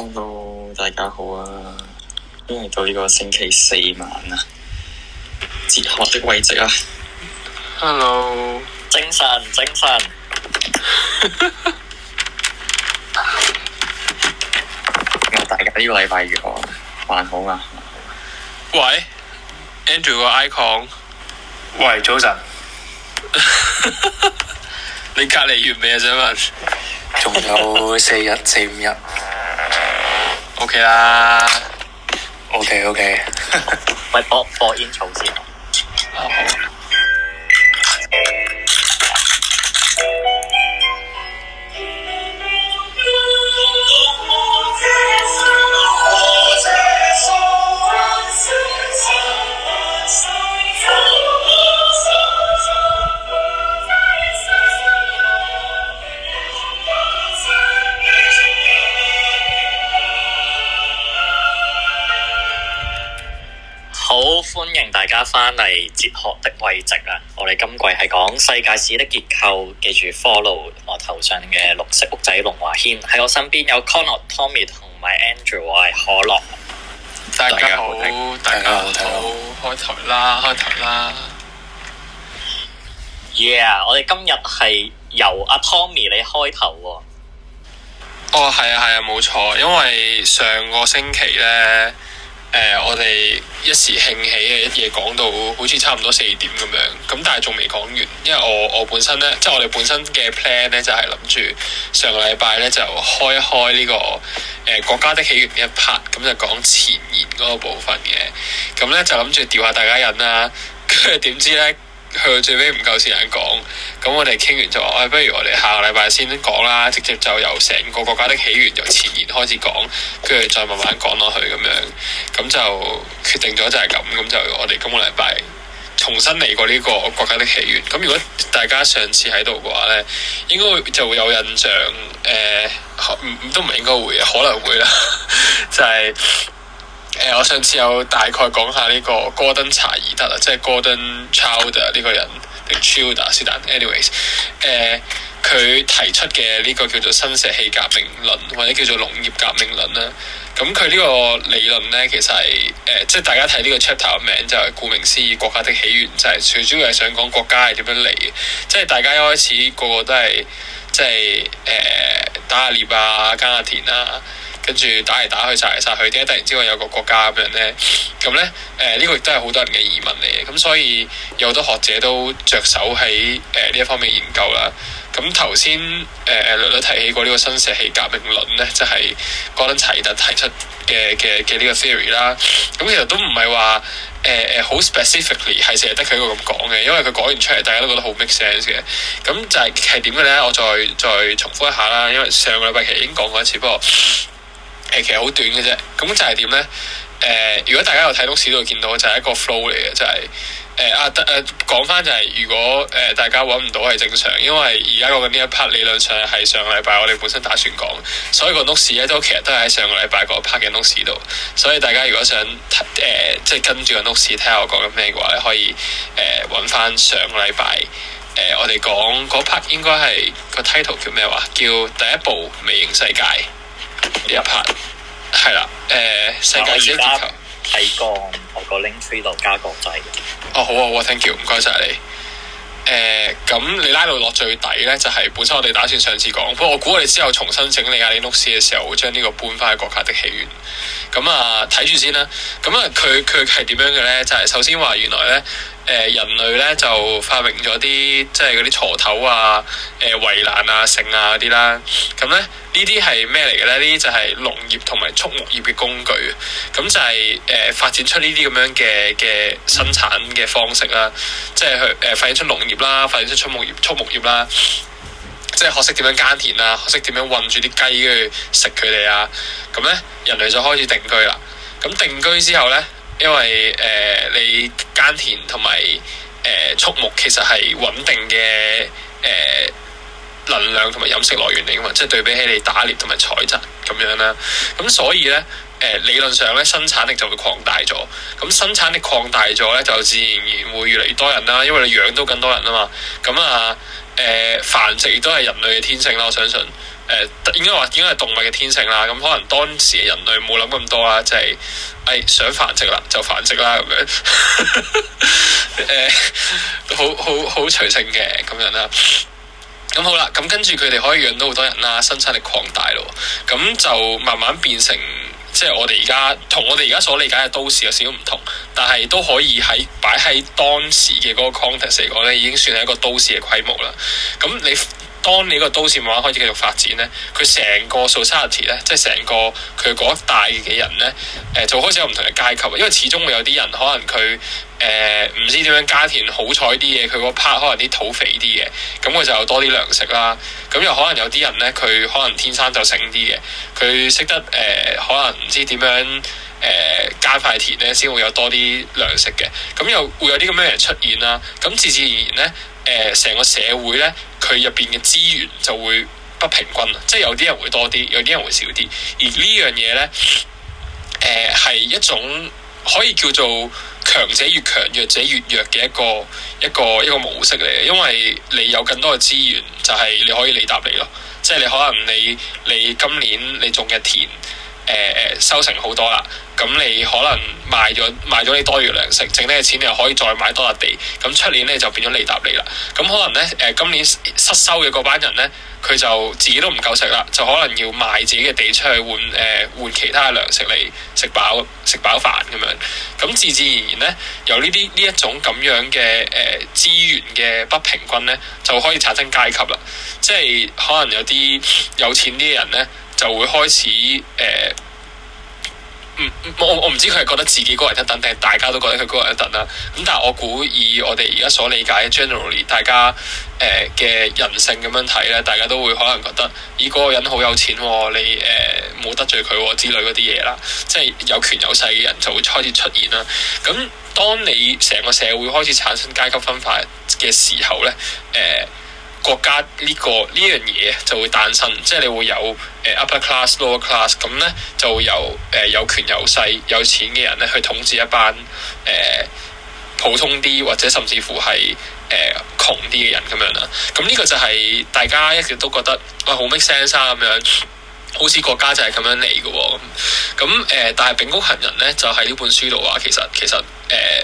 Hello，大家好啊！今日到呢個星期四晚啊，哲學的位置啊。Hello，精神精神。大家呢個禮拜如何還好啊？喂，Andrew 個 icon。喂，早晨。你隔籬完未啊？仲有四日，四五日。O K 啦，O K O K，咪播播煙草先。大家返嚟哲學的位置喇！我哋今季係講世界史的結構，記住 follow 我頭上嘅綠色屋仔龍華軒。喺我身邊有 Conor、Tommy 同埋 Andrew，我係可樂。大家好，大家好，家好開頭啦，開頭啦。Yeah，我哋今日係由阿 Tommy 你開頭喎、啊。哦，係啊，係啊，冇錯，因為上個星期呢。誒、呃，我哋一時興起嘅一嘢講到好似差唔多四點咁樣，咁但係仲未講完，因為我我本身咧，即係我哋本身嘅 plan 咧，就係諗住上個禮拜咧就開一開呢、這個誒、呃、國家的起源的一 part，咁就講前言嗰個部分嘅，咁咧就諗住吊下大家癮啦。跟住點知咧？去到最尾唔夠時間講，咁我哋傾完就話，哎，不如我哋下個禮拜先講啦，直接就由成個國家的起源由前言開始講，跟住再慢慢講落去咁樣，咁就決定咗就係咁，咁就我哋今個禮拜重新嚟過呢個國家的起源。咁如果大家上次喺度嘅話呢，應該就會有印象，誒、呃，都唔應該會可能會啦， 就係、係。誒、呃，我上次有大概講下呢個戈登查爾德啊，e、ot, 即係戈登 Childer 呢個人定 Childer 先得。Anyways，誒、呃，佢提出嘅呢個叫做新石器革命論或者叫做農業革命論啦。咁佢呢個理論咧，其實係誒、呃，即係大家睇呢個 chapter 嘅名就係、是、顧名思義，國家的起源就係最主要係想講國家係點樣嚟嘅。即係大家一開始個個都係即係誒、呃、打下獵啊，耕下田啊。跟住打嚟打去，殺嚟殺去，點解突然之間有個國家咁樣咧？咁咧誒，呢、呃這個亦都係好多人嘅疑問嚟嘅。咁、嗯、所以有好多學者都着手喺誒呢一方面研究啦。咁頭先誒誒略略提起過呢個新石器革命論咧，就係戈登齊特提出嘅嘅嘅呢個 theory 啦。咁、嗯、其實都唔係話誒誒、呃、好 specifically 係成日得佢一個咁講嘅，因為佢講完出嚟大家都覺得好 make sense 嘅。咁、嗯、就係係點嘅咧？我再再重複一下啦，因為上個禮拜其實已經講過一次，不過。誒其實好短嘅啫，咁就係點咧？誒、呃，如果大家有睇 notes 度見到，就係、是、一個 flow 嚟嘅，就係、是、誒、呃、啊！誒講翻就係、是，如果誒、呃、大家揾唔到係正常，因為而家我嘅呢一 part 理論上係上個禮拜我哋本身打算講，所以個 notes 咧都其實都係喺上個禮拜嗰 part 嘅 notes 度。所以大家如果想誒即係跟住個 notes 睇下我講緊咩嘅話咧，你可以誒揾翻上個禮拜誒我哋講嗰 part 應該係、那個 title 叫咩話？叫第一部微型世界。第一 part 係啦，誒、呃，世界隻球睇降，我、那個、個 link tree 度加國際哦，好啊，哇，thank you，唔該晒你。誒、呃，咁你拉到落最底咧，就係、是、本身我哋打算上次講，不過我估我哋之後重新整理阿尼克斯嘅時候，會將呢個搬翻去國家的起源。咁、嗯、啊，睇住先啦。咁、嗯、啊，佢佢係點樣嘅咧？就係、是、首先話原來咧。誒人類咧就發明咗啲即係嗰啲鋤頭啊、誒、呃、圍欄啊、繩啊嗰啲啦，咁咧呢啲係咩嚟嘅咧？呢啲就係農業同埋畜牧業嘅工具，咁就係、是、誒、呃、發展出呢啲咁樣嘅嘅生產嘅方式啦，即係去誒、呃、發展出農業啦，發展出畜牧業、畜牧業啦，即係學識點樣耕田樣啊，學識點樣運住啲雞去食佢哋啊，咁咧人類就開始定居啦。咁定居之後咧？因為誒、呃、你耕田同埋誒畜牧其實係穩定嘅誒、呃、能量同埋飲食來源嚟嘅嘛，即係對比起你打獵同埋採摘咁樣啦，咁所以咧。理論上咧，生產力就會擴大咗。咁生產力擴大咗咧，就自然會越嚟越多人啦。因為你養到更多人啊嘛。咁啊，誒、呃、繁殖亦都係人類嘅天性啦。我相信誒、呃、應該話應該係動物嘅天性啦。咁可能當時嘅人類冇諗咁多啦，即係誒想繁殖啦，就繁殖啦咁樣誒、 呃，好好好，好隨性嘅咁樣啦。咁好啦，咁跟住佢哋可以養到好多人啦，生產力擴大咯。咁就慢慢變成。即係我哋而家同我哋而家所理解嘅都市有少少唔同，但係都可以喺擺喺當時嘅嗰個 context 嚟講咧，已經算係一個都市嘅規模啦。咁你。當你個都市文化開始繼續發展呢，佢成個 society 呢，即係成個佢嗰一帶嘅人呢、呃、就開始有唔同嘅階級。因為始終會有啲人可能佢誒唔知點樣家田好彩啲嘅，佢個 part 可能啲土肥啲嘅，咁佢就有多啲糧食啦。咁又可能有啲人呢，佢可能天生就醒啲嘅，佢識得誒、呃、可能唔知點樣。誒，加塊、呃、田咧，先會有多啲糧食嘅，咁又會有啲咁樣嘅出現啦、啊。咁自自然然咧，誒、呃，成個社會咧，佢入邊嘅資源就會不平均，即係有啲人會多啲，有啲人會少啲。而呢樣嘢咧，誒、呃，係一種可以叫做強者越強，弱者越弱嘅一個一個一個模式嚟嘅。因為你有更多嘅資源，就係、是、你可以利疊利咯。即係你可能你你今年你種嘅田。誒，收成好多啦，咁你可能賣咗賣咗啲多餘糧食，剩低嘅錢你又可以再買多笪地，咁出年呢，就變咗利疊利啦。咁可能呢，誒，今年失收嘅嗰班人呢，佢就自己都唔夠食啦，就可能要賣自己嘅地出去換誒換其他嘅糧食嚟食飽食飽飯咁樣。咁自自然然呢，由呢啲呢一種咁樣嘅誒資源嘅不平均呢，就可以產生階級啦。即係可能有啲有錢啲嘅人呢。就會開始誒、呃，我唔知佢係覺得自己高人一等定係大家都覺得佢高人一等啦。咁但係我估以我哋而家所理解，generally 嘅大家嘅、呃、人性咁樣睇咧，大家都會可能覺得，以、欸、嗰、那個人好有錢喎、哦，你誒冇、呃、得罪佢喎、哦、之類嗰啲嘢啦，即係有權有勢嘅人就會開始出現啦。咁當你成個社會開始產生階級分化嘅時候咧，誒、呃。國家呢、呢個呢樣嘢就會誕生，即係你會有誒 upper class、lower class，咁呢就會有誒、呃、有權有勢有錢嘅人呢去統治一班誒、呃、普通啲或者甚至乎係誒、呃、窮啲嘅人咁樣啦。咁呢個就係大家一直都覺得喂，好 make sense 啊咁樣。好似國家就係咁樣嚟嘅喎，咁咁、誒，但係《秉公行人呢》咧就喺呢本書度話，其實其實誒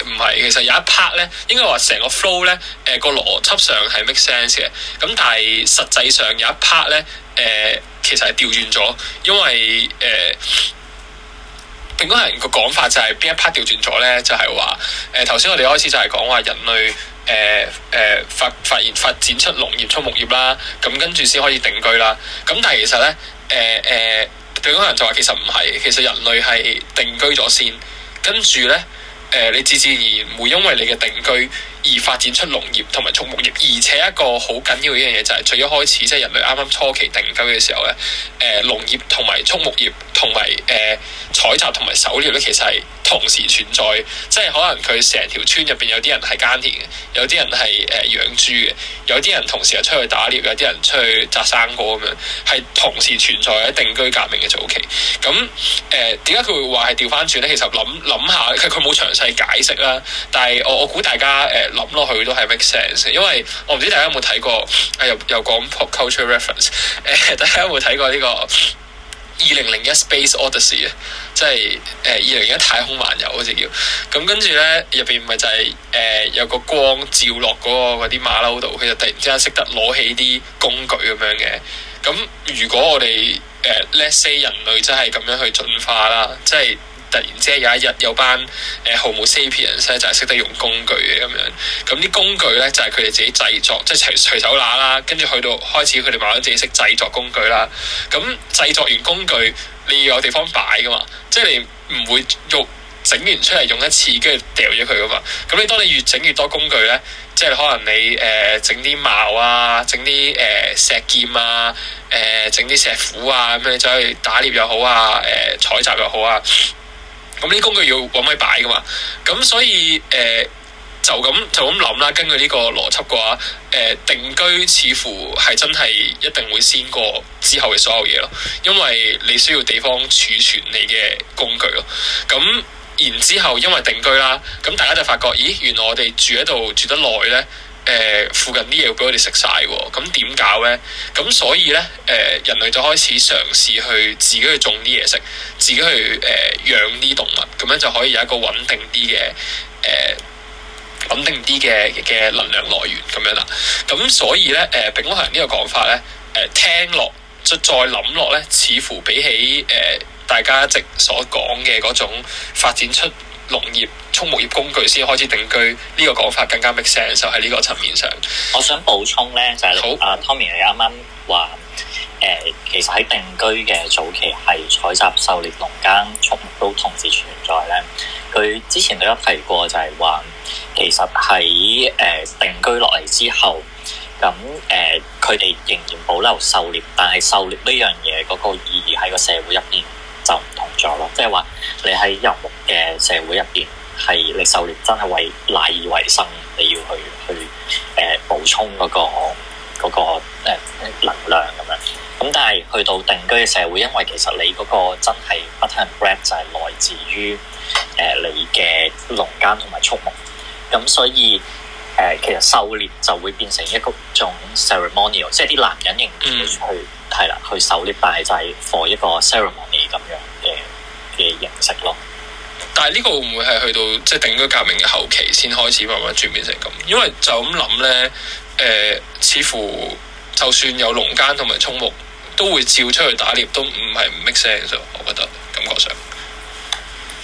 唔係，其實有一 part 咧，應該話成個 flow 咧誒個邏輯上係 make sense 嘅。咁但係實際上有一 part 咧誒，其實係調轉咗，因為誒、呃、《秉公行人》個講法就係邊一 part 調轉咗咧？就係話誒頭先我哋開始就係講話人類誒、誒、呃、發、發現、發展出農業、畜牧業啦，咁跟住先可以定居啦。咁但係其實咧，誒誒，對方、呃、人就話，其實唔係，其實人類係定居咗先，跟住咧，誒、呃，你自自然然會因為你嘅定居，而發展出農業同埋畜牧業，而且一個好緊要嘅一樣嘢就係，最一開始即係、就是、人類啱啱初期定居嘅時候咧，誒農業同埋畜牧業同埋誒採集同埋狩獵咧，其實係同時存在，即係可能佢成條村入邊有啲人係耕田嘅，有啲人係誒養豬嘅，有啲人同時係出去打獵，有啲人出去摘生果咁樣，係同時存在喺定居革命嘅早期。咁誒點解佢會話係調翻轉咧？其實諗諗下，佢佢冇詳細解釋啦，但係我我估大家誒。呃諗落去都係 make sense，因為我唔知大家有冇睇過，又又講 Culture Reference，誒大家有冇睇過呢個二零零一 Space Odyssey 嘅，即係誒二零零一太空漫遊嗰隻叫，咁跟住咧入邊咪就係誒有個光照落嗰個嗰啲馬騮度，佢就突然之間識得攞起啲工具咁樣嘅，咁如果我哋誒 let's say 人類真係咁樣去進化啦，即係。突然之間有一日有一班誒 Homo sapiens 就係識得用工具嘅咁樣，咁啲工具咧就係佢哋自己製作，即係隨隨手拿啦。跟住去到開始，佢哋慢慢自己識製作工具啦。咁製作完工具，你要有地方擺噶嘛，即係你唔會用整完出嚟用一次，跟住掉咗佢噶嘛。咁你當你越整越多工具咧，即係可能你誒整啲矛啊，整啲誒石劍啊，誒整啲石斧啊，咁樣走去打獵又好啊，誒、呃、採集又好啊。呃咁啲工具要揾位擺㗎嘛？咁所以誒、呃、就咁就咁諗啦。根據呢個邏輯嘅話，誒、呃、定居似乎係真係一定會先過之後嘅所有嘢咯。因為你需要地方儲存你嘅工具咯。咁然之後，因為定居啦，咁大家就發覺，咦，原來我哋住喺度住得耐咧。呃、附近啲嘢會俾佢哋食晒喎，咁點搞呢？咁、啊、所以呢，誒、呃、人類就開始嘗試去自己去種啲嘢食，自己去誒、呃、養啲動物，咁樣就可以有一個穩定啲嘅誒穩定啲嘅嘅能量來源咁樣啦。咁、啊、所以咧，炳、呃、丙烷呢個講法呢，誒、呃、聽落即再諗落呢，似乎比起誒、呃、大家一直所講嘅嗰種發展出農業、畜牧業工具先開始定居，呢個講法更加 make sense 就喺呢個層面上。我想補充咧就係，好，阿 Tommy 你啱啱話誒，其實喺定居嘅早期係採集、狩獵、獵、農耕、畜牧都同時存在咧。佢之前都有提過就，就係話其實喺誒定居落嚟之後，咁誒佢哋仍然保留狩獵，但係狩獵呢樣嘢嗰個意義喺個社會入邊咗咯，即係話你喺遊牧嘅社會入邊係你狩獵真係為賴以為生，你要去去誒、呃、補充嗰、嗰個嗰、嗰個呃、能量咁樣。咁但係去到定居嘅社會，因為其實你嗰個真係 butter and bread 就係來自於誒、呃、你嘅農耕同埋畜牧，咁所以。誒、呃，其實狩獵就會變成一個種 ceremonial 即係啲男人型嘅去係啦、嗯，去狩獵拜就係 for 一個 ceremony 咁樣嘅嘅形式咯。但係呢個會唔會係去到即係定居革命嘅後期先開始慢慢轉變成咁？因為就咁諗咧，誒、呃，似乎就算有農耕同埋畜牧，都會照出去打獵，都唔係唔 make sense。我覺得感覺上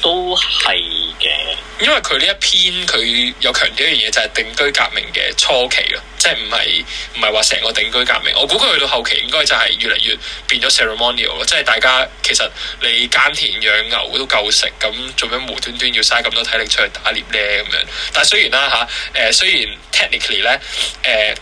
都係。Yeah. 因為佢呢一篇佢有強調一樣嘢就係定居革命嘅初期咯，即係唔係唔係話成個定居革命，我估佢去到後期應該就係越嚟越變咗 ceremonial 咯，即係大家其實你耕田養牛都夠食，咁做咩無端端要嘥咁多體力出去打獵呢？咁樣？但係雖然啦吓，誒、啊、雖然 technically 咧、啊，誒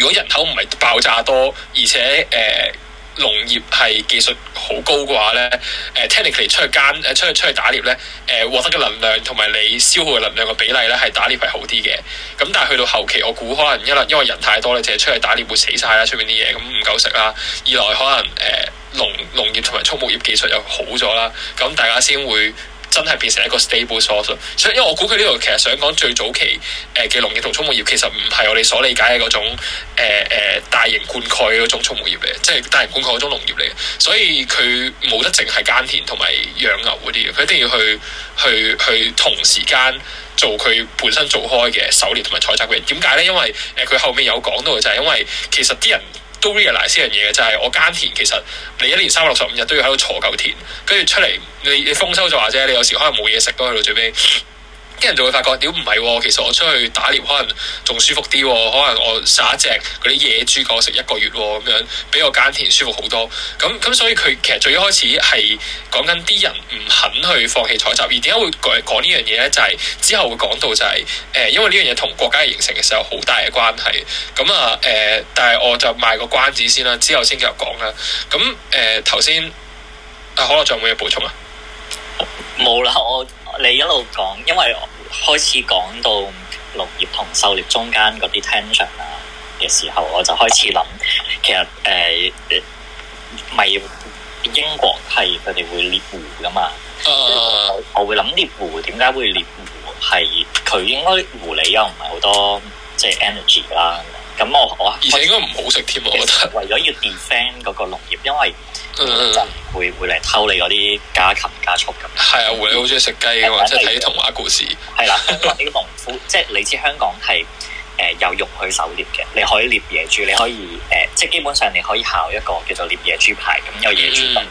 如果人口唔係爆炸多，而且誒。啊農業係技術好高嘅話呢誒、呃、technically 出去間誒出去出去打獵呢，誒、呃、獲得嘅能量同埋你消耗嘅能量嘅比例呢係打獵係好啲嘅。咁但係去到後期，我估可能一來因為人太多咧，你淨係出去打獵會死晒啦，出面啲嘢咁唔夠食啦；二來可能誒、呃、農農業同埋畜牧業技術又好咗啦，咁大家先會。真係變成一個 stable source，所以因為我估佢呢度其實想講最早期誒嘅農業同畜牧業其實唔係我哋所理解嘅嗰種誒、呃呃、大型灌溉嗰種畜牧業嚟嘅，即係大型灌溉嗰種農業嚟嘅，所以佢冇得淨係耕田同埋養牛嗰啲嘅，佢一定要去去去，去同時間做佢本身做開嘅狩獵同埋採集嘅。點解呢？因為誒佢後面有講到就係因為其實啲人。都、so、realize 呢樣嘢就係我耕田，其實你一年三百六十五日都要喺度鋤嚿田，跟住出嚟你你豐收就話啫，你有時可能冇嘢食都喺度最尾。啲人就會發覺，屌唔係喎？其實我出去打獵，可能仲舒服啲喎。可能我殺一隻嗰啲野豬，夠食一個月喎。咁樣比我耕田舒服好多。咁咁，所以佢其實最一開始係講緊啲人唔肯去放棄採集。而點解會講呢樣嘢咧？就係之後會講到就係誒，因為呢樣嘢同國家嘅形成其實有好大嘅關係。咁啊誒，但係我就賣個關子先啦，之後先繼續講啦。咁誒頭先啊，可樂仲有冇嘢補充啊？冇啦，我。你一路講，因為開始講到農業同狩獵中間啲 tension 啊嘅時候，我就開始諗，其實誒，咪、呃、英國係佢哋會獵狐噶嘛、uh 我？我會諗獵狐，點解會獵狐？係佢應該狐狸又唔係好多，即係 energy 啦。咁我我，而且應該唔好食添，我覺得。為咗要 defend 嗰個農業，因為有人會嚟偷你嗰啲家禽家畜咁。係啊，狐狸好中意食雞㗎嘛，即係睇啲童話故事。係啦，啲農夫即係嚟自香港係誒有肉去狩獵嘅，你可以獵野豬，你可以誒，即係基本上你可以考一個叫做獵野豬牌咁，有野豬分。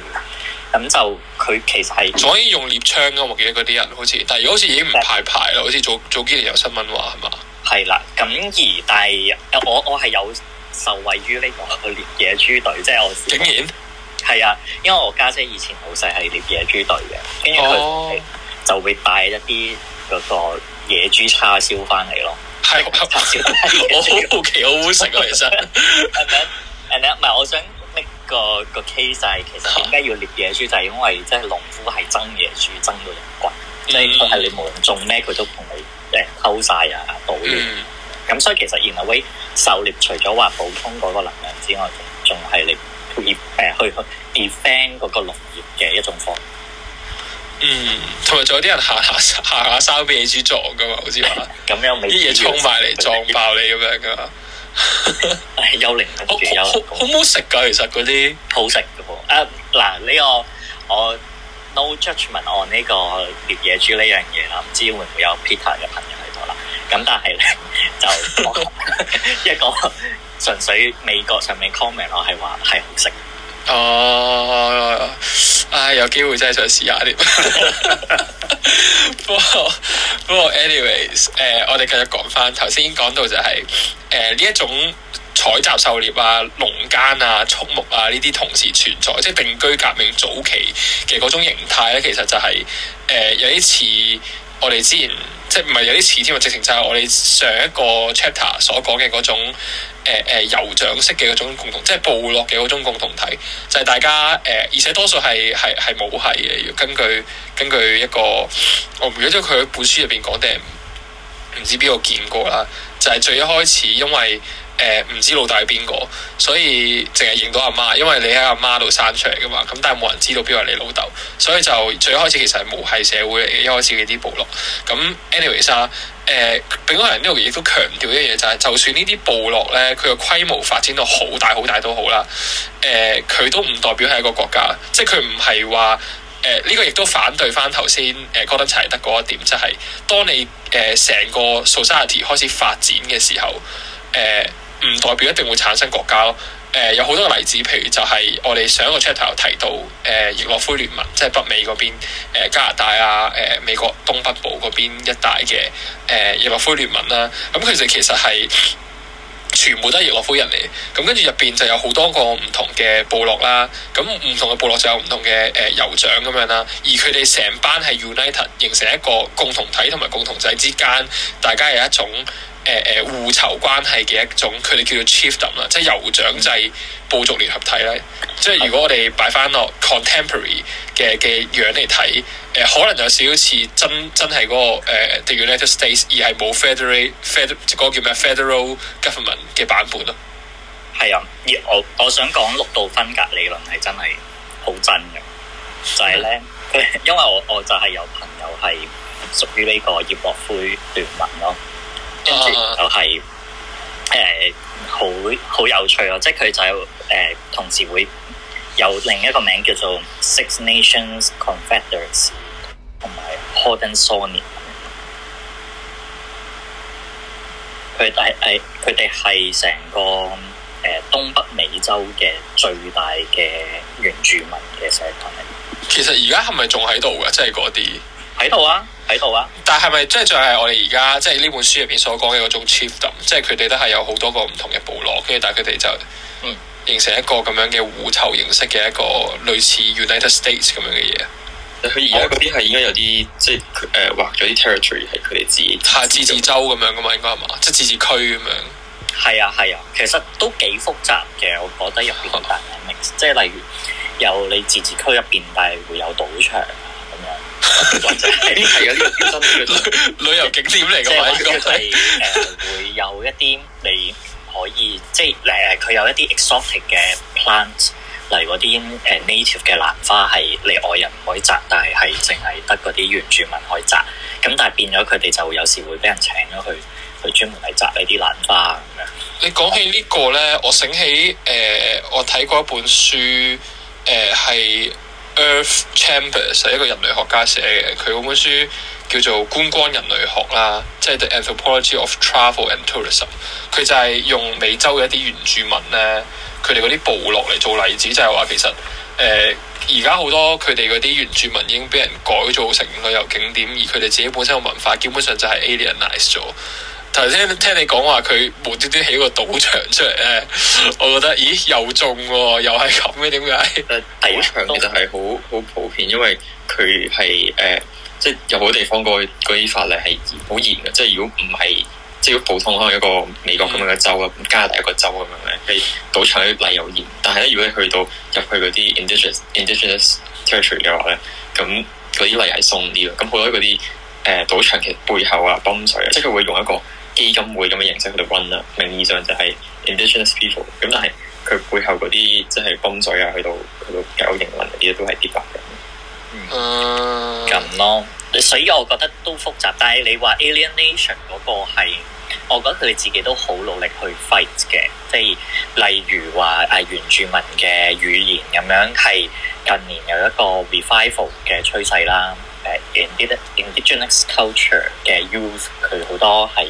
咁就佢其實係可以用獵槍㗎嘛？我記得嗰啲人好似，但係如果好似已經唔派牌啦，好似早早幾年有新聞話係嘛？係啦，咁而但係我我係有受惠於呢、這個獵野豬隊，即、就、係、是、我。竟然係啊，因為我家姐，姐以前好細係獵野豬隊嘅，跟住佢就會帶一啲嗰個野豬叉燒翻嚟咯。係叉燒、哦，我好好奇，okay, 我會食啊！ 其實係咪啊？係咪唔係，我想呢個個 case 就係其實點解要獵野豬？就係、是、因為即係農夫係憎野豬，憎到入骨，即係佢係你無論種咩，佢都同你。 即誒，溝晒啊，保嘅，咁、嗯、所以其實然後喂狩獵除咗話補充嗰個能量之外，仲係你業誒去 defend 嗰個農業嘅一種方法。嗯，同埋仲有啲人下下下下收你豬撞噶嘛，好似話。咁有啲嘢衝埋嚟撞爆你咁樣噶。幽靈啊，好唔好食㗎？其實嗰啲好食嘅喎。啊，嗱呢個我。我我我 No judgment on 呢個獵野豬呢樣嘢啦，唔知會唔會有 Peter 嘅朋友喺度啦。咁但係咧，就 一個純粹美國上面 comment 我係話係好食。哦，唉，有機會真係想試下啲。不過不過，anyways，呃，我哋繼續講翻頭先講到就係誒呢一種。採集狩獵啊，農耕啊，畜牧啊，呢啲同時存在，即係定居革命早期嘅嗰種形態咧。其實就係、是、誒、呃、有啲似我哋之前，即係唔係有啲似添啊。直情就係我哋上一個 chapter 所講嘅嗰種誒誒酋長式嘅嗰種共同，即係部落嘅嗰種共同體，就係、是、大家誒、呃，而且多數係係係母系嘅。要根據根據一個我唔記得咗佢喺本書入邊講定唔知邊個見過啦，就係、是、最一開始因為。誒唔知老大係邊個，所以淨係認到阿媽，因為你喺阿媽度生出嚟噶嘛。咁但係冇人知道邊個係你老豆，所以就最一開始其實係母系社會，一開始嘅啲、啊就是、部落。咁 anyways 啊，誒，丙安人呢度亦都強調一樣嘢，就係就算呢啲部落咧，佢嘅規模發展到好大好大都好啦。誒，佢都唔代表係一個國家，即係佢唔係話誒呢個亦都反對翻頭先誒 Gordon 齊得嗰一點，即、就、係、是、當你誒成、啊、個 society 開始發展嘅時候，誒、啊。唔代表一定會產生國家咯。誒、呃，有好多例子，譬如就係我哋上一個 chapter 提到誒，易洛魁聯盟，即係北美嗰邊、呃、加拿大啊、誒、呃、美國東北部嗰邊一帶嘅誒易洛魁聯盟啦。咁佢哋其實係全部都係易洛魁人嚟。咁跟住入邊就有好多個唔同嘅部落啦。咁唔同嘅部落就有唔同嘅誒酋長咁樣啦。而佢哋成班係 United 形成一個共同體同埋共同體之間，大家有一種。誒誒互酬關係嘅一種，佢哋叫做 chiefdom 啦，即係酋長制部族聯合體咧。嗯、即係如果我哋擺翻落 contemporary 嘅嘅樣嚟睇，誒、呃、可能有少少似真真係嗰、那個、呃、The United States 而係冇 federal federal 嗰個叫咩 federal government 嘅版本咯。係啊，而我我想講六度分隔理論係真係好真嘅，就係、是、咧，因為我我就係有朋友係屬於呢個葉國灰聯盟咯。跟住就係、是、誒、呃、好好有趣咯，即係佢就係誒、呃、同時會有另一個名叫做 Six Nations Confederacy 同埋 Haudenosaunee 佢係係佢哋係成個誒、呃、東北美洲嘅最大嘅原住民嘅社群。其實而家係咪仲喺度噶？即係嗰啲？喺度啊，喺度啊！但係咪即係仲係我哋而家即係呢本書入邊所講嘅嗰種 chiefdom？即係佢哋都係有好多個唔同嘅部落，跟住但係佢哋就嗯形成一個咁樣嘅互酬形式嘅一個類似 United States 咁樣嘅嘢。佢而家嗰邊係應該有啲即係、就、誒、是、劃咗、呃、啲 territory 係佢哋自己，自己，自己，係自治，治州咁樣噶嘛？應該係嘛？即係自治區咁樣。係啊係啊，其實都幾複雜嘅。我覺得入邊好大嘅名，即係例如由你自治，治區入邊，但係會有賭場。係有 旅遊景點嚟噶嘛？咁係誒，會有一啲你可以即係誒，佢，就是呃、有一啲 exotic 嘅 plant 嚟嗰啲誒 native 嘅蘭花，係你外人唔可以摘，但係，係淨係得嗰啲原住民可以摘。咁但係變咗佢哋就會有時會俾人請咗去去專門嚟摘蘭呢啲蘭花咁樣。你講、嗯、起呢個咧，我醒起誒，我睇過一本書誒係。呃 Earth Chambers 係一個人類學家寫嘅，佢嗰本書叫做《觀光人類學》啦，即係 The Anthropology of Travel and Tourism。佢就係用美洲嘅一啲原住民咧，佢哋嗰啲部落嚟做例子，就係、是、話其實誒而家好多佢哋嗰啲原住民已經俾人改造成旅遊景點，而佢哋自己本身嘅文化基本上就係 alienate 咗。頭先聽你講話佢無端端起個賭場出嚟咧，我覺得咦又中喎，又係咁嘅點解？誒，賭場其實係好好普遍，因為佢係誒，即係有好多地方嗰嗰啲法例係好嚴嘅，即係如果唔係，即係如果普通可能一個美國咁樣嘅州啦，嗯、加拿大一個州咁樣咧，賭場啲例又嚴。但係咧，如果你去到入去嗰啲 indigenous indigenous territory 嘅話咧，咁嗰啲例係鬆啲咯。咁好多嗰啲誒賭場其實背後啊，泵水啊，即係佢會用一個。基金會咁嘅形式去到 run 啦，名義上就係 Indigenous people 咁，但係佢背後嗰啲即係泵水啊，去到去到搞營運嗰啲都係啲白人。嗯、uh，咁咯是，所以我覺得都複雜。但係你話 alienation 嗰個係，我覺得佢哋自己都好努力去 fight 嘅，即係例如話誒原住民嘅語言咁樣係近年有一個 revival 嘅趨勢啦。誒、uh, indigenous culture 嘅 y o u t h 佢好多係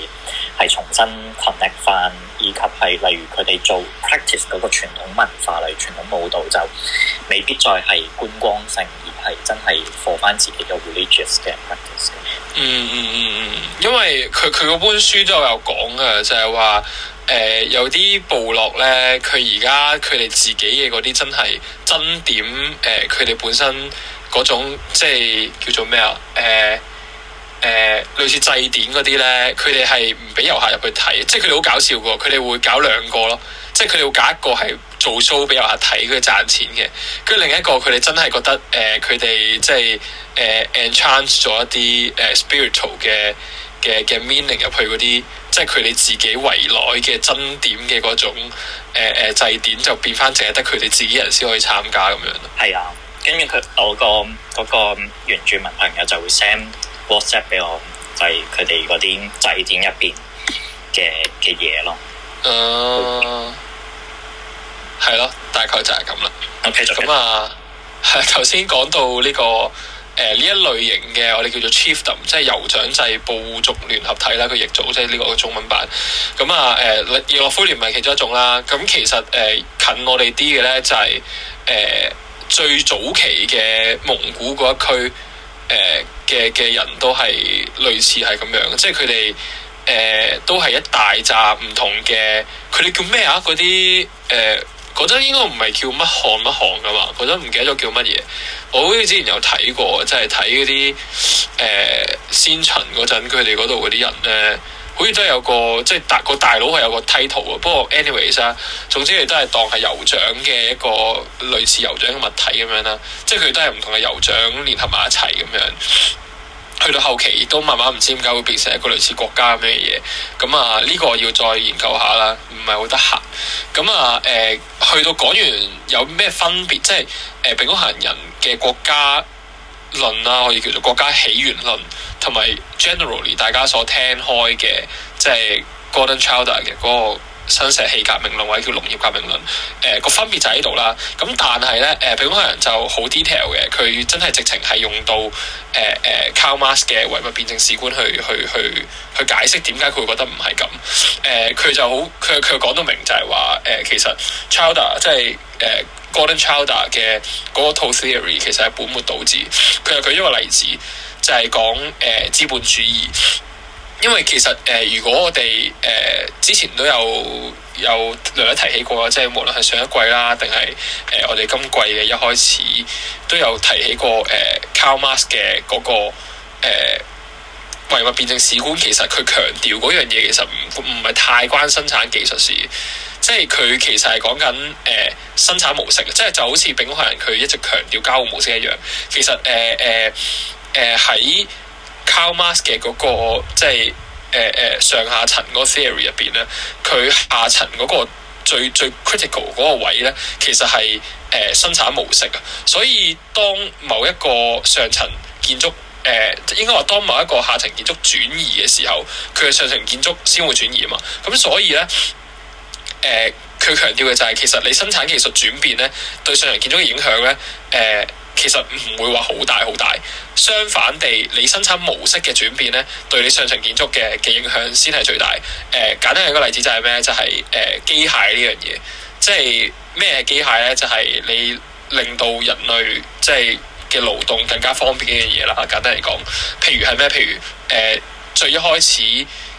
係重新群 o n 翻，以及係例如佢哋做 practice 嗰個傳統文化例如、like, 傳統舞蹈就未必再係觀光性，而係真係 f o 翻自己嘅 religious 嘅 practice、mm。嗯嗯嗯嗯，因為佢佢嗰本書都有講啊，就係話誒有啲部落咧，佢而家佢哋自己嘅嗰啲真係真點誒，佢、呃、哋本身。嗰種即係叫做咩啊？誒、呃、誒、呃，類似祭典嗰啲咧，佢哋係唔俾遊客入去睇，即係佢哋好搞笑嘅喎。佢哋會搞兩個咯，即係佢哋會搞一個係做 show 俾遊客睇，佢賺錢嘅；跟住另一個，佢哋真係覺得誒，佢、呃、哋即係誒、就是呃、enchant 咗一啲誒 spiritual 嘅嘅嘅 meaning 入去嗰啲，即係佢哋自己圍內嘅真點嘅嗰種誒、呃、祭典，就變翻淨係得佢哋自己人先可以參加咁樣咯。係啊。 跟住佢，我個嗰原住民朋友就會 send WhatsApp 俾我，就係佢哋嗰啲祭典入邊嘅嘅嘢咯。哦，係咯，大概就係咁啦。O.K.，咁 okay .啊，頭先講到呢、這個誒呢、呃、一類型嘅我哋叫做 chiefdom，即係酋長制部族聯合體啦。佢譯做即係呢個中文版。咁啊誒，易洛魁聯盟其中一種啦。咁其實誒、呃、近我哋啲嘅咧就係、是、誒。呃最早期嘅蒙古嗰一區，誒嘅嘅人都係類似係咁樣，即係佢哋誒都係一大紮唔同嘅，佢哋叫咩啊？嗰啲誒嗰陣應該唔係叫乜汗乜汗㗎嘛，嗰陣唔記得咗叫乜嘢。我好似之前有睇過，即係睇嗰啲誒先秦嗰陣佢哋嗰度嗰啲人咧。好似都係有個即係大個大佬係有個 title 啊，不過 anyways 啊，總之你都係當係酋長嘅一個類似酋長嘅物體咁樣啦，即係佢都係唔同嘅酋長聯合埋一齊咁樣，去到後期亦都慢慢唔知點解會變成一個類似國家咁嘅嘢，咁啊呢個要再研究下啦，唔係好得閒，咁啊誒，去到講完有咩分別，即係誒《平行人》嘅國家，論啦，可以叫做國家起源論，同埋 generally 大家所聽開嘅即係、就是、Gordon Childe、er、嘅嗰個新石器革命論，或者叫農業革命論。誒、呃、個分別就喺度啦。咁但係咧，誒皮克人就好 detail 嘅，佢真係直情係用到誒誒 Karl Marx 嘅唯物辯證史觀去去去去解釋點解佢會覺得唔係咁。誒、呃、佢就好，佢佢講到明就係話誒，其實 Childe、er，即、就、係、是、誒。呃 Gordon Childe 嘅、er、嗰套 theory 其實係本末倒置，佢實舉一個例子就係、是、講誒、呃、資本主義，因為其實誒、呃、如果我哋誒、呃、之前都有有略略提起過，即係無論係上一季啦，定係誒我哋今季嘅一開始都有提起過，誒 Karl Marx 嘅嗰個、呃喂，唯物辯證史觀，其實佢強調樣嘢其實唔唔係太關生產技術事，即係佢其實係講緊誒生產模式，即係就好似丙漢人佢一直強調交互模式一樣，其實誒誒誒喺 Karl Marx 嘅個即係誒誒上下層個 theory 入邊咧，佢下層個最最 critical 個位咧，其實係誒、呃、生產模式啊。所以當某一個上層建築。誒應該話當某一個下層建築轉移嘅時候，佢嘅上層建築先會轉移嘛。咁所以咧，誒、呃、佢強調嘅就係、是、其實你生產技術轉變咧，對上層建築嘅影響咧，誒、呃、其實唔會話好大好大。相反地，你生產模式嘅轉變咧，對你上層建築嘅嘅影響先係最大。誒、呃、簡單嘅一個例子就係咩？就係、是、誒、呃、機、機械呢樣嘢，即係咩機械咧？就係、是、你令到人類即係。就是嘅勞動更加方便嘅嘢啦，簡單嚟講，譬如係咩？譬如誒、呃、最一開始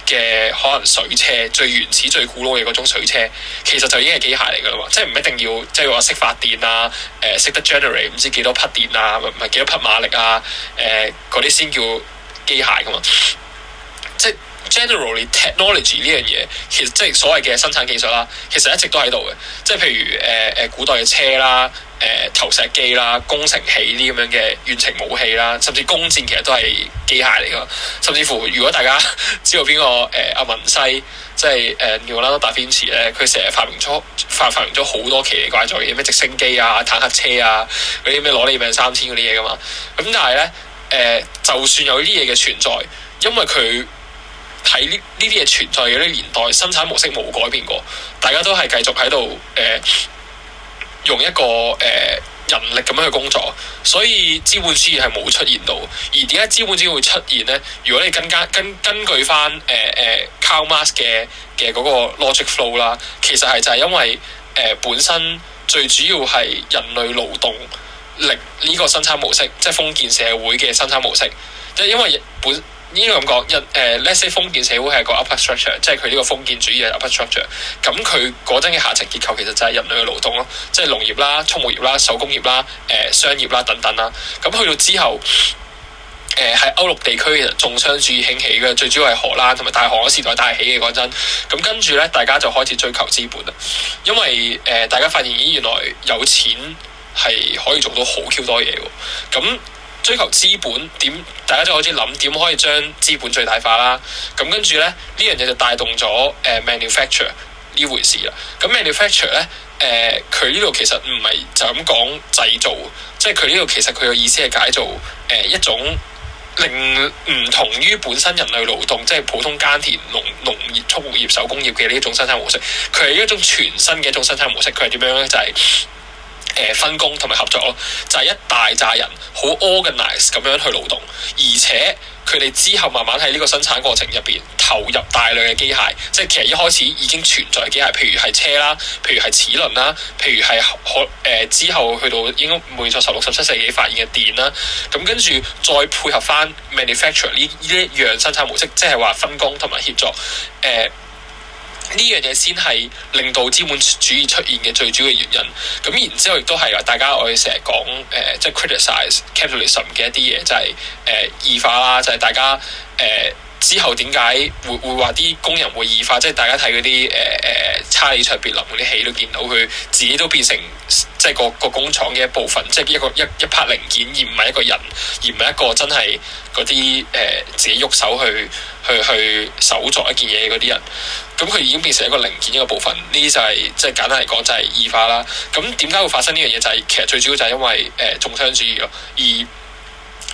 嘅可能水車，最原始最古老嘅嗰種水車，其實就已經係機械嚟㗎啦嘛，即係唔一定要即係話識發電啊，誒、呃、識得 generate 唔知幾多匹電啊，唔係幾多匹馬力啊，誒嗰啲先叫機械㗎嘛，即 Generally，technology 呢樣嘢其實即係所謂嘅生產技術啦。其實一直都喺度嘅，即係譬如誒誒、呃、古代嘅車啦、誒、呃、投石機啦、攻城器呢啲咁樣嘅遠程武器啦，甚至弓箭其實都係機械嚟㗎。甚至乎，如果大家知道邊個誒阿文西，即係誒尼可拉達文西咧，佢成日發明出發發明咗好多奇奇怪怪嘅嘢，咩直升機啊、坦克車啊嗰啲咩攞你命三千嗰啲嘢㗎嘛。咁但係咧誒，就算有呢啲嘢嘅存在，因為佢。睇呢呢啲嘢存在嘅啲年代生產模式冇改變過，大家都係繼續喺度，誒用一個誒、呃、人力咁樣去工作，所以資本主義係冇出現到。而點解資本主義會出現咧？如果你更加根根據翻誒誒 Karl Marx 嘅嘅嗰個 logic flow 啦，其實係就係因為誒、呃、本身最主要係人類勞動力呢個生產模式，即係封建社會嘅生產模式，即係因為本。呢種感覺，Let's say 封建社會係個 upper structure，即係佢呢個封建主義嘅 upper structure。咁佢嗰陣嘅下層結構其實就係人類嘅勞動咯，即係農業啦、畜牧業啦、手工業啦、誒、呃、商業啦等等啦。咁去到之後，誒、呃、喺歐陸地區其實重商主義興起嘅最主要係荷蘭同埋大航海時代帶起嘅嗰陣。咁跟住咧，大家就開始追求資本啊，因為誒、呃、大家發現咦，原來有錢係可以做到好 Q 多嘢喎。咁追求資本點，大家就開始諗點可以將資本最大化啦。咁跟住咧，呢樣嘢就帶動咗誒 manufacture 呢回事啦。咁 manufacture 咧，誒佢呢度其實唔係就咁講製造，即係佢呢度其實佢嘅意思係解做誒、呃、一種令唔同於本身人類勞動，即係普通耕田、農農業、畜牧業、手工業嘅呢一種生產模式。佢係一種全新嘅一種生產模式。佢係點樣咧？就係、是誒、呃、分工同埋合作咯，就係、是、一大扎人好 organize 咁樣去勞動，而且佢哋之後慢慢喺呢個生產過程入邊投入大量嘅機械，即係其實一開始已經存在嘅機械，譬如係車啦，譬如係齒輪啦，譬如係可誒之後去到應該十六十七世紀發現嘅電啦，咁、嗯、跟住再配合翻 manufacturer 呢呢一樣生產模式，即係話分工同埋協作。誒、呃。呢樣嘢先係令到資本主義出現嘅最主要原因，咁然之後亦都係啊！大家我哋成日講誒，即係 criticise capitalism 嘅一啲嘢，就係誒異化啦，就係大家誒之後點解會會話啲工人會異化？即係大家睇嗰啲誒誒差利卓別林嗰啲戲都見到佢自己都變成。即係個個工廠嘅一部分，即係一個一一 part 零件，而唔係一個人，而唔係一個真係嗰啲誒自己喐手去去去手作一件嘢嗰啲人。咁佢已經變成一個零件一個部分，呢啲就係、是、即係簡單嚟講就係異化啦。咁點解會發生呢樣嘢？就係其實最主要就係因為誒、呃、重商主義咯，而呢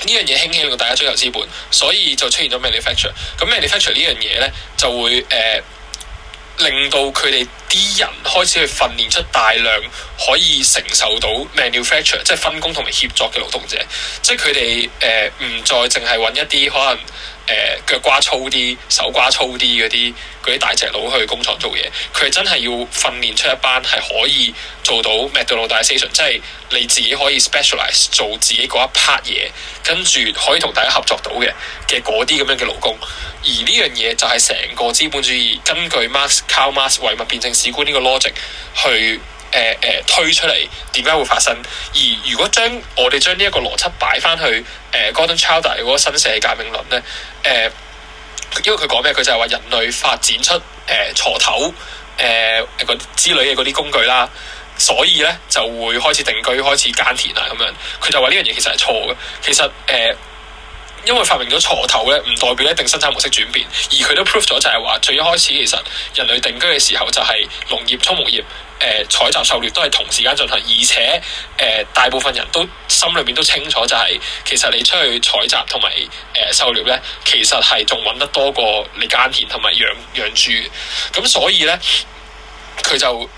樣嘢興起令到大家追求資本，所以就出現咗 manufacturer。咁 manufacturer 呢樣嘢咧就會誒。呃令到佢哋啲人開始去訓練出大量可以承受到 manufacturer，即係分工同埋協作嘅勞動者，即係佢哋誒唔再淨係揾一啲可能。誒腳瓜粗啲、手瓜粗啲嗰啲、嗰啲大隻佬去工廠做嘢，佢真係要訓練出一班係可以做到 McDonaldization，即係你自己可以 specialize 做自己嗰一 part 嘢，跟住可以同大家合作到嘅嘅嗰啲咁樣嘅勞工。而呢樣嘢就係成個資本主義根據 Marx、Karl Marx 唯物辯證史觀呢個 logic 去。誒，誒推出嚟點解會發生？而如果將我哋將呢一個邏輯擺翻去，呃、Gordon 誒戈登查達嗰個新社界命論咧，誒、呃，因為佢講咩？佢就係話人類發展出誒鋤，呃、頭誒，呃、之類嘅嗰啲工具啦，所以咧就會開始定居、開始耕田啊，咁樣。佢就話呢樣嘢其實係錯嘅。其實誒。呃因為發明咗鋤頭咧，唔代表一定生產模式轉變，而佢都 prove 咗就係話，最一開始其實人類定居嘅時候就係農業、畜牧業、誒、呃、採集狩獵都係同時間進行，而且誒、呃、大部分人都心裏面都清楚就係、是，其實你出去採集同埋誒狩獵咧，其實係仲搵得多過你耕田同埋養養豬，咁所以咧。佢就誒，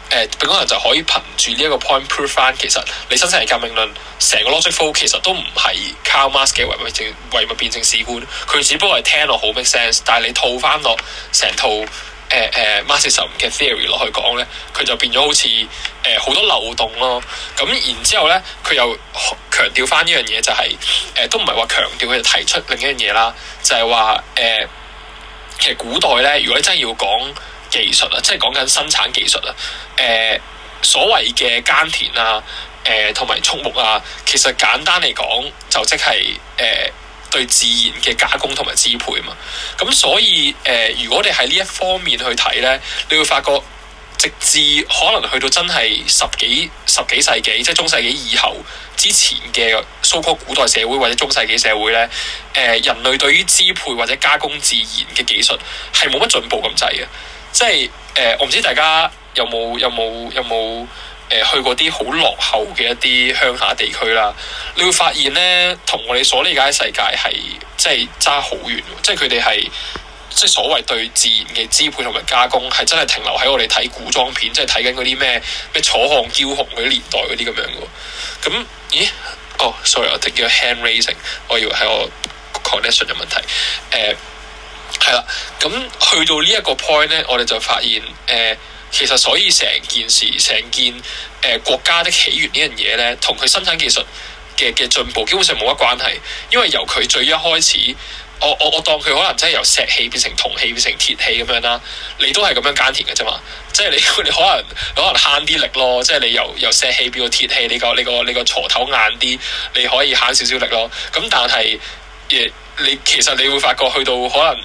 可、呃、能就可以憑住呢一個 point proof 返其實你真正係革命論，成個 logic flow 其實都唔係靠馬斯嘅唯物證唯物辯證史觀，佢只不過係聽落好 make sense，但係你套翻落成套誒誒、呃、馬克、啊、思實嘅 theory 落去講咧，佢就變咗好似誒好多漏洞咯。咁然之後咧，佢又強調翻呢樣嘢就係、是、誒、呃，都唔係話強調，佢係提出另一樣嘢啦，就係話誒，其實古代咧，如果你真係要講。技術啊，即係講緊生產技術啊。誒、呃，所謂嘅耕田啊，誒同埋畜牧啊，其實簡單嚟講，就即係誒、呃、對自然嘅加工同埋支配嘛。咁、嗯、所以誒、呃，如果你喺呢一方面去睇呢，你會發覺直至可能去到真係十幾十幾世紀，即係中世紀以後之前嘅 so-called 古代社會或者中世紀社會呢，誒、呃、人類對於支配或者加工自然嘅技術係冇乜進步咁滯嘅。即係誒、呃，我唔知大家有冇有冇有冇誒、呃、去過啲好落後嘅一啲鄉下地區啦？你會發現咧，同我哋所理解嘅世界係即係差好遠，即係佢哋係即係所謂對自然嘅支配同埋加工係真係停留喺我哋睇古裝片，即係睇緊嗰啲咩咩楚漢驕雄嗰啲年代嗰啲咁樣嘅。咁咦？哦、oh，sorry，我聽叫 hand raising，我以為係我 connection 嘅問題誒。呃。係啦，咁去到呢一個 point 咧，我哋就發現，誒、呃，其實所以成件事、成件誒、呃、國家的起源呢樣嘢咧，同佢生產技術嘅嘅進步基本上冇乜關係，因為由佢最一開始，我我我當佢可能真係由石器變成銅器變成鐵器咁樣啦，你都係咁樣耕田嘅啫嘛，即係你你可能你可能慳啲力咯，即係你由由石器變到鐵器，你個你個你個鋤頭硬啲，你可以慳少少力咯，咁但係誒。你其實你會發覺去到可能，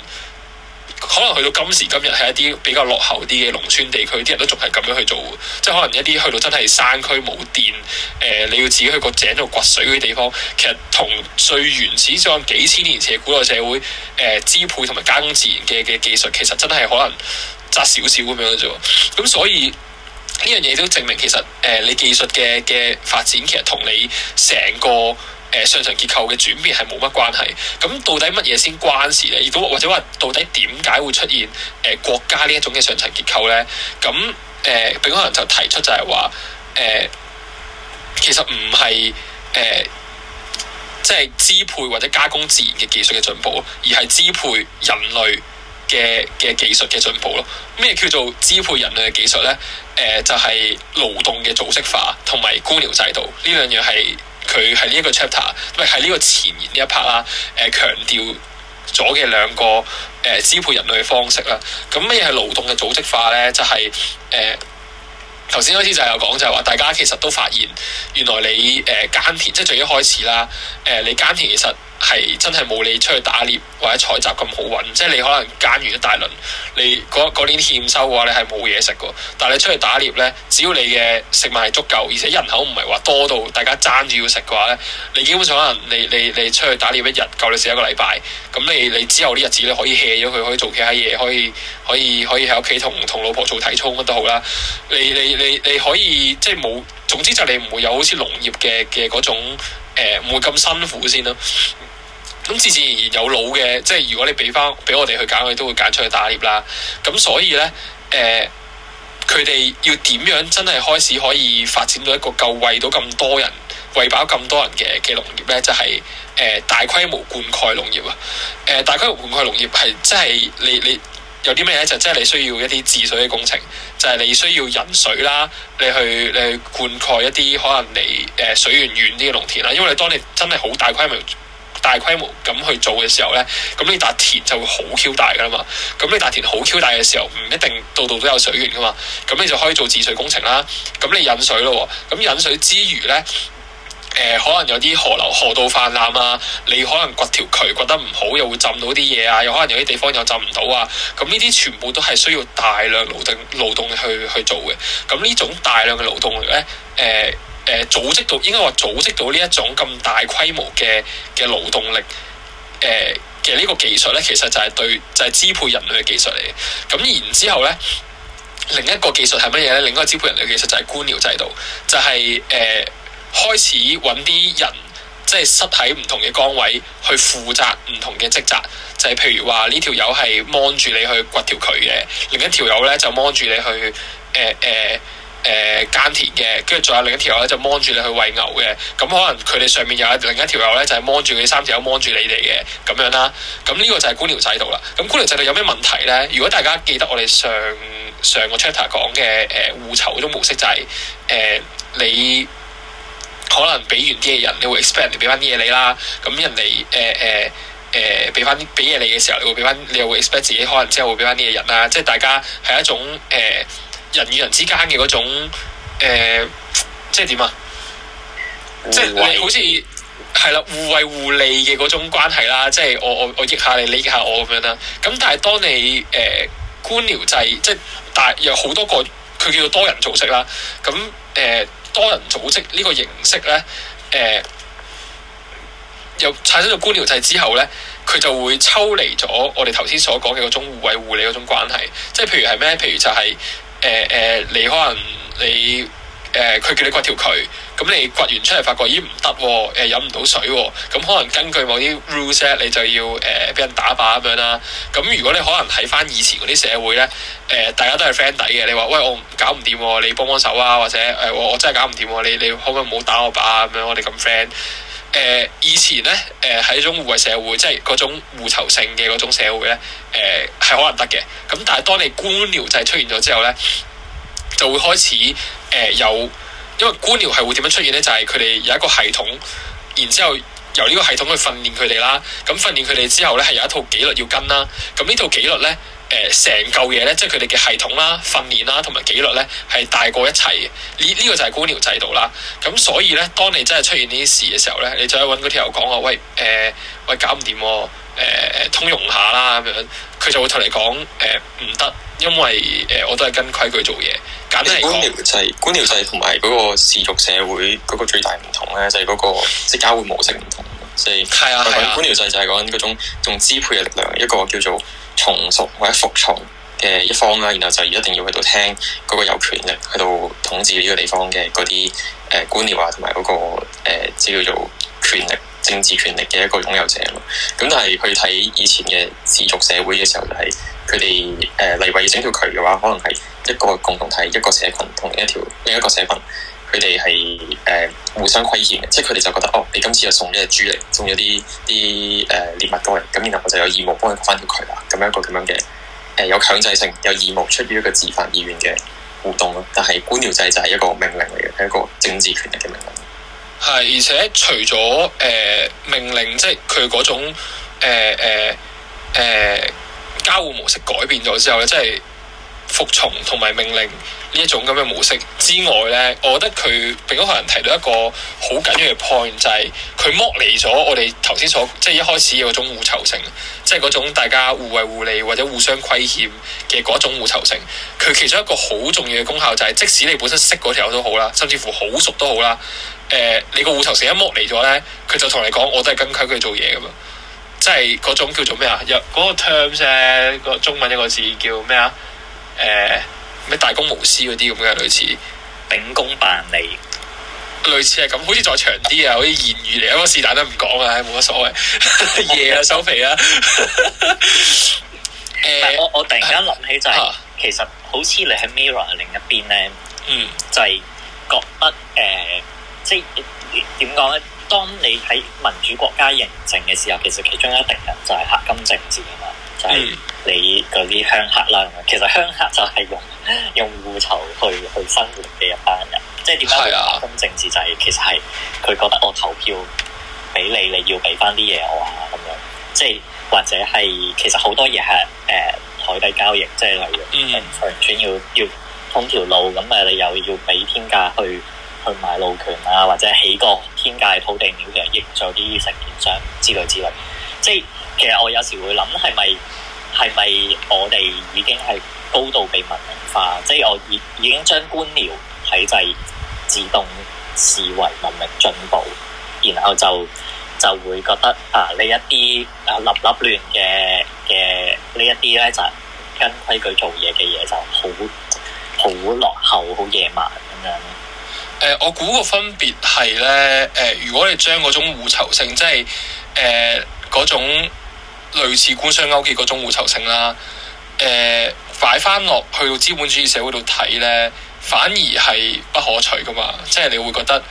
可能去到今時今日係一啲比較落後啲嘅農村地區，啲人都仲係咁樣去做，即係可能一啲去到真係山區冇電，誒、呃、你要自己去個井度掘水嗰啲地方，其實同最原始上幾千年前嘅古代社會誒、呃、支配同埋加工自然嘅嘅技術，其實真係可能窄少少咁樣啫喎。咁所以呢樣嘢都證明其實誒、呃、你技術嘅嘅發展，其實同你成個，誒上層結構嘅轉變係冇乜關係，咁到底乜嘢先關事咧？亦都或者話，到底點解會出現誒國家呢一種嘅上層結構咧？咁誒，佢可能就提出就係話誒，其實唔係誒，即、呃、係、就是、支配或者加工自然嘅技術嘅進步，而係支配人類嘅嘅技術嘅進步咯。咩叫做支配人類嘅技術咧？誒、呃，就係、是、勞動嘅組織化同埋官僚制度呢兩樣係。佢係呢一個 chapter，係呢個前言呢一 part 啦。誒、呃、強調咗嘅兩個誒、呃、支配人類嘅方式啦。咁咩係勞動嘅組織化咧？就係誒頭先開始就有講，就係話大家其實都發現原來你誒耕、呃、田，即係最一開始啦。誒、呃、你耕田其實。係真係冇你出去打獵或者採集咁好運，即係你可能耕完一大輪，你嗰嗰年欠收嘅話，你係冇嘢食嘅。但係你出去打獵呢，只要你嘅食物係足夠，而且人口唔係話多到大家爭住要食嘅話呢，你基本上可能你你你出去打獵一日夠你食一個禮拜，咁你你之後啲日子你可以 hea 咗佢，可以做其他嘢，可以可以可以喺屋企同同老婆做體操乜都好啦。你你你你可以即係冇，總之就你唔會有好似農業嘅嘅嗰種呃，唔會咁辛苦先啦。咁自自然然有老嘅，即係如果你俾翻俾我哋去揀，佢都會揀出去打獵啦。咁所以呢，誒佢哋要點樣真係開始可以發展到一個夠餵到咁多人、餵飽咁多人嘅嘅農業呢？就係、是、誒、呃、大規模灌溉農業啊！誒、呃、大規模灌溉農業係即係你你有啲咩呢？就即、是、係你需要一啲治水嘅工程，就係、是、你需要引水啦，你去你去灌溉一啲可能離、呃、水源遠啲嘅農田啦。因為你當你真係好大規模。大規模咁去做嘅時候呢，咁你大田就會好 Q 大㗎喇嘛。咁你田大田好 Q 大嘅時候，唔一定度度都有水源㗎嘛。咁你就可以做治水工程啦。咁你引水咯。咁引水之餘呢，誒、呃、可能有啲河流河道泛濫啊，你可能掘條渠掘得唔好，又會浸到啲嘢啊。又可能有啲地方又浸唔到啊。咁呢啲全部都係需要大量勞動勞動去去做嘅。咁呢種大量嘅勞動力呢。誒、呃。誒組織到，應該話組織到呢一種咁大規模嘅嘅勞動力，誒嘅呢個技術咧，其實就係對，就係、是、支配人類嘅技術嚟嘅。咁然之後咧，另一個技術係乜嘢咧？另一個支配人類嘅技術就係官僚制度，就係、是、誒、呃、開始搵啲人，即係塞喺唔同嘅崗位去負責唔同嘅職責，就係、是、譬如話呢條友係望住你去掘條渠嘅，另一條友咧就望住你去誒誒。呃呃誒耕、呃、田嘅，跟住仲有另一條友咧就望、是、住你去餵牛嘅，咁、嗯、可能佢哋上面有另一條友咧就係望住佢三條友望住你哋嘅咁樣啦。咁、嗯、呢、這個就係官僚制度啦。咁、嗯、官僚制度有咩問題咧？如果大家記得我哋上上個 chapter 講嘅誒互酬嗰種模式就係、是、誒、呃、你可能俾完啲嘢人，你會 expect 人哋俾翻啲嘢你啦。咁、嗯、人哋誒誒誒俾翻俾嘢你嘅時候，你會俾翻，你又會 expect 自己可能之後會俾翻啲嘢人啦。即係、呃、大家係一種誒。呃人與人之間嘅嗰種誒，即係點啊？即係好似係啦，互惠互利嘅嗰種關係啦。即係我我我益下你，你益下我咁樣啦。咁但係當你誒、呃、官僚制，即係但係有好多個，佢叫做多人組織啦。咁、嗯、誒、呃、多人組織呢個形式咧，誒、呃、又產生咗官僚制之後咧，佢就會抽離咗我哋頭先所講嘅嗰種互惠互利嗰種關係。即係譬如係咩？譬如就係、是。誒誒，你、呃呃、可能你誒佢、呃、叫你掘條渠，咁你掘完出嚟，發覺咦唔得喎，誒飲唔到水喎，咁、啊、可能根據某啲 ruleset，你就要誒俾、呃、人打靶咁樣啦。咁、啊啊、如果你可能睇返以前嗰啲社會咧，誒、啊、大家都係 friend 底嘅，你話喂我搞唔掂喎，你幫幫手啊，或者誒、啊、我我真係搞唔掂喎，你你可唔可以唔好打我靶啊？咁樣我哋咁 friend。誒、呃、以前咧，誒、呃、係一種互惠社會，即係嗰種互酬性嘅嗰種社會咧，誒、呃、係可能得嘅。咁但係當你官僚制出現咗之後咧，就會開始誒、呃、有，因為官僚係會點樣出現咧？就係佢哋有一個系統，然之後由呢個系統去訓練佢哋啦。咁訓練佢哋之後咧，係有一套紀律要跟啦。咁呢套紀律咧。誒成嚿嘢咧，即係佢哋嘅系統啦、訓練啦同埋紀律咧，係大過一切嘅。呢、這、呢個就係官僚制度啦。咁所以咧，當你真係出現呢啲事嘅時候咧，你就再揾嗰條友講話，喂誒、呃、喂搞唔掂喎，通融下啦咁樣，佢就會同你講誒唔得，因為誒我都係跟規矩做嘢。簡單，官僚制官僚制同埋嗰個世俗社會嗰個最大唔同咧，就係、是、嗰個即係交換模式唔同。即係係啊係啊，啊官僚制就係講緊嗰種用支配嘅力量，一個叫做。從屬或者服從嘅一方啦，然後就一定要去到聽嗰個有權力去到統治呢個地方嘅嗰啲誒官僚啊，同埋嗰個誒即、呃、叫做權力、政治權力嘅一個擁有者。咁但係去睇以前嘅自族社會嘅時候，就係佢哋誒嚟維整條渠嘅話，可能係一個共同體、一個社群同一條另一個社群。佢哋係誒互相虧欠嘅，即係佢哋就覺得，哦，你今次又送咗隻豬嚟，送咗啲啲誒獵物過嚟，咁然後我就有義務幫你翻條渠啦，咁樣一個咁樣嘅誒、呃、有強制性、有義務，出於一個自發意願嘅互動咯。但係官僚制就係一個命令嚟嘅，係一個政治權力嘅命令。係，而且除咗誒、呃、命令，即係佢嗰種誒誒交互模式改變咗之後咧，即係。服從同埋命令呢一種咁嘅模式之外呢，我覺得佢並有可能提到一個好緊要嘅 point，就係佢剝離咗我哋頭先所即係、就是、一開始有種互酬性，即係嗰種大家互惠互利或者互相虧欠嘅嗰種互酬性。佢其中一個好重要嘅功效就係、是，即使你本身識嗰條友都好啦，甚至乎好熟都好啦、呃，你個互酬性一剝離咗呢，佢就同你講，我都係跟區區做嘢咁嘛，即係嗰種叫做咩啊？有、那、嗰個 terms、那個中文一個字叫咩啊？誒，咩、呃、大公無私嗰啲咁嘅類似，秉公辦理，類似係咁，好似再長啲啊，好似諺語嚟啊嘛，是但都唔講啊，冇乜所謂，夜啊收皮啊。誒，我我突然間諗起就係、是，啊、其實好似你喺 Mirror 另一邊咧，嗯，就係覺得誒、呃，即係點講咧？當你喺民主國家認證嘅時候，其實其中一定人就係黑金政治啊嘛。就係你嗰啲鄉客啦，其實鄉客就係用用戶籌去去生活嘅一班人，即係點解講？通政治就係其實係佢覺得我投票俾你，你要俾翻啲嘢我啊咁樣，即係或者係其實好多嘢係誒台底交易，即係例如長村、嗯、要要通條路，咁誒你又要俾天價去去買路權啊，或者起個天價土地廟，其益咗啲承建商之類之類，即係。其實我有時會諗，係咪係咪我哋已經係高度被文明化，即係我已已經將官僚體制自動視為文明進步，然後就就會覺得啊，一啊亂亂亂一呢一啲啊立立亂嘅嘅呢一啲咧，就係、是、跟規矩做嘢嘅嘢就好好落後、好野蠻咁樣。誒、呃，我估個分別係咧，誒、呃，如果你將嗰種互酬性，即係誒嗰種。類似官商勾結嗰種互酬性啦，誒、呃、擺翻落去到資本主義社會度睇咧，反而係不可取噶嘛，即係你會覺得誒、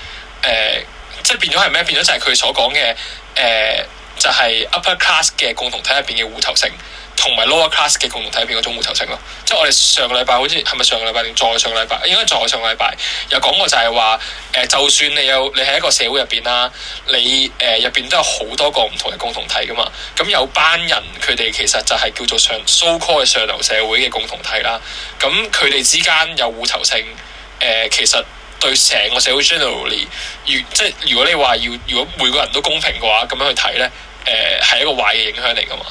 呃，即係變咗係咩？變咗就係佢所講嘅誒，就係、是、upper class 嘅共同體入邊嘅互酬性。同埋 lower class 嘅共同體入邊嗰種互酬性咯，即係我哋上個禮拜好似係咪上個禮拜定再上個禮拜？應該再上個禮拜有講過就係話，誒、呃、就算你有你喺一個社會入邊啦，你誒入邊都有好多個唔同嘅共同體噶嘛。咁有班人佢哋其實就係叫做上、so-called 嘅、上流社會嘅共同體啦。咁佢哋之間有互酬性，誒、呃、其實對成個社會 generally、呃、即係如果你話要如果每個人都公平嘅話，咁樣去睇咧，誒、呃、係一個壞嘅影響嚟噶嘛。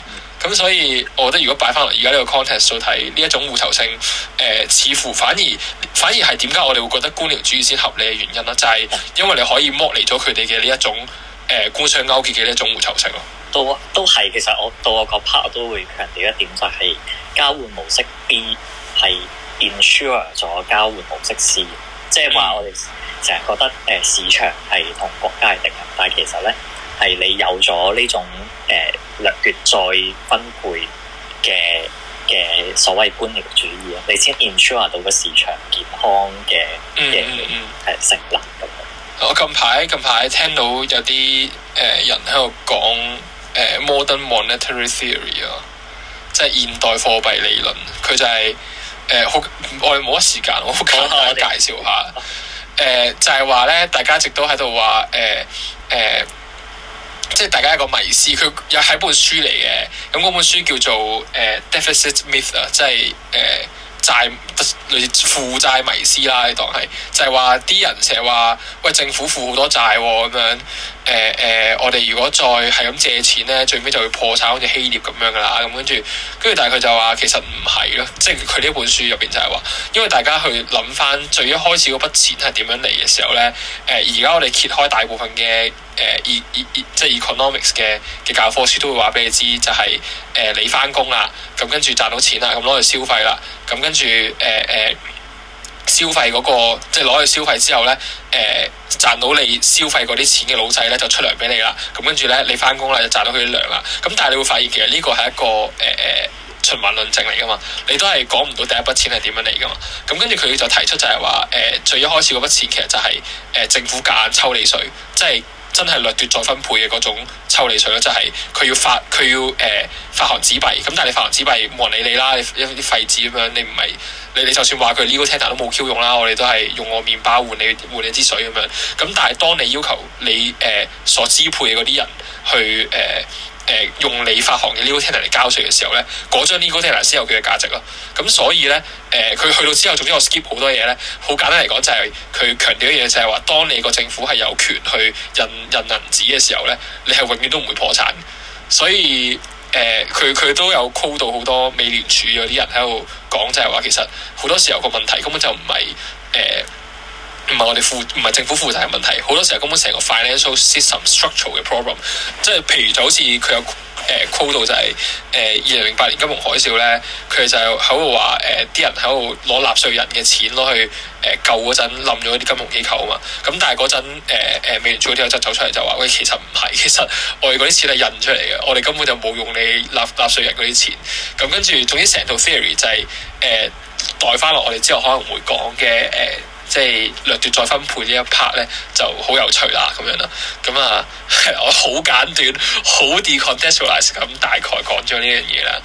咁、嗯、所以，我覺得如果擺翻落而家呢個 context 度睇，呢一種互酬性，誒、呃、似乎反而反而係點解我哋會覺得官僚主義先合理嘅原因啦，就係、是、因為你可以剝離咗佢哋嘅呢一種誒、呃、官商勾結嘅呢一種互酬性咯。都都係，其實我到我個 part 都會強調一點就係交換模式 B 係 ensure 咗交換模式 C，即係話我哋成日覺得誒、呃、市場係同國家係敵人，但係其實咧。係你有咗呢種誒掠奪再分配嘅、嘅所謂官僚主義啊，你先 ensure 到個市場健康嘅、嘅係成立咁。嗯嗯、我近排近排聽到有啲誒、呃、人喺度講誒 Modern Monetary Theory 啊，即係現代貨幣理論。佢就係誒，好，我冇乜時間，我好簡單、哦、介紹下誒，就係話咧，大家一直都喺度話誒誒。呃呃呃呃呃呃即係大家一個迷思，佢又係一本書嚟嘅。咁嗰本書叫做《誒、uh, Deficit Myth》啦、uh，即係誒債類似負債迷思啦。你當係就係話啲人成日話喂政府負好多債喎、啊、咁樣。誒誒、呃呃，我哋如果再係咁借錢咧，最尾就會破產，好似希臘咁樣噶啦，咁跟住，跟住但係佢就話其實唔係咯，即係佢呢本書入邊就係話，因為大家去諗翻最一開始嗰筆錢係點樣嚟嘅時候咧，誒而家我哋揭開大部分嘅誒 e e 即係 economics 嘅嘅教科書都會話俾你知、就是，就係誒你翻工啦，咁跟住賺到錢啦，咁攞嚟消費啦，咁跟住誒誒。呃呃消費嗰、那個即係攞去消費之後呢，誒、呃、賺到你消費嗰啲錢嘅老細呢，就出糧畀你啦。咁跟住呢，你返工啦就賺到佢啲糧啦。咁但係你會發現其實呢個係一個誒、呃、循環論證嚟㗎嘛。你都係講唔到第一筆錢係點樣嚟㗎嘛。咁跟住佢就提出就係話誒，最一開始嗰筆錢其實就係、是呃、政府夾硬抽你稅，即係。真係掠奪再分配嘅嗰種抽離水咯，即係佢要發佢要誒、呃、發行紙幣，咁但係你發行紙幣冇人理你啦，你一啲廢紙咁樣，你唔係你你就算話佢呢個 legal tender 都冇 Q 用啦，我哋都係用我麵包換你換你支水咁樣，咁但係當你要求你誒、呃、所支配嗰啲人去誒。呃誒用你發行嘅 legal tender 嚟交稅嘅時候咧，嗰張 legal tender 先有佢嘅價值咯。咁所以咧，誒、呃、佢去到之後，總之我 skip 好多嘢咧。好簡單嚟講，就是，就係佢強調嘅嘢就係話，當你個政府係有權去印印銀紙嘅時候咧，你係永遠都唔會破產。所以誒，佢、呃、佢都有 call 到好多美聯儲嗰啲人喺度講，就係話其實好多時候個問題根本就唔係誒。呃唔係我哋負唔係政府負責嘅問題，好多時候根本成個 financial system structural 嘅 problem，即係譬如就好似佢有誒 quote 到就係誒二零零八年金融海嘯咧，佢就喺度話誒啲人喺度攞納稅人嘅錢攞去誒、呃、救嗰陣冧咗啲金融機構啊嘛。咁但係嗰陣誒美聯儲有質走出嚟就話喂，其實唔係，其實我哋嗰啲錢係印出嚟嘅，我哋根本就冇用你納納稅人嗰啲錢。咁、嗯、跟住總之成套 theory 就係、是、誒、呃、代翻落我哋之後可能會講嘅誒。呃即係掠奪再分配呢一 part 咧，就好有趣啦咁樣啦。咁啊，我、嗯、好、嗯、簡短，好 decontextualise 咁大概講咗呢樣嘢啦。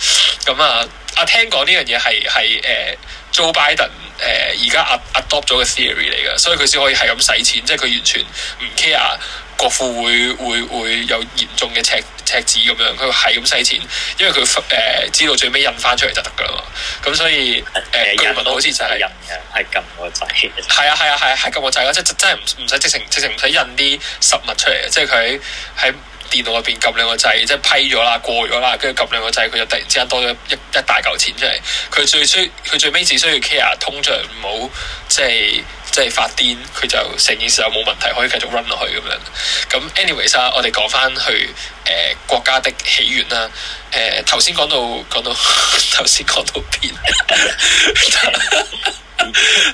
咁啊啊，聽講呢樣嘢係係誒 Joe Biden。誒而家、呃、adopt 咗嘅 theory 嚟㗎，所以佢先可以係咁使錢，即係佢完全唔 care 國庫會會會有嚴重嘅赤赤字咁樣，佢係咁使錢，因為佢誒、呃、知道最尾印翻出嚟就得㗎啦嘛。咁、嗯、所以誒居民好似就係係撳個掣？係啊係啊係啊係撳個掣。即係真係唔唔使直情直情唔使印啲實物出嚟即係佢喺。電腦入邊撳兩個掣，即係批咗啦、過咗啦，跟住撳兩個掣，佢就突然之間多咗一一大嚿錢出嚟。佢最需，佢最尾只需要 care，通脹，唔好即係即係發癲，佢就成件事就冇問題，可以繼續 run 落去咁樣。咁 anyways 啊，我哋講翻去誒國家的起源啦。誒頭先講到講到頭先講到邊？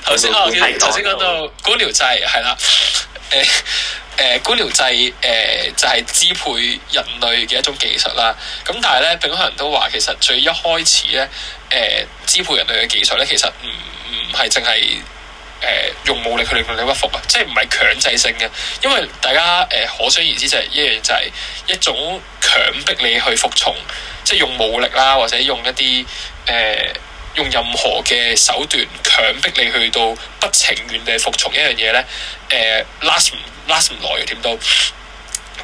頭 先才、 啊、我頭先講到嗰條掣係啦。誒誒官僚制誒、呃、就係、是、支配人類嘅一種技術啦。咁但係咧，並唔人都話其實最一開始咧，誒、呃、支配人類嘅技術咧，其實唔唔係淨係誒用武力去令你屈服啊，即係唔係強制性嘅。因為大家誒、呃、可想而知就係一樣就係一種強迫你去服從，即係用武力啦，或者用一啲誒。呃用任何嘅手段強迫你去到不情願地服從一樣嘢咧，誒、呃、last last 唔耐嘅點都誒，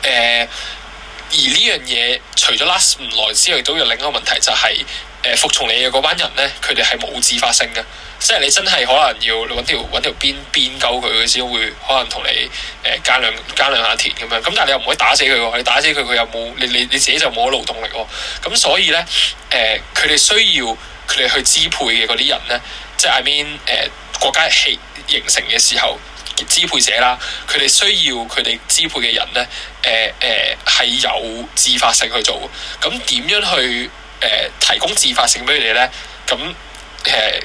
而呢樣嘢除咗 last 唔耐之外，都有另一個問題就係、是、誒、呃、服從你嘅嗰班人咧，佢哋係冇自發性嘅，即係你真係可能要揾條揾條鞭鞭鳩佢，佢先會可能同你誒耕兩耕兩下田咁樣。咁但係你又唔可以打死佢喎，你打死佢佢又冇你你你自己就冇咗勞動力喎。咁所以咧誒，佢、呃、哋需要。佢哋去支配嘅嗰啲人咧，即係 I mean 誒、呃、國家起形成嘅時候，支配者啦，佢哋需要佢哋支配嘅人咧，誒、呃、誒，係、呃、有自發性去做，咁點樣去誒、呃、提供自發性俾你咧？咁誒。呃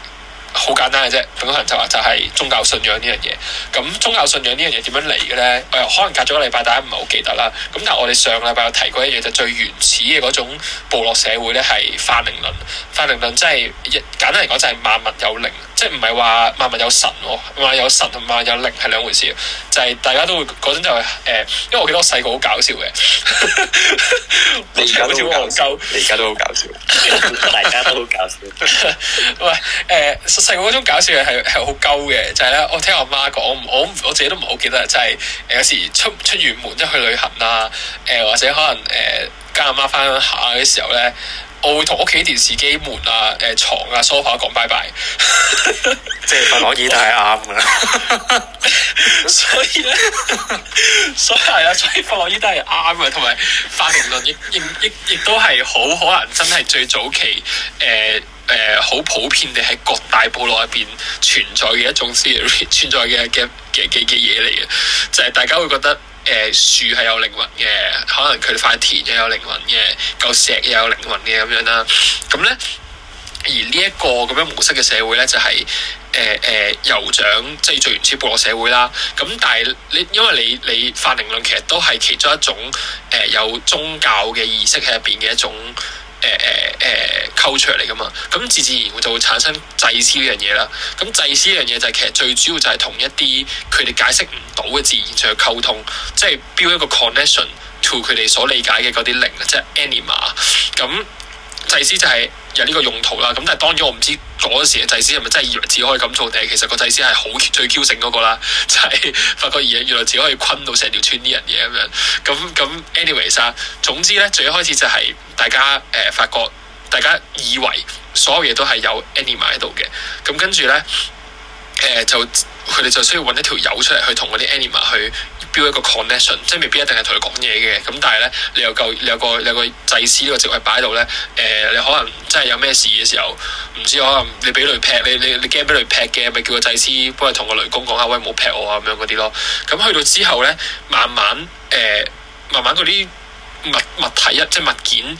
好簡單嘅啫，佢可能就話就係宗教信仰呢樣嘢。咁宗教信仰呢樣嘢點樣嚟嘅咧？可能隔咗個禮拜，大家唔係好記得啦。咁但係我哋上禮拜有提過一樣，就最原始嘅嗰種部落社會咧，係泛靈論。泛靈論即、就、係、是、簡單嚟講，就係萬物有靈，即係唔係話萬物有神，萬有神同萬有靈係兩回事。就係、是、大家都會嗰陣就係誒、呃，因為我記得我細個好搞笑嘅， 你而家都好戇鳩，你而家都好搞笑，搞笑， 大家都好搞笑。喂、 呃，誒、呃。係嗰種搞笑嘢係係好鳩嘅，就係咧，我聽我媽講，我我，我自己都唔係好記得，就係、是、有時出出完門即去旅行啊、誒、呃、或者可能誒跟阿媽翻鄉下嘅啲時候咧。我會同屋企電視機門啊、誒、呃、床啊、梳化講拜拜，即係弗洛伊德係啱噶啦，所以咧，所以係啊，所以弗洛伊德係啱嘅，同埋泛靈論亦亦亦亦都係好可能真係最早期誒誒好普遍地喺各大部落入邊存在嘅一種 theory, 存在嘅嘅嘅嘅嘢嚟嘅。就係、是、大家會覺得。誒樹係有靈魂嘅，可能佢塊田又有靈魂嘅，嚿石又有靈魂嘅咁樣啦。咁咧，而呢一個咁樣模式嘅社會咧、就是呃呃，就係誒誒酋長即係最原始部落社會啦。咁但係你因為你你泛靈論其實都係其中一種誒有宗教嘅意識喺入邊嘅一種。誒誒誒溝出嚟噶嘛，咁自自然會就會產生祭司呢樣嘢啦。咁祭司呢樣嘢就係其實最主要就係同一啲佢哋解釋唔到嘅自然而去溝通，即係標一個 connection to 佢哋所理解嘅嗰啲靈，即係 anima。咁祭司就係有呢個用途啦，咁但係當然我唔知嗰時嘅祭司係咪真係以為自己可以咁做定其實個祭司係好最 Q 性嗰個啦，就係、是、發覺咦原來自己可以困到成條村啲人嘅咁樣，咁咁 anyways 啊，any ways，總之咧最一開始就係大家誒發覺大家以為所有嘢都係有 anima 喺度嘅，咁跟住咧。誒、呃、就佢哋就需要揾一條友出嚟去同嗰啲 animal 去 build 一個 connection，即係未必一定係同佢講嘢嘅。咁但係咧，你有夠有個你有個祭司呢個職位擺喺度咧。誒、呃，你可能真係有咩事嘅時候，唔知可能你俾雷劈，你你你驚俾雷劈嘅，咪叫個祭司幫佢同個雷公講下，喂，唔好劈我啊，咁樣嗰啲咯。咁去到之後咧，慢慢誒、呃，慢慢嗰啲物物體一即係物件。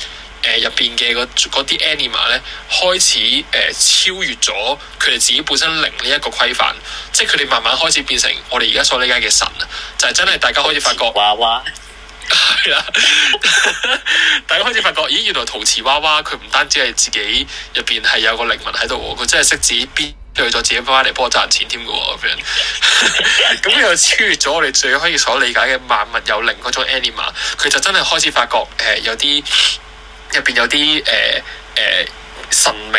入邊嘅嗰啲 anima 咧，開始誒、呃、超越咗佢哋自己本身靈呢一個規範，即係佢哋慢慢開始變成我哋而家所理解嘅神啊。就係、是、真係大家開始發覺娃娃係啦，大家開始發覺咦，原來陶瓷娃娃佢唔單止係自己入邊係有個靈魂喺度喎，佢真係識自己邊佢再自己翻嚟幫我賺錢添嘅喎咁樣。咁又超越咗我哋最可以所理解嘅萬物有靈嗰種 anima，佢就真係開始發覺誒、呃、有啲。入邊有啲，誒誒、神明，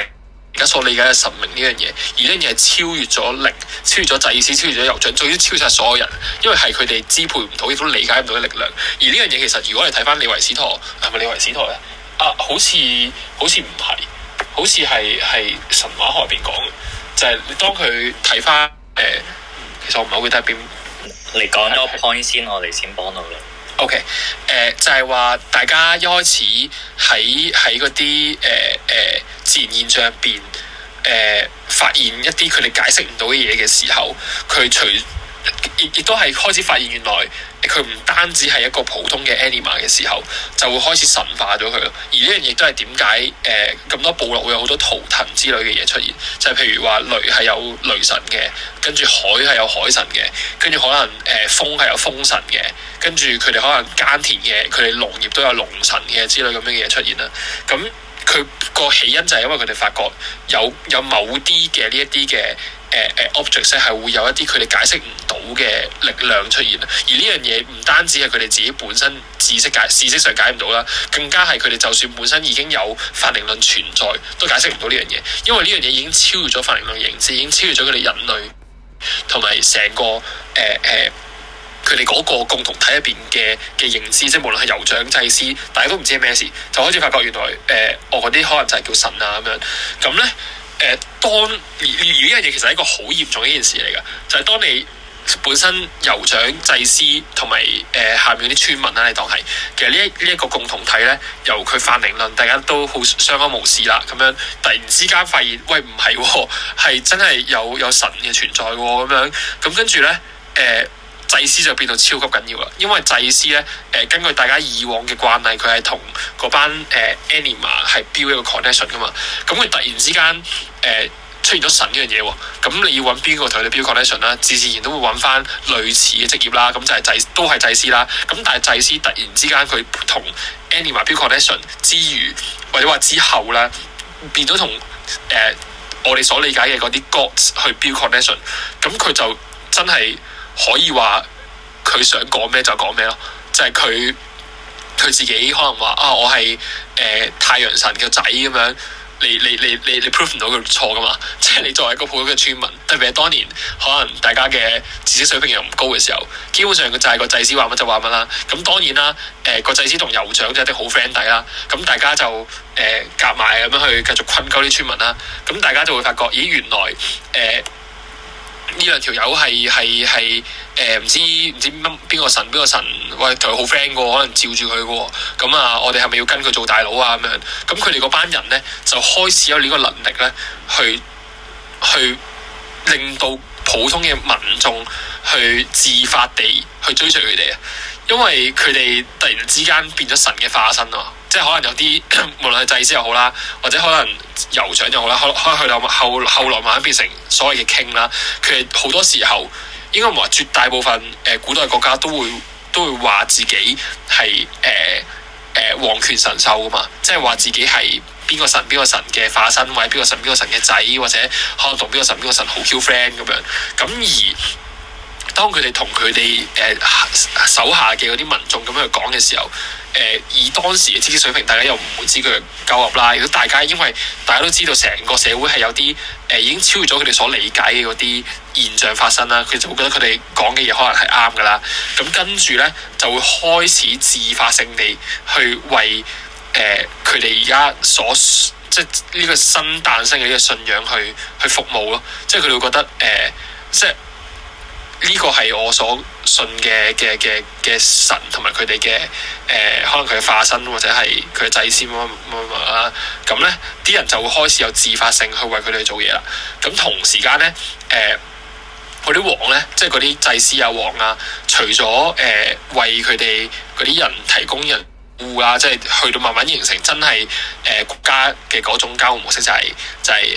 而家所理解嘅神明呢樣嘢，而呢樣嘢係超越咗力，超越咗祭司，超越咗酋長，終於超越晒所有人，因為係佢哋支配唔到，亦都理解唔到嘅力量。而呢樣嘢其實，如果你睇翻《李維斯陀》，係咪《李維斯陀》咧？啊，好似好似唔係，好似係係神話外邊講嘅，就係你當佢睇翻，誒，其實我唔係好記得邊你講咗 point 先，係咪我嚟先幫到你。O.K.，誒、呃、就係、是、話，大家一開始喺喺嗰啲誒誒自然現象入邊，誒發現一啲佢哋解釋唔到嘅嘢嘅時候，佢隨。亦亦都係開始發現原來佢唔單止係一個普通嘅 animal 嘅時候，就會開始神化咗佢咯。而呢樣嘢都係點解誒咁多部落會有好多圖騰之類嘅嘢出現？就係、是、譬如話雷係有雷神嘅，跟住海係有海神嘅，跟住可能誒、呃、風係有風神嘅，跟住佢哋可能耕田嘅，佢哋農業都有龍神嘅之類咁樣嘅嘢出現啦。咁、嗯。佢個起因就係因為佢哋發覺有有某啲嘅呢一啲嘅誒誒、呃呃、object 係會有一啲佢哋解釋唔到嘅力量出現，而呢樣嘢唔單止係佢哋自己本身知識解知識上解唔到啦，更加係佢哋就算本身已經有泛靈論存在，都解釋唔到呢樣嘢，因為呢樣嘢已經超越咗泛靈論形質，已經超越咗佢哋人類同埋成個誒誒。呃呃佢哋嗰個共同體入邊嘅嘅認知，即係無論係酋長、祭司，大家都唔知係咩事，就開始發覺原來誒、呃，我嗰啲可能就係叫神啊咁樣咁咧。誒、呃，當而呢樣嘢其實係一個好嚴重嘅一件事嚟噶，就係、是、當你本身酋長、祭司同埋誒下面啲村民咧，你當係其實呢呢一個共同體咧，由佢泛靈論，大家都好相安無事啦。咁樣突然之間發現，喂唔係喎，係、哦、真係有有神嘅存在喎、哦。咁樣咁跟住咧，誒、呃。祭司就變到超級緊要啦，因為祭司咧，誒、呃、根據大家以往嘅慣例，佢係同嗰班誒、呃、Anima 係標一個 connection 噶嘛。咁佢突然之間誒、呃、出現咗神呢樣嘢喎，咁、呃、你要揾邊個同佢哋標 connection 啦？自自然都會揾翻類似嘅職業啦，咁就係祭司都係祭司啦。咁但係祭司突然之間佢同 Anima 標 connection 之餘，或者話之後啦，變咗同誒我哋所理解嘅嗰啲 God 去標 connection，咁、嗯、佢就真係。可以話佢想講咩就講咩咯，就係佢佢自己可能話啊，我係誒、呃、太陽神嘅仔咁樣，你你你你你 prove 唔到佢錯噶嘛？即係你作為一個普通嘅村民，特別係當年可能大家嘅知識水平又唔高嘅時候，基本上佢就係個祭司話乜就話乜啦。咁當然啦，誒、呃、個祭司同酋長就一定好 friend 底啦。咁大家就誒夾埋咁樣去繼續困鳩啲村民啦。咁大家就會發覺，咦，原來誒～、呃呢兩條友係係係誒唔知唔知邊邊個神邊個神，喂同佢好 friend 嘅喎，可能照住佢嘅喎。咁、嗯嗯嗯、啊，我哋係咪要跟佢做大佬啊？咁、嗯、樣，咁佢哋嗰班人咧就開始有呢個能力咧，去去令到普通嘅民眾去自發地去追隨佢哋啊，因為佢哋突然之間變咗神嘅化身咯、啊。即係可能有啲無論係祭司又好啦，或者可能酋長又好啦，可可能佢哋後後來慢慢變成所謂嘅 king 啦。佢好多時候應該話絕大部分誒古代國家都會都會話自己係誒誒皇權神授噶嘛，即係話自己係邊個神邊個神嘅化身，或者邊個神邊個神嘅仔，或者可能同邊個神邊個神好 Q friend 咁樣咁而。當佢哋同佢哋誒手下嘅嗰啲民眾咁樣去講嘅時候，誒、呃、以當時嘅知識水平，大家又唔會知佢哋鳩合啦。如果大家因為大家都知道成個社會係有啲誒、呃、已經超越咗佢哋所理解嘅嗰啲現象發生啦，佢就會覺得佢哋講嘅嘢可能係啱噶啦。咁、嗯、跟住咧就會開始自發性地去為誒佢哋而家所即係呢個新誕生嘅呢個信仰去去服務咯。即係佢哋會覺得誒、呃、即係。呢個係我所信嘅嘅嘅嘅神，同埋佢哋嘅誒，可能佢嘅化身或者係佢嘅祭師乜咁咧，啲人就會開始有自發性去為佢哋做嘢啦。咁同時間咧，誒、呃，啲王咧，即係嗰啲祭師啊、王啊，除咗誒、呃、為佢哋嗰啲人提供人護啊，即係去到慢慢形成真係誒、呃、國家嘅嗰種交互模式，就係、是、就係誒誒誒誒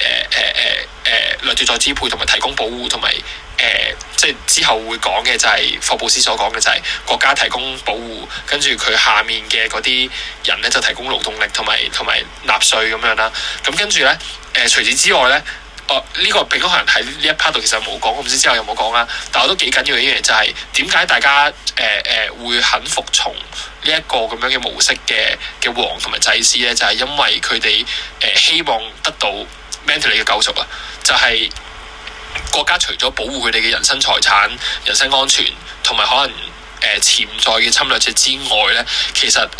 兩者在支配同埋提供保護同埋。誒、呃，即係之後會講嘅就係霍布斯所講嘅就係國家提供保護，跟住佢下面嘅嗰啲人咧就提供勞動力同埋同埋納稅咁樣啦。咁跟住咧，誒、呃、除此之外咧，哦、呃、呢、這個平均可能喺呢一 part 度其實冇講，我唔知之後有冇講啦。但係我都幾緊要嘅一樣嘢就係點解大家誒誒、呃呃、會肯服從呢一個咁樣嘅模式嘅嘅王同埋祭司咧？就係、是、因為佢哋誒希望得到 mentally 嘅救贖啊，就係、是。國家除咗保護佢哋嘅人身財產、人身安全同埋可能誒潛在嘅侵略者之外咧，其實誒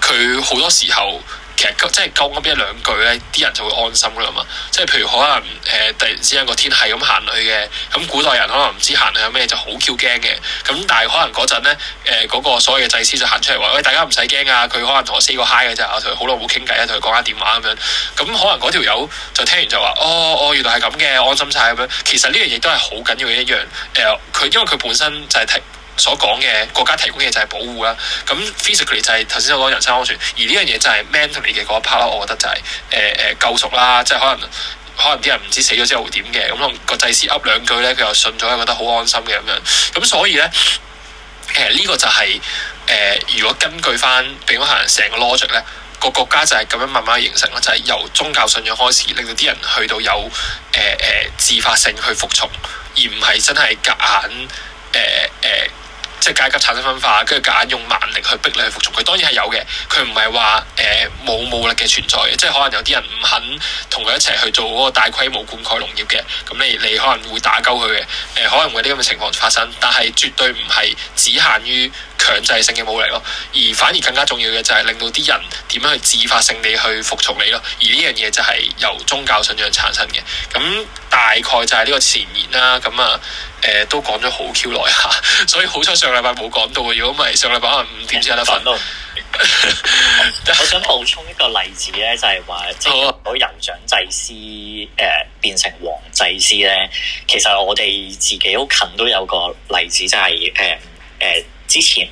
佢好多時候。即係講咁一兩句咧，啲人就會安心啦嘛。即係譬如可能誒、呃，突然之間個天係咁行落去嘅，咁古代人可能唔知行去有咩就好 Q 驚嘅。咁但係可能嗰陣咧誒，嗰、呃那個所謂嘅祭司就行出嚟話，喂，大家唔使驚啊！佢可能同我 say 個 hi 嘅啫，我同佢好耐冇傾偈同佢講下電話咁樣。咁、嗯、可能嗰條友就聽完就話：「哦哦，原來係咁嘅，安心晒。」咁樣。其實呢樣嘢都係好緊要嘅一樣。誒、呃，佢因為佢本身就係睇。所講嘅國家提供嘅就係保護啦，咁 physically 就係頭先所講人身安全，而呢樣嘢就係 mentally 嘅嗰一 part 啦，我覺得就係誒誒救贖啦，即係可能可能啲人唔知死咗之後會點嘅，咁個祭司噏兩句咧，佢又信咗，覺得好安心嘅咁樣，咁所以咧，其實呢個就係誒如果根據翻俾我行成個 logic 咧，個國家就係咁樣慢慢形成咯，就係由宗教信仰開始，令到啲人去到有誒誒自發性去服從，而唔係真係夾硬。誒誒、呃，即階級產生分化，跟住夾硬用蠻力去逼你去服從佢，當然係有嘅。佢唔係話誒冇武力嘅存在，即係可能有啲人唔肯同佢一齊去做嗰個大規模灌溉農業嘅，咁你你可能會打鳩佢嘅。誒、呃，可能會呢咁嘅情況發生，但係絕對唔係只限於強制性嘅武力咯，而反而更加重要嘅就係令到啲人點樣去自發性地去服從你咯。而呢樣嘢就係由宗教信仰產生嘅。咁大概就係呢個前言啦。咁啊～誒、呃，都講咗好 Q 耐吓，所以好彩上禮拜冇講到，如果唔係上禮拜五點先有得瞓。我想補充一個例子咧，就係、是、話、嗯、即係嗰酋長祭司誒變成王祭司咧，其實我哋自己好近都有個例子，就係誒誒之前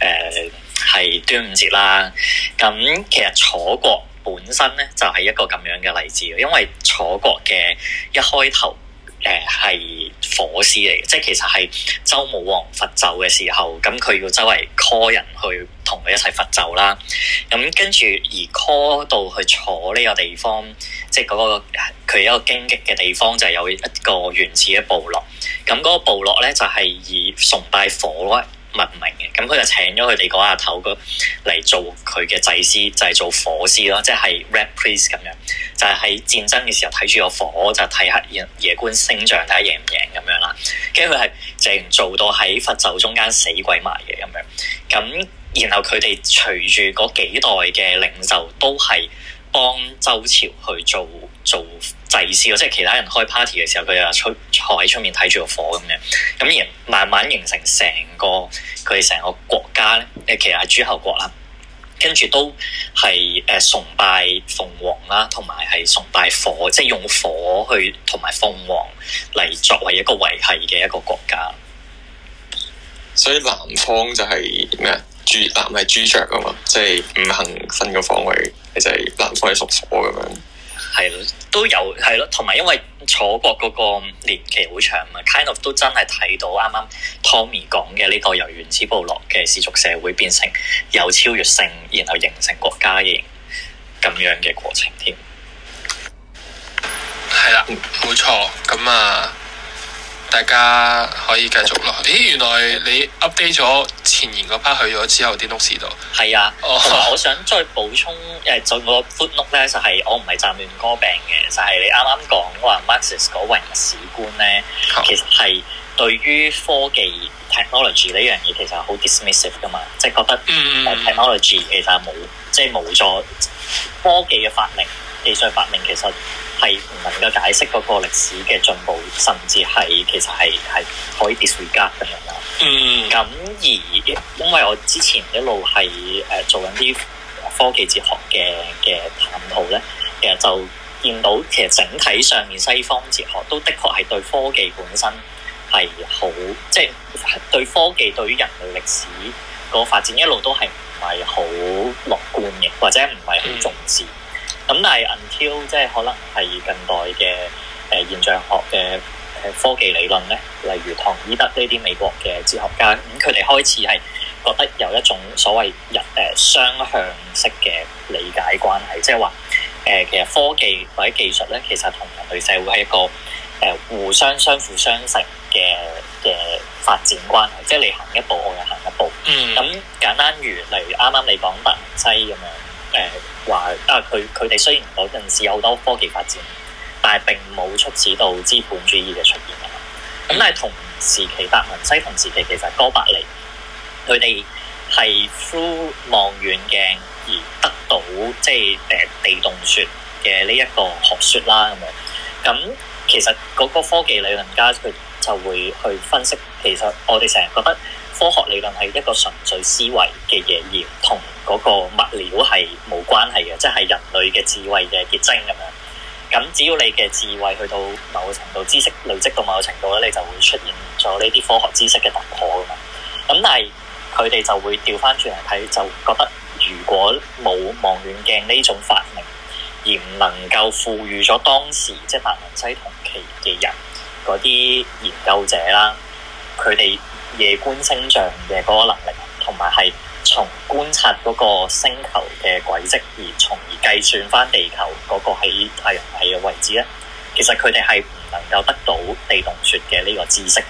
誒係、呃、端午節啦。咁、嗯、其實楚國本身咧就係、是、一個咁樣嘅例子，因為楚國嘅一開頭。誒係火師嚟嘅，即係其實係周武王伐紂嘅時候，咁佢要周圍 call 人去同佢一齊伐紂啦。咁跟住而 call 到去坐呢個地方，即係、那、嗰個佢一個荊棘嘅地方，就係有一個原始嘅部落。咁嗰個部落咧就係、是、以崇拜火為。文明嘅，咁佢就請咗佢哋嗰阿頭嚟做佢嘅祭司，就係、是、做火師咯，即、就、係、是、red priest 咁樣，就係、是、喺戰爭嘅時候睇住個火，就睇下夜夜觀星象睇下贏唔贏咁樣啦。跟住佢係淨做到喺佛咒中間死鬼埋嘅咁樣。咁然後佢哋隨住嗰幾代嘅領袖都係。幫周朝去做做祭司，即係其他人開 party 嘅時候，佢又出坐喺出面睇住個火咁樣，咁而慢慢形成成個佢哋成個國家咧，其實係諸侯國啦，跟住都係誒崇拜鳳凰啦，同埋係崇拜火，即係用火去同埋鳳凰嚟作為一個維繫嘅一個國家。所以南方就係咩啊？豬唔係豬雀噶嘛，即係五行分個方位，你就係南方係屬火咁樣，係咯，都有係咯，同埋因為楚國嗰個年期好長啊，kind of 都真係睇到啱啱 Tommy 講嘅呢個由原始部落嘅氏族社會變成有超越性，然後形成國家嘅咁樣嘅過程添，係啦，冇錯，咁啊。大家可以繼續咯。咦，原來你 update 咗前言嗰 part 去咗之後啲屋市度。係啊，哦、我想再補充誒，就是、我 footnote 咧，就係、是、我唔係站亂哥病嘅，就係、是、你啱啱講話 Marxist 嗰宏史觀咧，好其實係對於科技 technology 呢樣嘢其實好 dismissive 噶嘛，即、就、係、是、覺得 technology、嗯、其實冇，即係冇助科技嘅發明、技術發明其實。係唔能夠解釋嗰個歷史嘅進步，甚至係其實係係可以 disregard 咁樣啦。嗯、mm.，咁而因為我之前一路係誒做緊啲科技哲學嘅嘅探討咧，其實就見到其實整體上面西方哲學都的確係對科技本身係好，即係對科技對於人類歷史個發展一路都係唔係好樂觀嘅，或者唔係好重視。Mm. 咁但係 until 即係可能係近代嘅誒、呃、現象學嘅誒、呃、科技理論咧，例如唐伊德呢啲美國嘅哲學家，咁佢哋開始係覺得有一種所謂人誒、呃、雙向式嘅理解關係，即係話誒其實科技或者技術咧，其實同人類社會係一個誒、呃、互相相輔相成嘅嘅發展關係，即係你行一步，我又行一步。咁、嗯、簡單如例如啱啱你講白當西咁樣。誒話啊，佢佢哋雖然嗰陣時有好多科技發展，但係並冇促使到資本主義嘅出現啊。咁但係同時期達文西同時期，其實哥白尼佢哋係 through 望遠鏡而得到即係誒地動説嘅呢一個學説啦。咁樣咁其實嗰個科技理論家佢就會去分析，其實我哋成日覺得科學理論係一個純粹思維嘅嘢，而同。嗰個物料係冇關係嘅，即係人類嘅智慧嘅結晶咁樣。咁只要你嘅智慧去到某個程度，知識累積到某個程度咧，你就會出現咗呢啲科學知識嘅突破噶嘛。咁但係佢哋就會掉返轉嚟睇，就覺得如果冇望遠鏡呢種發明，而唔能夠賦予咗當時即係達文西同期嘅人嗰啲研究者啦，佢哋夜觀星象嘅嗰個能力同埋係。從觀察嗰個星球嘅軌跡而從而計算翻地球嗰個喺太陽系嘅位置咧，其實佢哋係唔能夠得到地動説嘅呢個知識。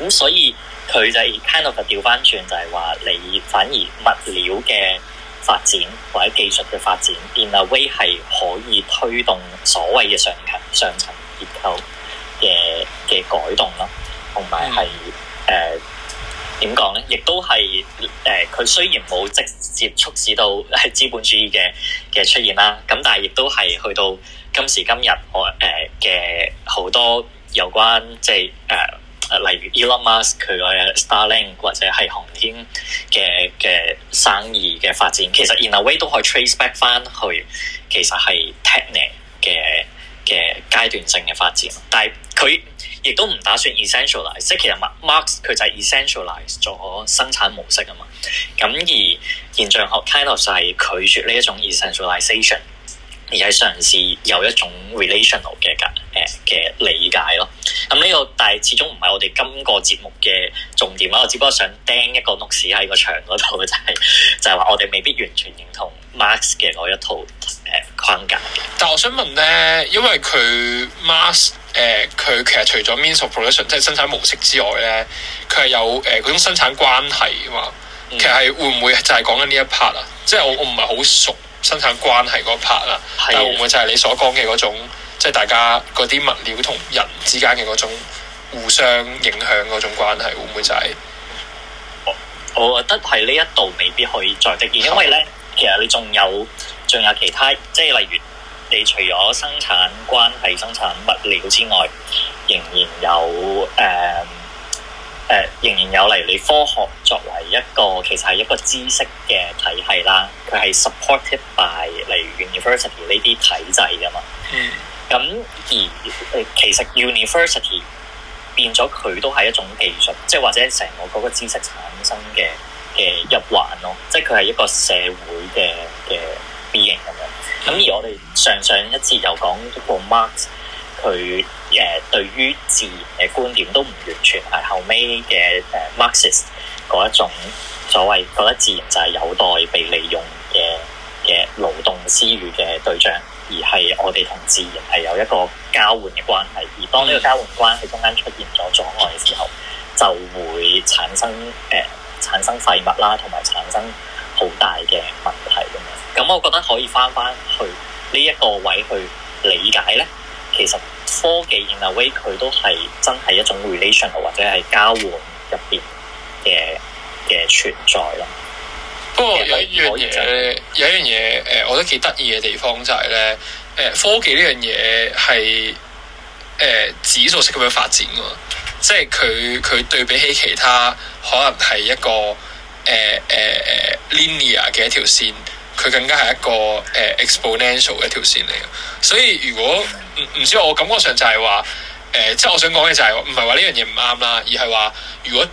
咁所以佢就係 kind of 掉翻轉，就係話你反而物料嘅發展或者技術嘅發展變啊，In a way 係可以推動所謂嘅上級上層結構嘅嘅改動咯，同埋係誒。Mm. 點講咧？亦都係誒佢雖然冇直接促使到係資本主義嘅嘅出現啦。咁但係亦都係去到今時今日，我誒嘅好多有關即係誒、呃、例如 Elon Musk 佢個 Starlink 或者係航天嘅嘅生意嘅發展，其實 in a way 都可以 trace back 翻去其實係 technic 嘅嘅階段性嘅發展，但係佢。亦都唔打算 essentialise，即係其實 Marx 佢就係 essentialise 咗生產模式啊嘛。咁而現象學 Taylor 就係拒絕呢一種 essentialization，而係嘗試有一種 relational 嘅嘅嘅、呃、理解咯。咁、嗯、呢、這個但係始終唔係我哋今個節目嘅重點啦。我只不過想釘一個 notes 喺個牆嗰度，就係、是、就係、是、話我哋未必完全認同 Marx 嘅嗰一套誒、呃、框架。但係我想問咧，因為佢 Marx。誒，佢、呃、其實除咗 manufacturing 即係生產模式之外咧，佢係有誒嗰、呃、種生產關係嘛。嗯、其實係會唔會就係講緊呢一 part 啊？嗯、即係我我唔係好熟生產關係嗰 part 啊。嗯、但係會唔會就係你所講嘅嗰種，即係、嗯、大家嗰啲物料同人之間嘅嗰種互相影響嗰種關係，會唔會就係、是？我我覺得係呢一度未必可以再出現，因為咧，嗯、其實你仲有仲有其他，即係例如。你除咗生產關係、生產物料之外，仍然有誒誒、呃呃、仍然有例如你科學作為一個其實係一個知識嘅體系啦，佢係 supported by 例如 university 呢啲體制噶嘛。嗯。咁而誒、呃、其實 university 變咗佢都係一種技術，即係或者成個嗰個知識產生嘅嘅一環咯。即係佢係一個社會嘅嘅。B 型咁樣，咁、嗯、而我哋上上一次又講一個 Marx 佢誒、呃、對於自然嘅觀點都唔完全係後尾嘅誒 Marxist 嗰一種所謂覺得自然就係有待被利用嘅嘅勞動資源嘅對象，而係我哋同自然係有一個交換嘅關係，而當呢個交換關係中間出現咗阻礙嘅時候，嗯、就會產生誒、呃、產生廢物啦，同埋產生好大嘅問題咁樣。嗯咁我覺得可以翻翻去呢一個位去理解咧。其實科技 in a way 佢都係真係一種 relational 或者係交換入邊嘅嘅存在咯。不過有一樣嘢，有一樣嘢誒，我覺得幾得意嘅地方就係咧，誒科技呢樣嘢係誒指數式咁樣發展喎，即係佢佢對比起其他可能係一個誒誒、呃呃、linear 嘅一條線。佢更加係一個誒、呃、exponential 嘅一條線嚟嘅，所以如果唔唔知我感覺上就係話誒，即係我想講嘅就係唔係話呢樣嘢唔啱啦，而係話如果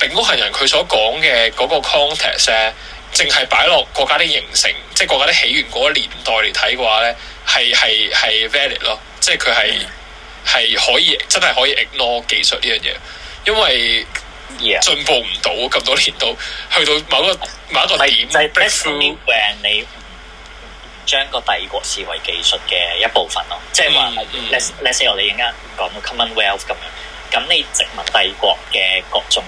並屋行人佢所講嘅嗰個 context，淨、啊、係擺落國家啲形成，即係國家啲起源嗰個年代嚟睇嘅話咧，係係係 valid 咯，即係佢係係可以真係可以 ignore 技術呢樣嘢，因為。進步唔到咁多年到，去到某一個某一個點，就係 breakthrough，你唔將個帝國視為技術嘅一部分咯，即係話 let let’s say 我哋陣間講到 commonwealth 咁樣，咁你殖民帝國嘅各種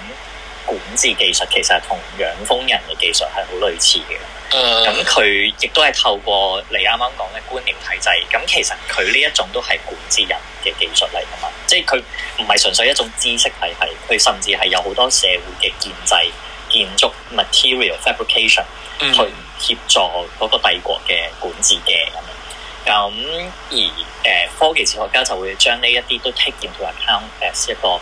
管治技術其實同養蜂人嘅技術係好類似嘅，咁佢亦都係透過你啱啱講嘅官僚體制，咁、嗯、其實佢呢一種都係管治人嘅技術嚟噶嘛，即係佢唔係純粹一種知識體系，佢甚至係有好多社會嘅建制、建築 material Fab ation，uh、fabrication、huh，去協助嗰個帝國嘅管治嘅咁。咁、嗯嗯、而誒、呃、科技哲學家就會將呢一啲都 take into account，as 一個。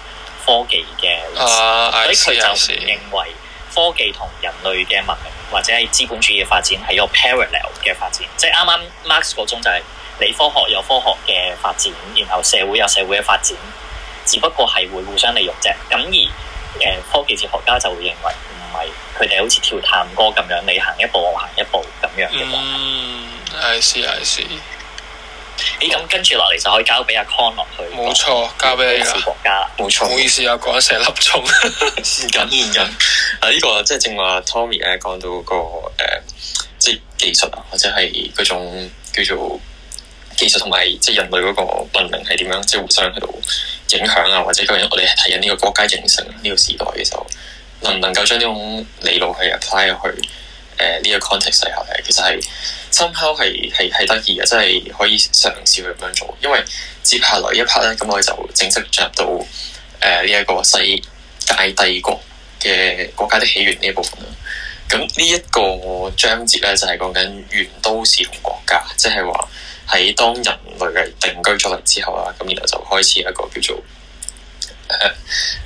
科技嘅，uh, I see，所以佢就認為科技同人類嘅文明或者係資本主義嘅發展係一個 parallel 嘅發展，即係啱啱 Marx 嗰種就係、是、你科學有科學嘅發展，然後社會有社會嘅發展，只不過係會互相利用啫。咁而誒科技哲學家就會認為唔係，佢哋好似跳探戈咁樣，你行一步我行一步咁樣嘅。嗯，I see, I see。誒，咁跟住落嚟就可以交俾阿 Con 落去，那個。冇錯，交俾小國家冇錯，唔錯好意思啊，講咗成粒鐘。延緊， 延緊，嗯。啊，呢、這個即係正話，Tommy 咧講到個誒，即係，那個呃、技術啊，或者係嗰種叫做技術同埋即係人類嗰個文明係點樣，即係互相喺度影響啊，或者咁樣。我哋係睇緊呢個國家形成呢、這個時代嘅時候，能唔能夠將呢種理路去 apply 落去？誒呢、呃這個 context 底下誒，其實係參考，係係係得意嘅，即係可以嘗試去咁樣做。因為接下來一 part 咧，咁、嗯、我哋就正式進入到誒呢一個世界帝國嘅國家的起源呢一部分咁、嗯這個、呢一個章節咧，就係講緊元都市同國家，即係話喺當人類嘅定居咗嚟之後啦，咁然後就開始一個叫做、呃、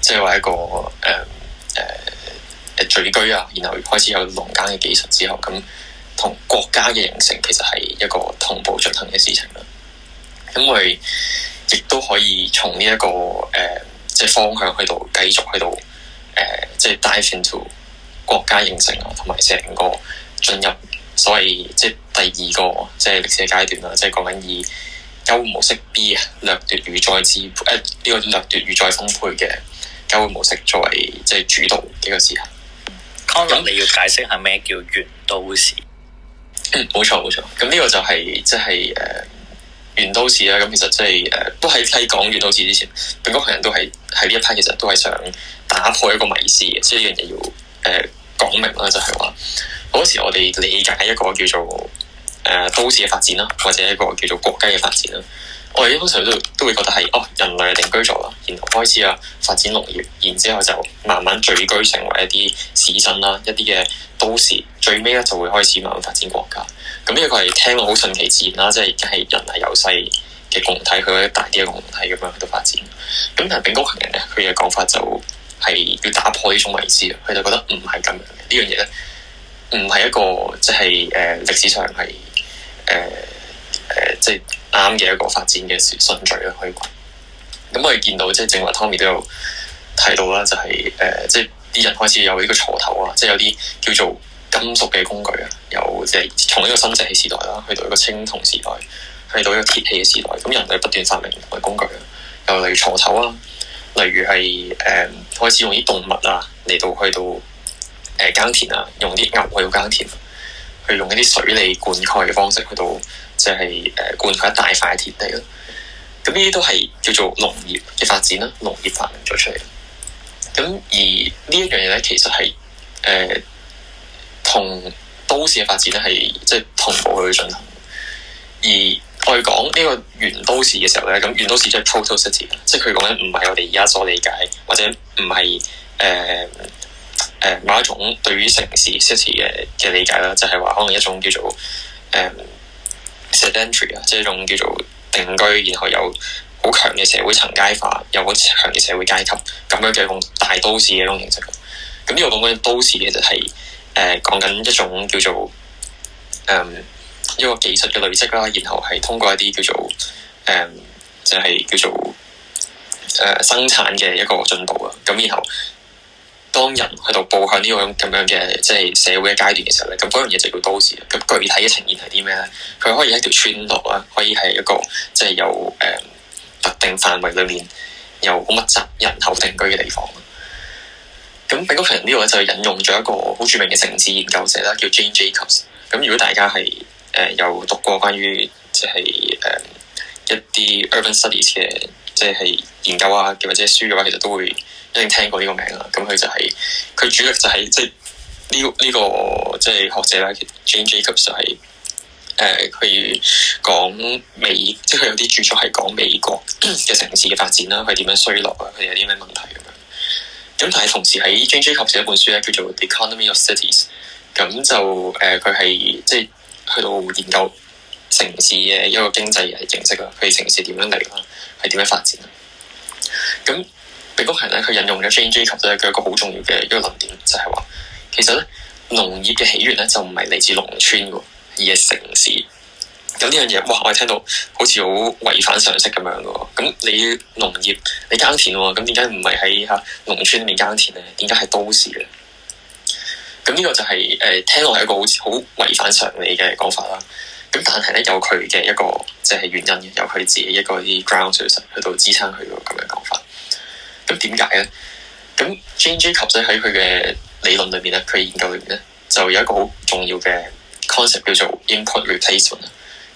即係話一個誒誒。呃呃聚居啊，然後開始有農耕嘅技術之後，咁同國家嘅形成其實係一個同步進行嘅事情啦。咁我哋亦都可以從呢、這、一個誒、呃，即係方向去到繼續去到誒、呃，即係 dive into 國家形成啊，同埋成個進入所謂即係第二個即係歷史嘅階段啦，即係講緊以交換模式 B 掠奪與再支誒呢個掠奪與再分配嘅交換模式作為即係主導呢個字啊。咁你要解釋下咩叫元都市？嗯，冇錯冇錯。咁呢個就係即係誒元都市啦。咁其實即係誒，都喺批講元都市之前，嗰個人都係喺呢一批，其實都係想打破一個迷思嘅，即係一樣嘢要誒、呃、講明啦，就係話嗰時我哋理解一個叫做誒、呃、都市嘅發展啦，或者一個叫做國家嘅發展啦。我哋一般通常都都會覺得係哦，人類定居咗啦，然後開始啊發展農業，然之後就慢慢聚居成為一啲市鎮啦，一啲嘅都市，最尾咧就會開始慢慢發展國家。咁、嗯、呢、呢個係聽落好順其自然啦，即係已經人係由細嘅共體去到大啲嘅共體咁樣去到發展。咁、嗯、但係炳高行人咧，佢嘅講法就係要打破呢種迷思，佢就覺得唔係咁樣嘅，呢樣嘢咧，唔係一個即係誒歷史上係誒。呃誒，即係啱嘅一個發展嘅順序咯，可以講。咁我哋見到，即係正話 Tommy 都有提到啦，就係、是、誒、呃，即係啲人開始有呢個鋤頭啊，即係有啲叫做金屬嘅工具啊。有即係從一個新石器時代啦，去到一個青銅時代，去到一個鐵器嘅時代。咁人類不斷發明同埋工具啊，又例如鋤頭啊，例如係誒、呃、開始用啲動物啊嚟到去到誒耕田啊，用啲牛去到耕田。用一啲水利灌溉嘅方式去到，即係誒灌溉一大塊田地咯。咁呢啲都係叫做農業嘅發展啦，農業發明咗出嚟。咁而呢一樣嘢咧，其實係誒同都市嘅發展咧係即係同步去進行。而我哋講呢個原都市嘅時候咧，咁原都市即係 proto city，即係佢講緊唔係我哋而家所理解，或者唔係誒。呃誒、呃、某一種對於城市 city 嘅嘅理解啦，就係、是、話可能一種叫做誒 sedentary 啊，嗯、ry，即係一種叫做定居，然後有好強嘅社會層階化，有好強嘅社會階級咁樣嘅一種大都市嘅一、嗯、種形式。咁呢個講緊都市嘅就係誒講緊一種叫做誒、嗯、一個技術嘅累積啦，然後係通過一啲叫做誒、嗯、就係、是、叫做誒、呃、生產嘅一個進步啊，咁然後。當人去到步向呢個咁樣嘅即係社會嘅階段嘅時候咧，咁嗰樣嘢就叫都市。咁具體嘅呈現係啲咩咧？佢可以喺條村度，啊，可以係一個即係有誒、呃、特定範圍裏面有好密集人口定居嘅地方。咁餅乾呢個就引用咗一個好著名嘅城市研究者啦，叫 Jane Jacobs。咁如果大家係誒、呃、有讀過關於即係誒。呃一啲 urban studies 嘅即係研究啊，或者書嘅話，其實都會一定聽過呢個名啦。咁佢就係、是，佢主力就係、是、即係呢呢個即係、這個、學者啦。Jane Jacobs 就係誒佢講美，即係佢有啲著作係講美國嘅城市嘅發展啦，佢點 樣衰落啊，佢哋有啲咩問題咁樣。咁但係同時喺 Jane Jacobs 有一本書咧，叫做《Economy of Cities》呃，咁就誒佢係即係去到研究。城市嘅一個經濟係形式啦，譬如城市點樣嚟啦，係點樣發展啦。咁被哥行咧，佢引用咗 Jane Jacobs 佢有一個好重要嘅一個論點，就係、是、話其實咧農業嘅起源咧就唔係嚟自農村嘅，而係城市。咁呢樣嘢哇，我係聽到好似好違反常識咁樣嘅喎。咁你農業你耕田喎、哦，咁點解唔係喺嚇農村裏面耕田咧？點解係都市咧？咁呢個就係、是、誒、呃、聽落係一個好似好違反常理嘅講法啦。咁但係咧有佢嘅一個即係原因，有佢自己一個啲 ground source 去到支撐佢個咁樣講法。咁點解咧？咁 Jane Jacobs 喺佢嘅理論裏面咧，佢研究裏面咧就有一個好重要嘅 concept 叫做 input replacement 啦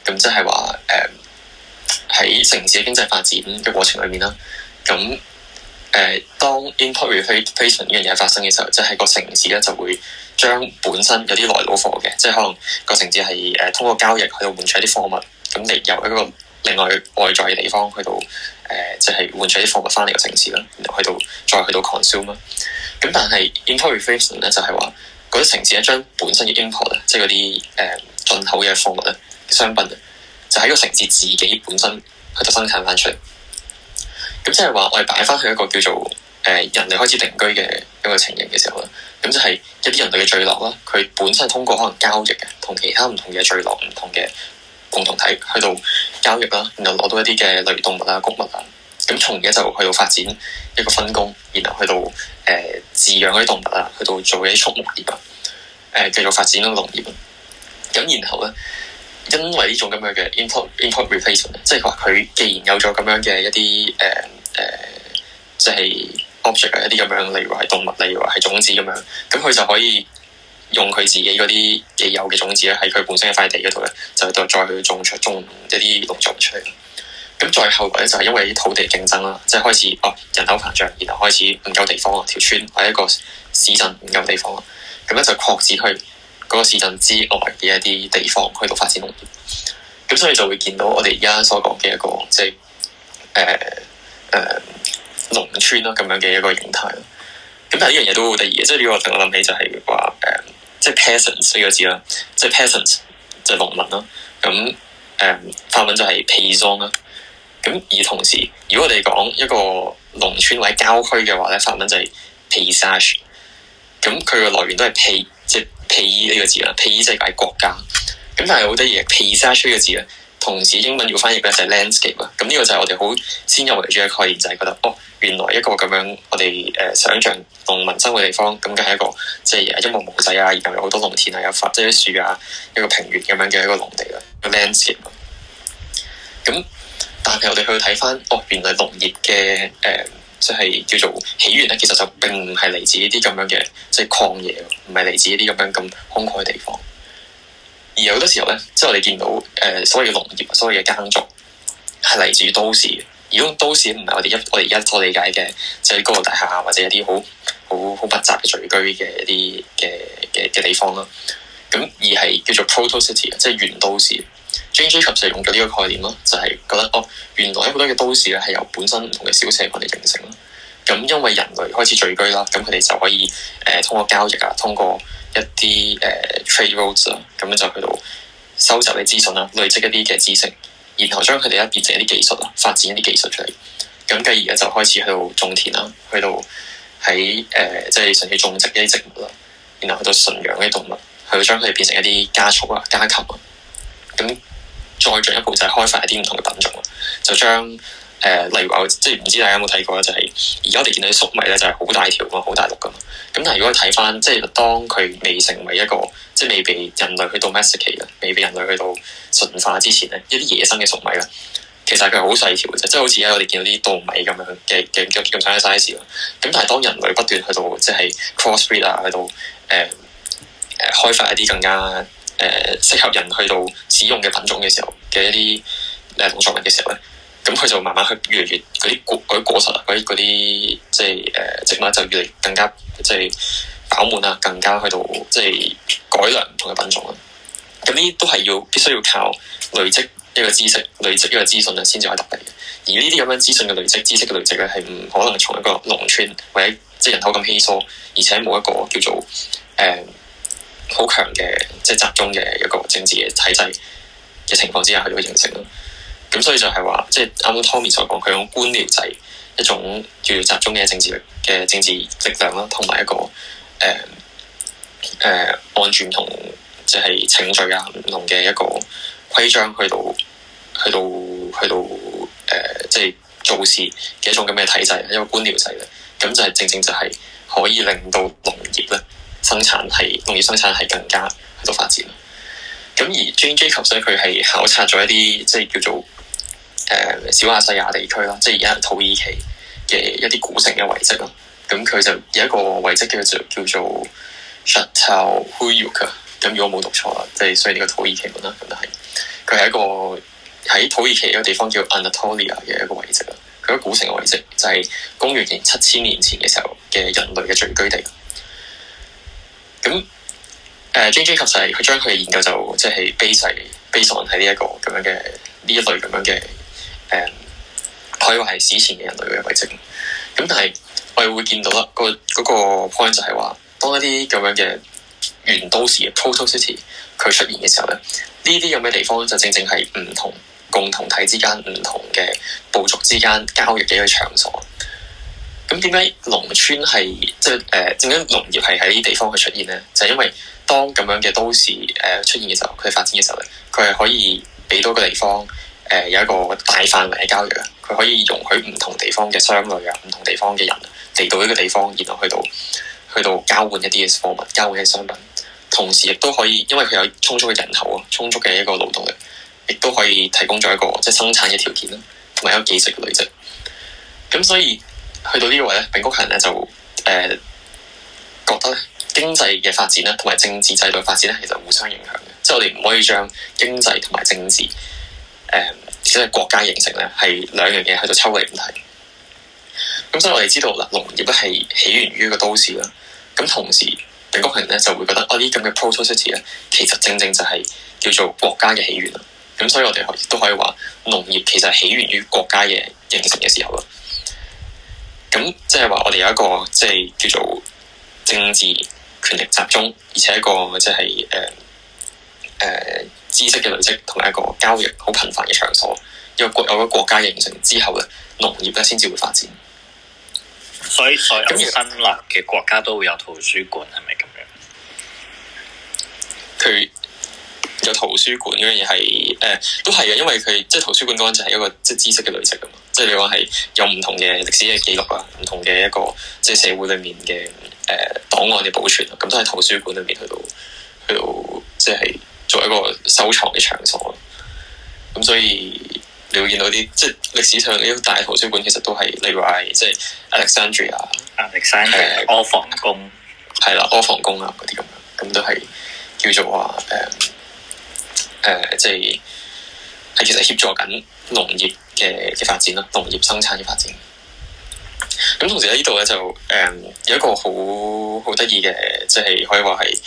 咁即係話誒喺城市嘅經濟發展嘅過程裏面啦，咁。誒，當 importation 呢樣嘢發生嘅時候，即係個城市咧就會將本身有啲來攞貨嘅，即係可能個城市係誒通過交易去到換取一啲貨物，咁你由一個另外外在嘅地方去到誒，即係換取啲貨物翻嚟個城市啦，然後去到再去到 consume 啦。咁但係 importation 咧就係話，嗰啲城市咧將本身嘅 import 啊，即係嗰啲誒進口嘅貨物咧商品，就喺個城市自己本身去到生產翻出嚟。咁即係話我哋擺翻去一個叫做誒人類開始定居嘅一個情形嘅時候啦，咁就係一啲人類嘅聚落啦，佢本身通過可能交易嘅同其他唔同嘅聚落，唔同嘅共同體去到交易啦，然後攞到一啲嘅類動物啊、谷物啊，咁從而就去到發展一個分工，然後去到誒飼、呃、養嗰啲動物啊，去到做一啲畜牧業啊，誒、呃、繼續發展個農業啊，咁然後咧。因為呢種咁樣嘅 import import replacement，即係話佢既然有咗咁樣嘅一啲誒誒，即係 object 一啲咁樣，例如話係動物，例如話係種子咁樣，咁佢就可以用佢自己嗰啲既有嘅種子咧，喺佢本身一塊地嗰度咧，就再再去種出種一啲農作物出嚟。咁再後嚟咧就係因為土地競爭啦，即係開始啊人口膨脹，然後開始唔夠地方啊，條村或者一個市鎮唔夠地方啊，咁咧就擴展佢。嗰個市鎮之外嘅一啲地方去到發展農業，咁所以就會見到我哋而家所講嘅一個即係誒誒農村咯，咁樣嘅一個形態。咁但係呢樣嘢都好得意嘅，即係呢個我諗起就係話誒，即、呃、係、就是、peasant 呢個字啦，即係 peasant 就係、是、pe 農民啦。咁誒、呃、法文就係 paysan 啦。咁而同時，如果我哋講一個農村或者郊區嘅話咧，法文就係 paysage。咁佢嘅來源都係 pe 即係。地呢個字啦，地即係解國家，咁但係好得意，地加出個字啊，同時英文要翻譯咧就係 landscape 啊，咁呢個就係我哋好先入為主嘅概念，就係、是、覺得哦，原來一個咁樣我哋誒想象農民生活地方，咁梗係一個即係、就是、一望無際啊，然後有好多農田喺有發，即係啲樹啊，有一個平原咁樣嘅一個農地啦，landscape。咁 lands、嗯，但係我哋去睇翻，哦，原來農業嘅誒。呃即係叫做起源咧，其實就並唔係嚟自呢啲咁樣嘅，即係曠野，唔係嚟自呢啲咁樣咁空曠嘅地方。而好多時候咧，即係我哋見到誒、呃、所謂嘅農業、所謂嘅耕種，係嚟自都市。如果都市唔係我哋一我哋而家所理解嘅，即係高樓大廈或者一啲好好好密集嘅聚居嘅一啲嘅嘅嘅地方啦，咁而係叫做 Proto City，即係原都市。J.J. 及時用咗呢個概念咯，就係覺得哦，原來好多嘅都市咧係由本身唔同嘅小社群嚟形成咯。咁因為人類開始聚居啦，咁佢哋就可以誒通過交易啊，通過一啲誒、uh, trade routes 啊，咁樣就去到收集啲資訊啦，累積一啲嘅知識，然後將佢哋咧變成一啲技術啦，發展一啲技術出嚟。咁繼而咧就開始去到種田啦，去到喺誒即係甚至種植一啲植物啦，然後去到飼養一啲動物，去到將佢哋變成一啲家畜啊、家禽啊，咁。再進一步就係開發一啲唔同嘅品種就將誒、呃、例如話，即係唔知大家有冇睇過啦，就係而家我哋見到啲粟米咧，就係好大條啊，好大粒噶嘛。咁但係如果你睇翻，即係當佢未成為一個，即係未被人類去到 domesticate，未被人類去到馴化之前咧，一啲野生嘅粟米咧，其實佢係好細條嘅啫，即係好似喺我哋見到啲稻米咁樣嘅嘅咁長嘅 size 啦。咁但係當人類不斷去到即係 crossbreed 啊，去到誒誒開發一啲更加誒、啊、適合人去到。使用嘅品種嘅時候嘅一啲農作物嘅時候咧，咁佢就慢慢去越嚟越嗰啲果啲果實啊，嗰啲啲即係誒植物就越嚟更加即係飽滿啊，更加去到即係、就是、改良唔同嘅品種啊。咁呢都係要必須要靠累積一個知識、累積一個資訊啊，先至可以達到嘅。而呢啲咁樣資訊嘅累積、知識嘅累積咧，係唔可能從一個農村或者即係、就是、人口咁稀疏，而且冇一個叫做誒、呃好強嘅，即係集中嘅一個政治嘅體制嘅情況之下去到形成咯。咁所以就係話，即係啱啱 Tommy 所講，佢用官僚制一種叫做集中嘅政治嘅政治力量啦，同埋一個誒誒按住唔同，即、呃、係、呃、程序啊唔同嘅一個規章去到去到去到誒、呃，即係做事嘅一種咁嘅體制，一個官僚制嘅，咁就係正正就係可以令到農業咧，生產係農業生產係更加喺度發展。咁而 J J 級，所以佢係考察咗一啲即係叫做誒、呃、小亞細亞地區啦，即係而家土耳其嘅一啲古城嘅遺跡啦。咁佢就有一個遺跡叫做叫做 Çatalhöyük。咁如果冇讀錯啦，即、就、係、是、所以呢個土耳其文啦，咁就係佢係一個喺土耳其一個地方叫 Anatolia 嘅一個遺跡啦。佢個古城嘅遺跡就係公元前七千年前嘅時候嘅人類嘅聚居地。咁誒，Jane Jacobs 佢將佢嘅研究就即係基於、基於呢一個咁樣嘅呢一類咁樣嘅誒、呃，可以話係史前嘅人類嘅遺跡。咁但係我哋會見到啦，嗰個、嗰個 point 就係話，當一啲咁樣嘅原都市嘅 （proto-city） 佢出現嘅時候咧，呢啲咁嘅地方就正正係唔同共同體之間、唔同嘅部族之間交易嘅一個場所。咁點解農村係即係誒，正因農業係喺啲地方去出現咧，就係、是、因為當咁樣嘅都市誒出現嘅時候，佢發展嘅時候咧，佢係可以俾到一個地方誒、呃，有一個大範圍嘅交易啦。佢可以容許唔同地方嘅商旅啊，唔同地方嘅人嚟到呢個地方，然後去到去到交換一啲嘅貨物，交換啲商品，同時亦都可以因為佢有充足嘅人口啊，充足嘅一個勞動力，亦都可以提供咗一個即係、就是、生產嘅條件啦，同埋一個技術嘅累積。咁所以去到呢個位咧，炳谷人咧就誒、呃、覺得咧經濟嘅發展咧，同埋政治制度發展咧，其實互相影響嘅。即係 我哋唔可以將經濟同埋政治誒、呃、即係國家形成咧，係兩樣嘢去到抽離問題。咁所以我哋知道啦，農業都係起源於一個都市啦。咁同時，炳谷人咧就會覺得啊，呢咁嘅 protostates 咧，其實正正就係叫做國家嘅起源啦。咁所以我哋亦都可以話，農業其實係起源於國家嘅形成嘅時候啦。咁即係話，就是，我哋有一個即係叫做政治權力集中，而且一個即係誒誒知識嘅累積，同埋一個交易好頻繁嘅場所。因為國有嘅國家形成之後咧，農業咧先至會發展。所以，喺喺新立嘅國家都會有圖書館，係咪咁樣？佢有圖書館呢樣嘢係誒都係嘅，因為佢即係圖書館嗰陣係一個即係知識嘅累積㗎嘛。即係你話係有唔同嘅歷史嘅記錄啊，唔同嘅一個即係、就是、社會裏面嘅誒檔案嘅保存啦，咁都喺圖書館裏面去到去到即係做一個收藏嘅場所。咁所以你會見到啲即係歷史上呢啲大圖書館其實都係例如話即係 Alexandria 啊，Alexandria 阿房宮係啦，阿房宮啊嗰啲咁樣，咁都係叫做話誒誒，即係係其實協助緊農業嘅嘅發展咯，農業生產嘅發展。咁同時喺呢度咧就誒、嗯、有一個好好得意嘅，即係、就是、可以話係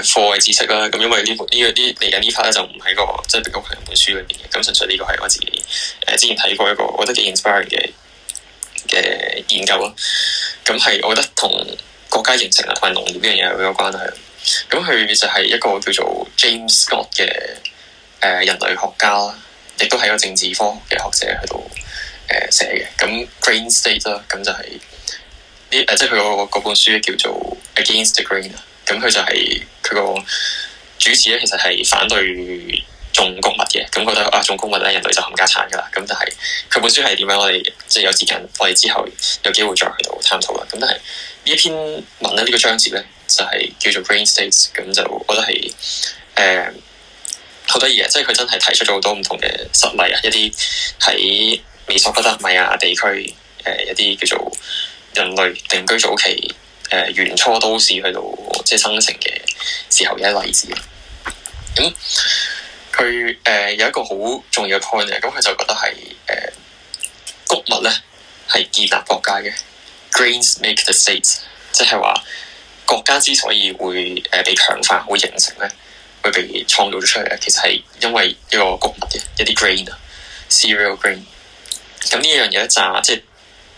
誒課外知識啦。咁因為呢呢個啲嚟緊呢 part 咧就唔係個即係讀嗰本書裏邊嘅，咁純粹呢個係我自己、呃、之前睇過一個我覺得幾 inspiring 嘅嘅研究啦。咁、嗯、係我覺得同國家形成啊同埋農業呢樣嘢有個關係。咁、嗯、佢就係一個叫做 James Scott 嘅誒、呃、人類學家啦。亦都係個政治科學嘅學者喺度誒寫嘅，咁 Grain State 啦、就是，咁、呃、就係呢誒，即係佢個本書叫做 Against the Grain，咁佢就係佢個主旨咧，其實係反對種穀物嘅，咁覺得啊種穀物咧人類就冚家鏟噶啦，咁但係佢本書係點樣？我哋即係有時間，我哋之後有機會再去度探討啦。咁但係呢一篇文咧，呢、這個章節咧就係、是、叫做 Grain States，咁就覺得係誒。呃好得意嘅，即係佢真係提出咗好多唔同嘅實例啊！一啲喺美索不達米亞地區誒、呃、一啲叫做人類定居早期誒原、呃、初都市去到即係生成嘅時候嘅例子。咁佢誒有一個好重要嘅 point 啊、嗯！咁佢就覺得係誒、呃、穀物咧係建立國家嘅，grains make the state 即係、就、話、是、國家之所以會誒、呃、被強化會形成咧。會被創造咗出嚟其實係因為呢個穀物嘅一啲 grain 啊，cereal grain。咁呢樣嘢渣即係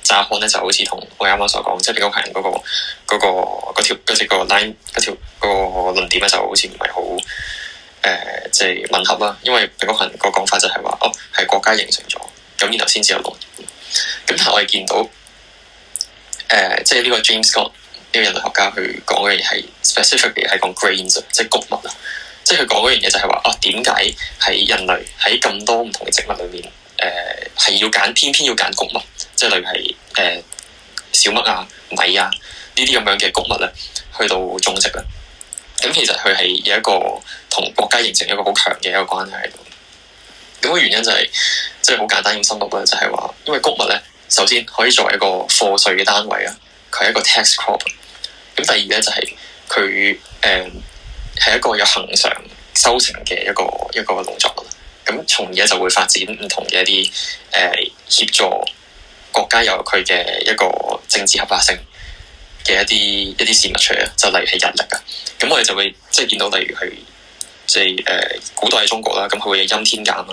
渣判咧，就,是、就好似同我啱啱所講，即係李國強嗰個嗰個嗰條嗰隻個 line，嗰條個論點咧，就,是那個那個那個、就好似唔係好誒，即係吻合啦。因為李國強個講法就係、是、話，哦係國家形成咗，咁然後先至有農業。咁但係我哋見到誒，即係呢個 James Scott 呢個人類學家去講嘅嘢係 specifically 係講 grains 即係穀物啊。即係佢講嗰樣嘢就係話，哦、啊，點解喺人類喺咁多唔同嘅植物裏面，誒、呃、係要揀，偏偏要揀穀物，即係例如係誒、呃、小麥啊、米啊、這這呢啲咁樣嘅穀物咧，去到種植啦。咁、嗯、其實佢係有一個同國家形成一個好強嘅一個關係。咁、嗯、個原因就係，即係好簡單咁深度，啦，就係、是、話，因爲穀物咧，首先可以作為一個課稅嘅單位啊，佢係一個 tax crop、嗯。咁第二咧就係佢誒。嗯係一個有恒常修成嘅一個一個農作物，咁從而就會發展唔同嘅一啲誒、呃、協助國家有佢嘅一個政治合法性嘅一啲一啲事物出嚟，就例如係日曆啊，咁我哋就會即係見到，例如係即係誒古代中國啦，咁佢會有陰天監啊，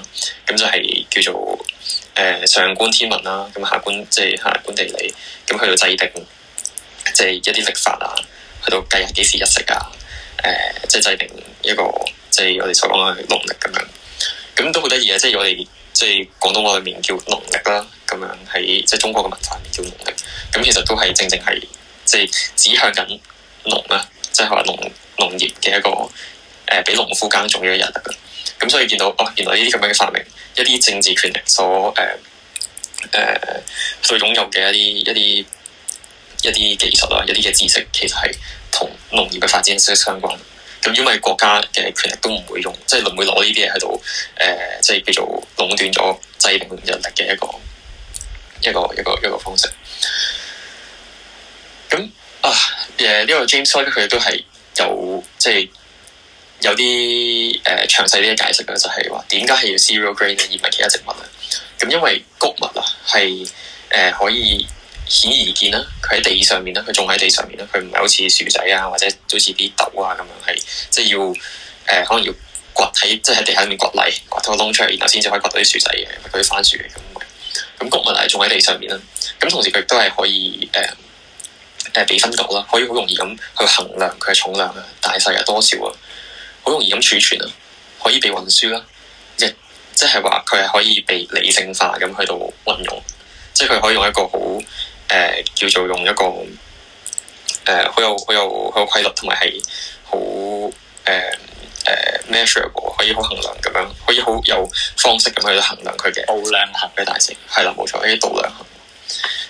咁就係叫做誒、呃、上觀天文啦，咁下觀即係、就是、下觀地理，咁去到制定即係、就是、一啲歷法啊，去到計下幾時日食啊。誒，即係制定一個，即係我哋所講嘅農曆咁樣，咁都好得意嘅。即係我哋即係廣東話裏面叫農曆啦，咁樣喺即係中國嘅文化裏面叫農曆，咁其實都係正正係即係指向緊農啊，即係話農農業嘅一個誒、呃，比農夫更重要嘅人啦。咁所以見到哦，原來呢啲咁樣嘅發明，一啲政治權力所誒誒所擁有嘅一啲一啲一啲技術啊，一啲嘅知識，其實係。同農業嘅發展息息相關，咁因為國家嘅權力都唔會用，即係唔會攞呢啲嘢喺度，誒、呃，即係叫做壟斷咗、擠壓人力嘅一個一個一個一個方式。咁啊，誒、這、呢個 James Sir 佢都係有即係、就是、有啲誒、呃、詳細啲嘅解釋啦、就是，就係話點解係要 cereal grain 咧，而唔係其他植物咧？咁因為穀物啊，係、呃、誒可以。顯而易見啦，佢喺地上面啦，佢種喺地上面啦，佢唔係好似薯仔啊，或者好似啲豆啊咁樣，係即係要誒、呃、可能要掘喺即係喺地下裡面掘泥，掘個窿出嚟，然後先至可以掘到啲薯仔嘅，嗰啲番薯咁嘅。咁谷物係種喺地上面啦，咁同時佢都係可以誒誒、呃呃、被分割啦，可以好容易咁去衡量佢嘅重量啊、大細啊、多少啊，好容易咁儲存啊，可以被運輸啦，亦即係話佢係可以被理性化咁去到運用，即係佢可以用一個好。誒、呃、叫做用一個誒好、呃、有好有好有規律，同埋係好誒誒 measure 嘅，可以好衡量咁樣，可以好有方式咁去衡量佢嘅度量衡嘅大事，係啦冇錯，啲度量衡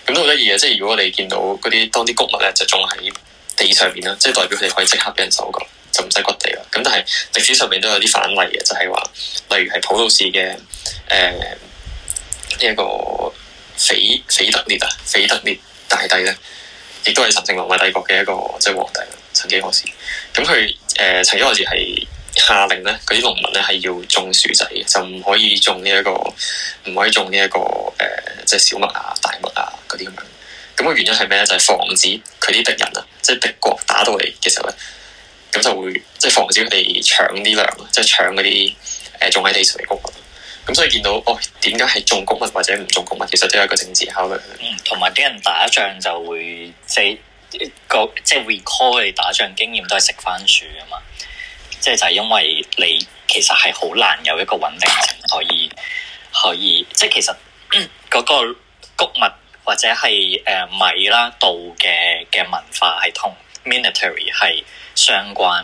咁都好得意嘅。即係如果你哋見到嗰啲當啲谷物咧，就種喺地上面啦，即、就、係、是、代表佢哋可以即刻俾人收割，就唔使掘地啦。咁但係歷史上面都有啲反例嘅，就係、是、話例如係普魯士嘅誒一個。腓腓特烈啊，腓特烈大帝咧，亦都係神聖羅馬帝國嘅一個即係皇帝。曾幾何時，咁佢誒曾經開始係下令咧，嗰啲農民咧係要種薯仔嘅，就唔可以種呢、這、一個，唔可以種呢、這、一個誒，即、呃、係、就是、小麥啊、大麥啊嗰啲咁樣。咁、那個原因係咩咧？就係、是、防止佢啲敵人啊，即、就、係、是、敵國打到嚟嘅時候咧，咁就會即係、就是、防止佢哋搶啲糧即係搶嗰啲誒種喺地上嘅谷。咁所以見到哦，點解係種穀物或者唔種穀物，其實都有一個政治考慮，嗯，同埋啲人打仗就會即係、就、個、是、即係、就是、recall 你打仗經驗都係食番薯啊嘛，即係就係、是、因為你其實係好難有一個穩定性可以可以，即係、就是、其實嗰、嗯那個穀物或者係誒、呃、米啦、稻嘅嘅文化係同 military 係相關，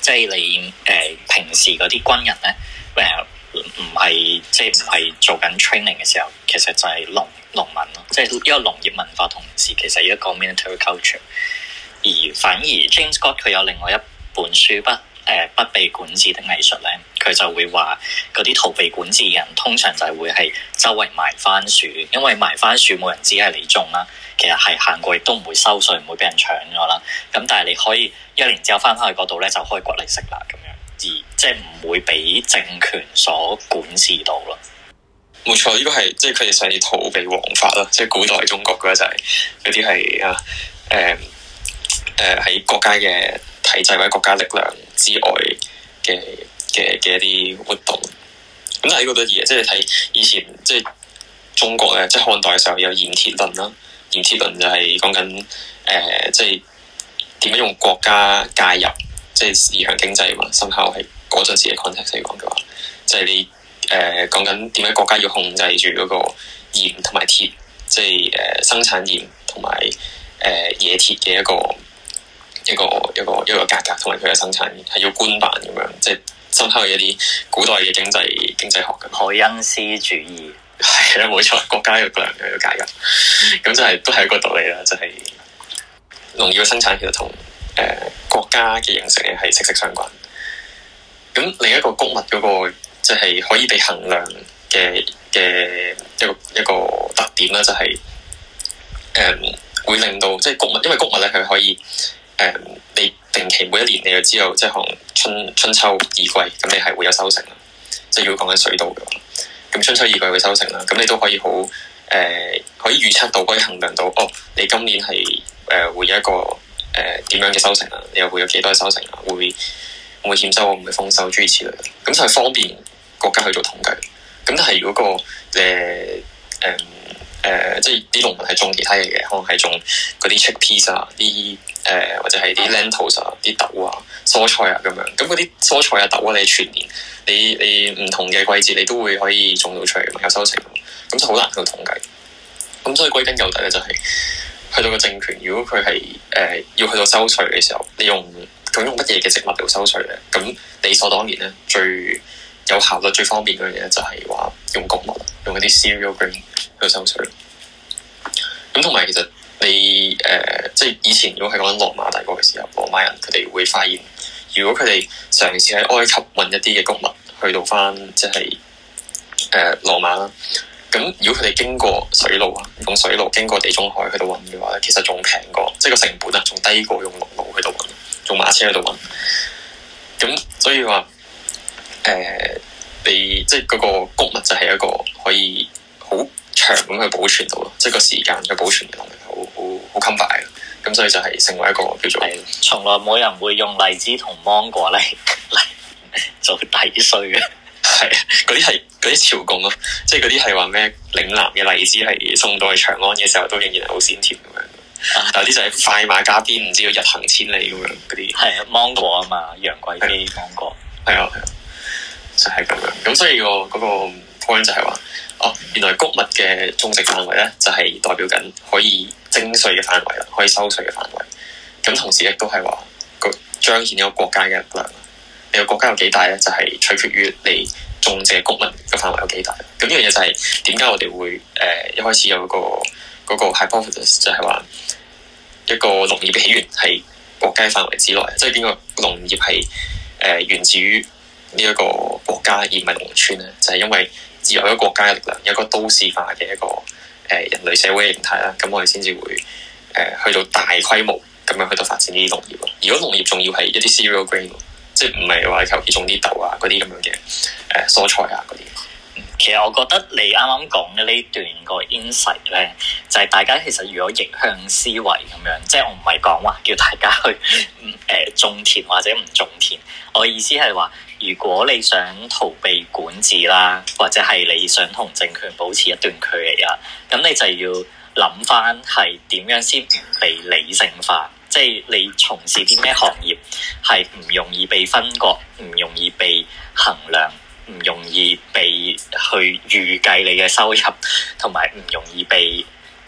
即、就、係、是、你誒、呃、平時嗰啲軍人咧誒。嗯唔係即係唔係做緊 training 嘅時候，其實就係農農民咯，即係一個農業文化同時其實一個 military culture。而反而 James Scott 佢有另外一本書不誒、呃、不被管治的藝術咧，佢就會話啲逃避管治嘅人通常就係會係周圍埋番薯，因為埋番薯冇人知係你種啦，其實係行過亦都唔會收稅，唔會俾人搶咗啦。咁但係你可以一年之後翻返去度咧，就可以掘嚟食啦咁樣。即係唔會俾政權所管治到啦。冇錯，呢個係即係佢哋想要逃避王法啦。即係古代中國嗰陣，嗰啲係啊，誒，誒喺國家嘅體制或者國家力量之外嘅嘅嘅一啲活動。咁但係呢個都嘢，即係睇以前即係中國咧，即係漢代嘅時候有鹽鐵論啦。鹽鐵論就係講緊誒，即係點樣用國家介入。即係二向經濟嘛，深刻係嗰陣時嘅 context 嚟講嘅話，即、就、係、是、你誒講緊點解國家要控制住嗰個鹽同埋鐵，即係誒生產鹽同埋誒冶鐵嘅一個一個一個一個價格,格，同埋佢嘅生產係要官辦咁樣，即、就、係、是、深刻一啲古代嘅經濟經濟學嘅凱恩斯主義係啦冇錯，國家嘅力量嘅介入，咁 就係、是、都係一個道理啦，就係、是、農業生產其實同。誒、呃，國家嘅形成嘅係息息相關。咁、嗯、另一個穀物嗰、那個，即、就、係、是、可以被衡量嘅嘅一個一個特點啦，就係、是、誒、嗯、會令到即係穀物，因為穀物咧佢可以誒、嗯，你定期每一年，你就知道即係可能春春秋二季，咁你係會有收成啦。即係如果講緊水稻嘅話，咁春秋二季會收成啦。咁你都可以好誒、呃，可以預測到，可以衡量到哦，你今年係誒、呃、會有一個。誒點、呃、樣嘅收成啊？又會有幾多收成啊？會會欠收，會唔會豐收？諸如此類，咁就係方便國家去做統計。咁但係如果個誒誒誒，即係啲農民係種其他嘢嘅，可能係種嗰啲 chickpeas 啊，啲誒、呃、或者係啲 lentils 啊，啲豆啊、蔬菜啊咁樣。咁嗰啲蔬菜啊、豆啊，你全年你你唔同嘅季節，你都會可以種到出嚟，有收成。咁就好難去統計。咁所以歸根究底咧，就係，就係。去到個政權，如果佢係誒要去到收稅嘅時候，你用究竟用乜嘢嘅植物嚟收稅咧？咁理所當然咧，最有效率、最方便嗰樣嘢就係、是、話用穀物，用一啲 cereal grain 去收稅。咁同埋其實你誒、呃，即係以前如果係講緊羅馬大國嘅時候，羅馬人佢哋會發現，如果佢哋嘗試喺埃及運一啲嘅穀物去到返，即係誒、呃、羅馬啦。咁如果佢哋經過水路啊，用水路經過地中海去到搵嘅話咧，其實仲平過，即係個成本啊，仲低過用陸路去到搵，用馬車去到搵。咁所以話，誒、呃，你即係嗰個穀物就係一個可以好長咁去保存到咯，即係個時間嘅保存能力好好好襟擺嘅。咁所以就係成為一個叫做，從來冇人會用荔枝同芒果嚟嚟做抵稅嘅。係，嗰啲係嗰啲朝貢咯，即係嗰啲係話咩？嶺南嘅荔枝係送到去長安嘅時候，都仍然係好鮮甜咁樣。啊、但係啲就係快馬加鞭，唔知要日行千里咁樣嗰啲。係啊，芒果啊嘛，楊貴妃芒果。係啊係啊，就係咁樣。咁所以個嗰個 point 就係話，哦，原來谷物嘅種植範圍咧，就係、是、代表緊可以徵稅嘅範圍啦，可以收稅嘅範圍。咁同時亦都係話，個彰顯一個國家嘅力量。嘅國家有幾大咧？就係、是、取決於你種植穀物嘅範圍有幾大。咁呢樣嘢就係點解我哋會誒、呃、一開始有個嗰個，係 hypothesis 就係話一個農業嘅起源係國家範圍之內。即係邊個農業係誒、呃、源自於呢、就是、自一個國家而唔係農村咧？就係因為只有喺國家嘅力量，有一個都市化嘅一個誒、呃、人類社會嘅形態啦。咁我哋先至會誒、呃、去到大規模咁樣去到發展呢啲農業。如果農業仲要係一啲 cereal grain。即係唔係話求其種啲豆啊嗰啲咁樣嘅誒蔬菜啊嗰啲。其實我覺得你啱啱講嘅呢段個 insight 呢，就係、是、大家其實如果逆向思維咁樣，即係我唔係講話叫大家去誒、呃、種田或者唔種田。我意思係話，如果你想逃避管治啦，或者係你想同政權保持一段距離啊，咁你就要諗翻係點樣先唔被理性化。即係你從事啲咩行業，係唔容易被分割、唔容易被衡量、唔容易被去預計你嘅收入，同埋唔容易被誒、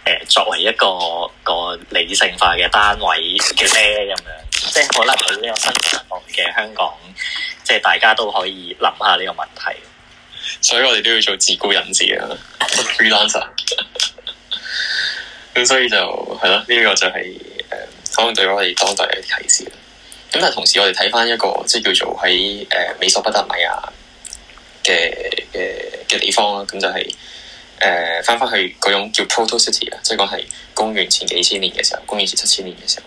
呃、作為一個個理性化嘅單位嘅咧咁樣。即係可能喺呢個新情況嘅香港，即係大家都可以諗下呢個問題。所以我哋都要做自僱人士。啊，freelancer。咁 所以就係咯，呢、呢個就係、是、誒。呃可能對我哋當代有啲啟示。咁但係同時，我哋睇翻一個即係叫做喺誒美索不達米亞嘅嘅嘅地方啦。咁就係誒翻翻去嗰種叫 proto city 啊，即係講係公元前幾千年嘅時候，公元前七千年嘅時候。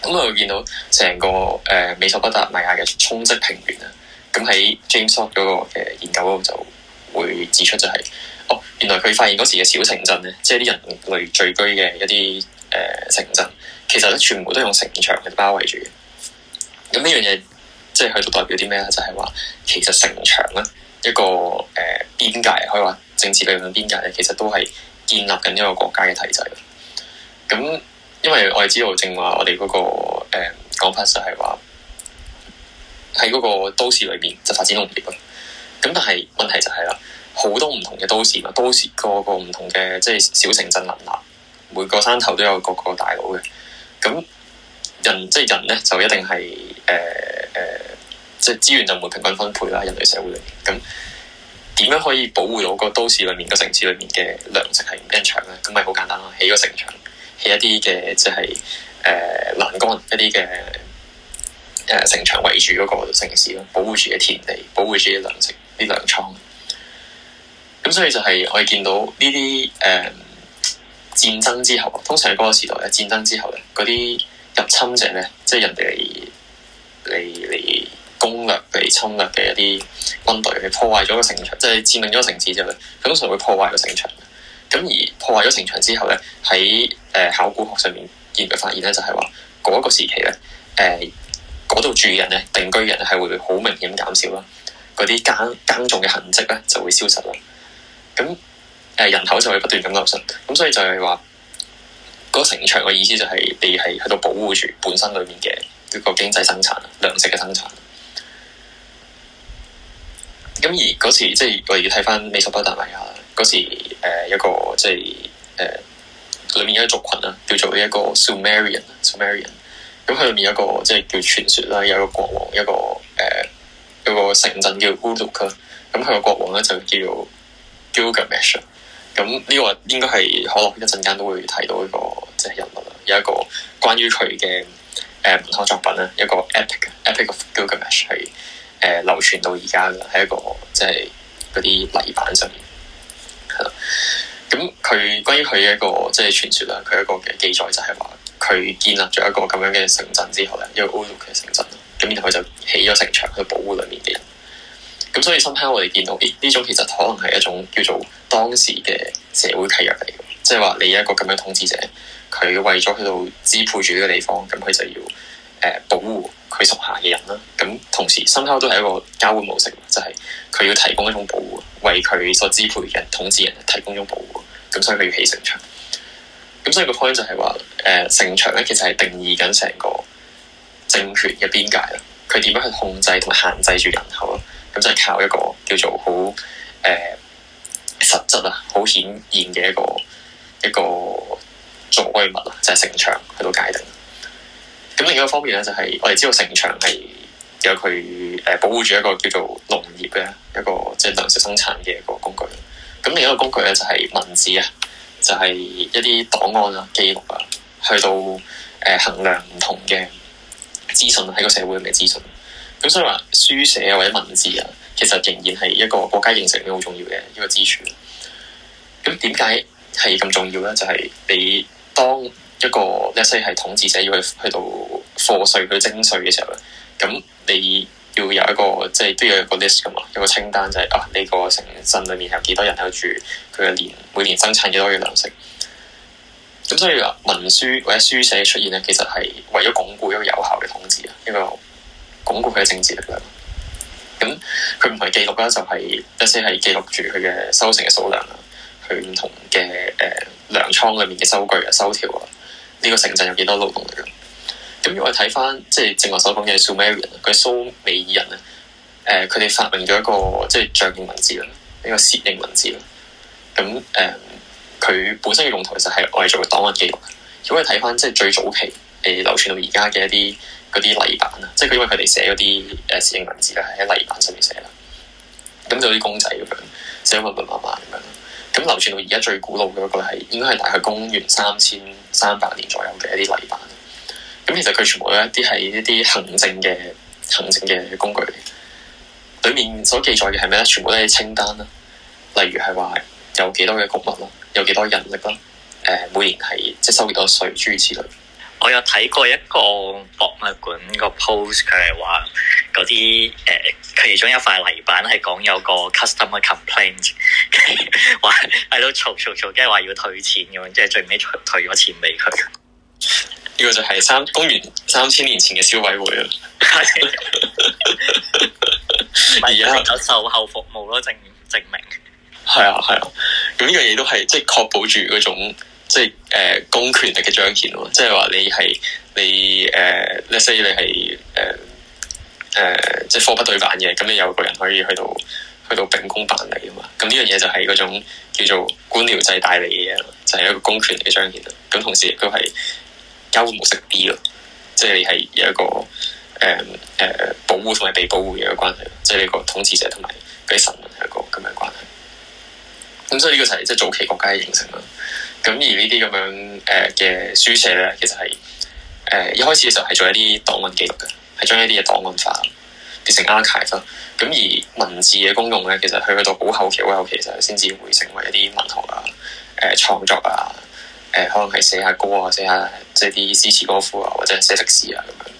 咁我哋見到成個誒、呃、美索不達米亞嘅沖積平原啦。咁喺 James Hock 嗰個研究嗰度就會指出就係、是，哦原來佢發現嗰時嘅小城鎮咧，即係啲人類聚居嘅一啲誒、呃、城鎮。其實咧，全部都用城牆嚟包圍住嘅。咁呢樣嘢，即係去代表啲咩咧？就係、是、話其實城牆咧，一個誒、呃、邊界可以話政治類型邊界咧，其實都係建立緊一個國家嘅體制。咁因為我哋知道、那個，正話我哋嗰個誒講法就係話喺嗰個都市裏面就發展農業咯。咁但係問題就係、是、啦，好多唔同嘅都市嘛，都市個個唔同嘅即係小城鎮林立，每個山頭都有個個大佬嘅。咁人即係人咧，就一定係誒誒，即係資源就唔會平均分配啦。人類社會裏面，咁點樣可以保護到個都市裏面、個城市裏面嘅糧食係唔俾人搶咧？咁咪好簡單咯，起個城牆，起一啲嘅即係誒欄杆，一啲嘅誒城牆圍住嗰個城市咯，保護住嘅田地，保護住嘅糧食、啲糧倉。咁所以就係我哋見到呢啲誒。呃戰爭之後啊，通常喺嗰個時代咧，戰爭之後咧，嗰啲入侵者咧，即係人哋嚟嚟攻略、嚟侵略嘅一啲軍隊，佢破壞咗個城牆，即係佔領咗個城池之後，佢通常會破壞個城牆。咁而破壞咗城牆之後咧，喺誒考古學上面研究發現咧，就係話嗰一個時期咧，誒嗰度住人咧、定居人係會好明顯減少啦，嗰啲耕耕種嘅痕跡咧就會消失啦，咁。誒人口就會不斷咁流失，咁所以就係話嗰城牆嘅意思就係、是、你係喺度保護住本身裏面嘅一個經濟生產、糧食嘅生產。咁而嗰時即係我哋要睇翻美索不達米亞嗰時、呃、一個即係誒裏面有一族群啦，叫做一個 Sumerian Sumerian。咁佢裏面一個即係叫傳說啦，有一個國王，一個誒、呃、一個城鎮叫 Uruk。咁佢個國王咧就叫 Gilgamesh。咁呢個應該係可能一陣間都會提到一個即係、就是、人物啦，有一個關於佢嘅誒文學作品咧，一個、e、pic, epic epic of Gilgamesh 係誒流傳到而家嘅，係一個即係嗰啲泥板上面係啦。咁佢關於佢嘅一個即係傳說啦，佢一個嘅記載就係話佢建立咗一個咁樣嘅城鎮之後咧，一個 old 嘅城鎮，咁然後佢就起咗城牆去保護裏面嘅人。咁所以深刻，深坑我哋見到呢呢種其實可能係一種叫做當時嘅社會契約嚟嘅，即係話你一個咁樣統治者，佢為咗去到支配住呢個地方，咁佢就要誒、呃、保護佢屬下嘅人啦。咁同時，深坑都係一個交換模式，就係、是、佢要提供一種保護，為佢所支配嘅統治人提供一種保護。咁所以佢要起城牆。咁所以個 point 就係話誒城牆咧，呃、其實係定義緊成個政權嘅邊界啦。佢點樣去控制同埋限制住人口啦？咁就係靠一個叫做好誒、呃、實質啊，好顯現嘅一個一個作威物啊，就係、是、城牆去到界定。咁另一個方面咧，就係、是、我哋知道城牆係有佢誒保護住一個叫做農業嘅一個即係、就是、糧食生產嘅一個工具。咁另一個工具咧就係、是、文字啊，就係、是、一啲檔案啊、記錄啊，去到誒、呃、衡量唔同嘅資訊喺個社會入嘅資訊。咁所以話書寫啊或者文字啊，其實仍然係一個國家形成已好重要嘅一個支柱。咁點解係咁重要咧？就係、是、你當一個即係統治者要去去到課稅去徵稅嘅時候咧，咁你要有一個即係都要有一個 list 噶嘛，有個清單就係、是、啊呢個城鎮裏面有幾多人喺度住，佢嘅年每年生產幾多嘅糧食。咁所以啊文書或者書寫出現咧，其實係為咗鞏固一個有效嘅統治啊，一個。鞏固佢嘅政治力量。咁佢唔同嘅、就係就係、記錄啦，就係一些係記錄住佢嘅收成嘅數量啦，佢唔同嘅誒、呃、糧倉裏面嘅收據啊、收條啊，呢、呢個城鎮有幾多勞動力。咁如果我哋睇翻即係正話所講嘅 Sumerian，佢蘇美爾人咧，誒佢哋發明咗一個即係象形文字啦，呢個楔形文字啦。咁誒，佢、呃、本身嘅用途其實係用嚟做檔案記錄。如果我睇翻即係最早期誒、呃、流傳到而家嘅一啲。嗰啲泥板啊，即係佢因為佢哋寫嗰啲誒楔形文字咧，係喺泥板上面寫啦。咁就啲公仔咁樣寫密密麻麻咁樣。咁流傳到而家最古老嘅一個係應該係大概公元三千三百年左右嘅一啲泥板。咁其實佢全部有一啲係一啲行政嘅行政嘅工具。裏面所記載嘅係咩咧？全部都係清單啦。例如係話有幾多嘅谷物咯，有幾多人力啦。誒，每年係即係收幾多稅，諸如此類。我有睇過一個博物館個 post，佢係話嗰啲誒，佢其中一塊泥板係講有個 custom 嘅、er、complaint，話喺度嘈嘈嘈，即係話要退錢咁樣，即係最尾退咗錢俾佢。呢個就係三公元三千年前嘅消委會 啊！而家有售後服務咯，證證明係啊係啊，咁呢樣嘢都係即係確保住嗰種。即係誒、呃，公權力嘅彰顯咯，即係話你係你誒，所、呃、以你係誒誒，即係貨不對版嘅，咁你有個人可以去到去到秉公辦理噶嘛？咁呢樣嘢就係嗰種叫做官僚制帶嚟嘅嘢，就係、是、一個公權力嘅彰顯啦。咁同時亦都係交換模式 B 咯，即係你係有一個誒誒、呃、保護同埋被保護嘅一個關係，即係你個統治者同埋嗰啲臣民係一個咁嘅關係。咁所以呢個就係即係早期國家嘅形成啦。咁而這這、呃、呢啲咁樣誒嘅書寫咧，其實係誒、呃、一開始嘅時候係做一啲檔案記錄嘅，係將一啲嘅檔案化，變成 archive 咯、啊。咁而文字嘅功用咧，其實去去到好後期、好後期就先至會成為一啲文學啊、誒、呃、創作啊、誒、呃、可能係寫下歌啊、寫下即係啲詩詞歌賦啊，或者寫歷史啊咁樣。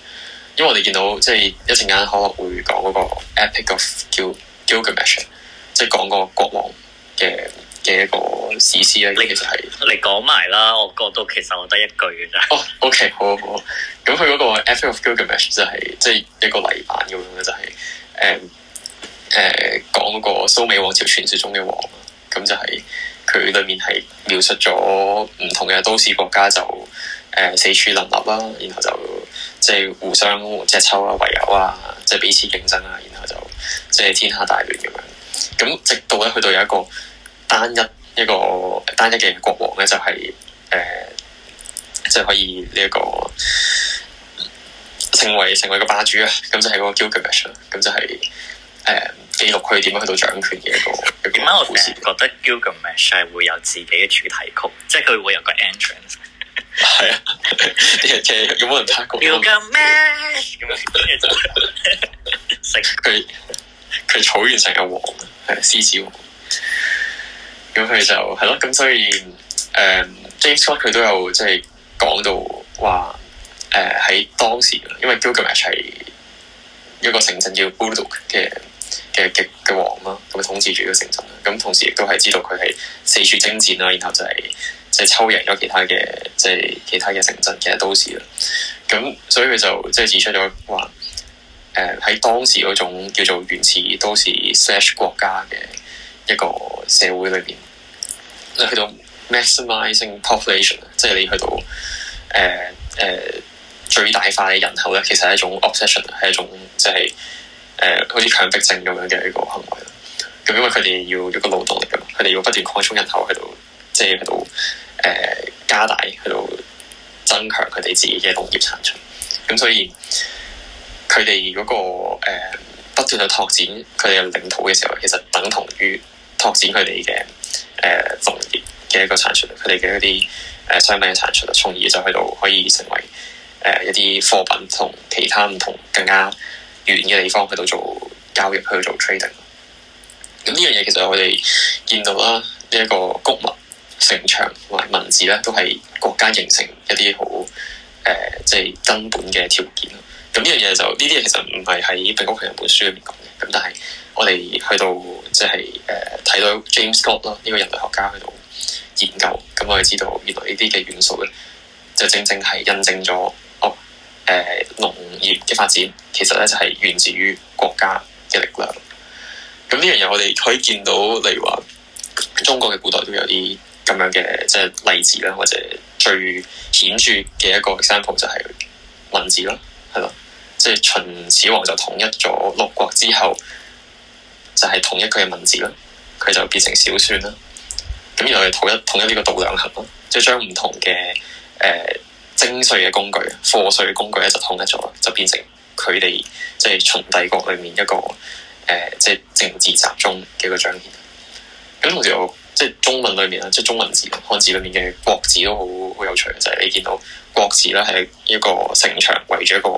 因為我哋見到即係一陣間可能會講嗰個 epic 嘅叫 Gilgamesh，Gil 即係講個國王嘅。嘅一個史詩咧，呢你其實係你講埋啦。我覺得其實我得一句啊。哦、 oh，OK，好啊好，咁佢嗰個《Epic of Gilgamesh、就是》就係即係一個泥版咁樣，就係誒誒講嗰個蘇美王朝傳説中嘅王，咁就係佢裏面係描述咗唔同嘅都市國家就誒、呃、四處林立啦，然後就即係、就是、互相隻抽啊、為友啊，即係、就是、彼此競爭啊，然後就即係、就是、天下大亂咁樣。咁直到咧去到有一個。單一一個單一嘅國王咧、就是呃，就係誒，即係可以呢、這、一個成為成為一個霸主啊！咁就係個 Gilgamesh，咁就係誒記錄佢點樣去到掌權嘅一個。點解我好似事覺得 Gilgamesh 係會有自己嘅主題曲，即係佢會有個 entrance。係 啊，即係有冇人拍過？Gilgamesh，佢佢草原成有王，係獅子王。咁佢就係咯，咁所以誒、嗯、James Scott 佢都有即係講到話誒喺當時，因為 Gilgamesh 係一個城鎮叫 Bullock 嘅嘅嘅嘅王啦，咁佢統治住個城鎮，咁同時亦都係知道佢係四處征戰啦，然後就係、是、就係、是、抽贏咗其他嘅即係其他嘅城鎮其實都市啦。咁所以佢就即係指出咗話誒喺當時嗰種叫做原始都市 slash 國家嘅一個社會裏邊，去你去到 maximizing population，即係你去到誒誒最大化嘅人口咧，其實係一種 obsession，係一種即係誒好似強迫症咁樣嘅一個行為啦。咁因為佢哋要一個勞動力㗎嘛，佢哋要不斷擴充人口喺度，即係喺度誒加大喺度增強佢哋自己嘅農業產出。咁所以佢哋嗰個不斷去拓展佢哋嘅領土嘅時候，其實等同於～拓展佢哋嘅誒農業嘅一個產出，佢哋嘅一啲誒、呃、商品嘅產出，從而就去到可以成為誒、呃、一啲貨品，同其他唔同更加遠嘅地方去到做交易，去做 trading。咁呢樣嘢其實我哋見到啦，呢、這、一個穀物城牆同埋文字咧，都係國家形成一啲好誒，即、呃、係、就是、根本嘅條件啦。咁呢樣嘢就呢啲嘢其實唔係喺《平屋，平原》本書裏面講嘅，咁但係。我哋去到即係誒睇到 James Scott 咯，呢個人類學家去到研究咁、嗯，我哋知道原來呢啲嘅元素咧，就正正係印證咗哦誒農、呃、業嘅發展其實咧就係、是、源自於國家嘅力量。咁呢樣嘢我哋可以見到，例如話中國嘅古代都有啲咁樣嘅即係例子啦，或者最顯著嘅一個 example 就係文字咯，係咯，即係秦始皇就統一咗六國之後。就係同一句嘅文字咯，佢就變成小篆啦。咁然後係統一統一呢個度量衡咯，即係將唔同嘅誒徵稅嘅工具、貨幣嘅工具一齊統一咗，就變成佢哋即係從帝國裏面一個誒、呃、即係政治集中嘅一個象徵。咁同時又即係中文裏面啦，即係中文字漢字裏面嘅國字都好好有趣就係、是、你見到國字咧係一個城牆圍住一個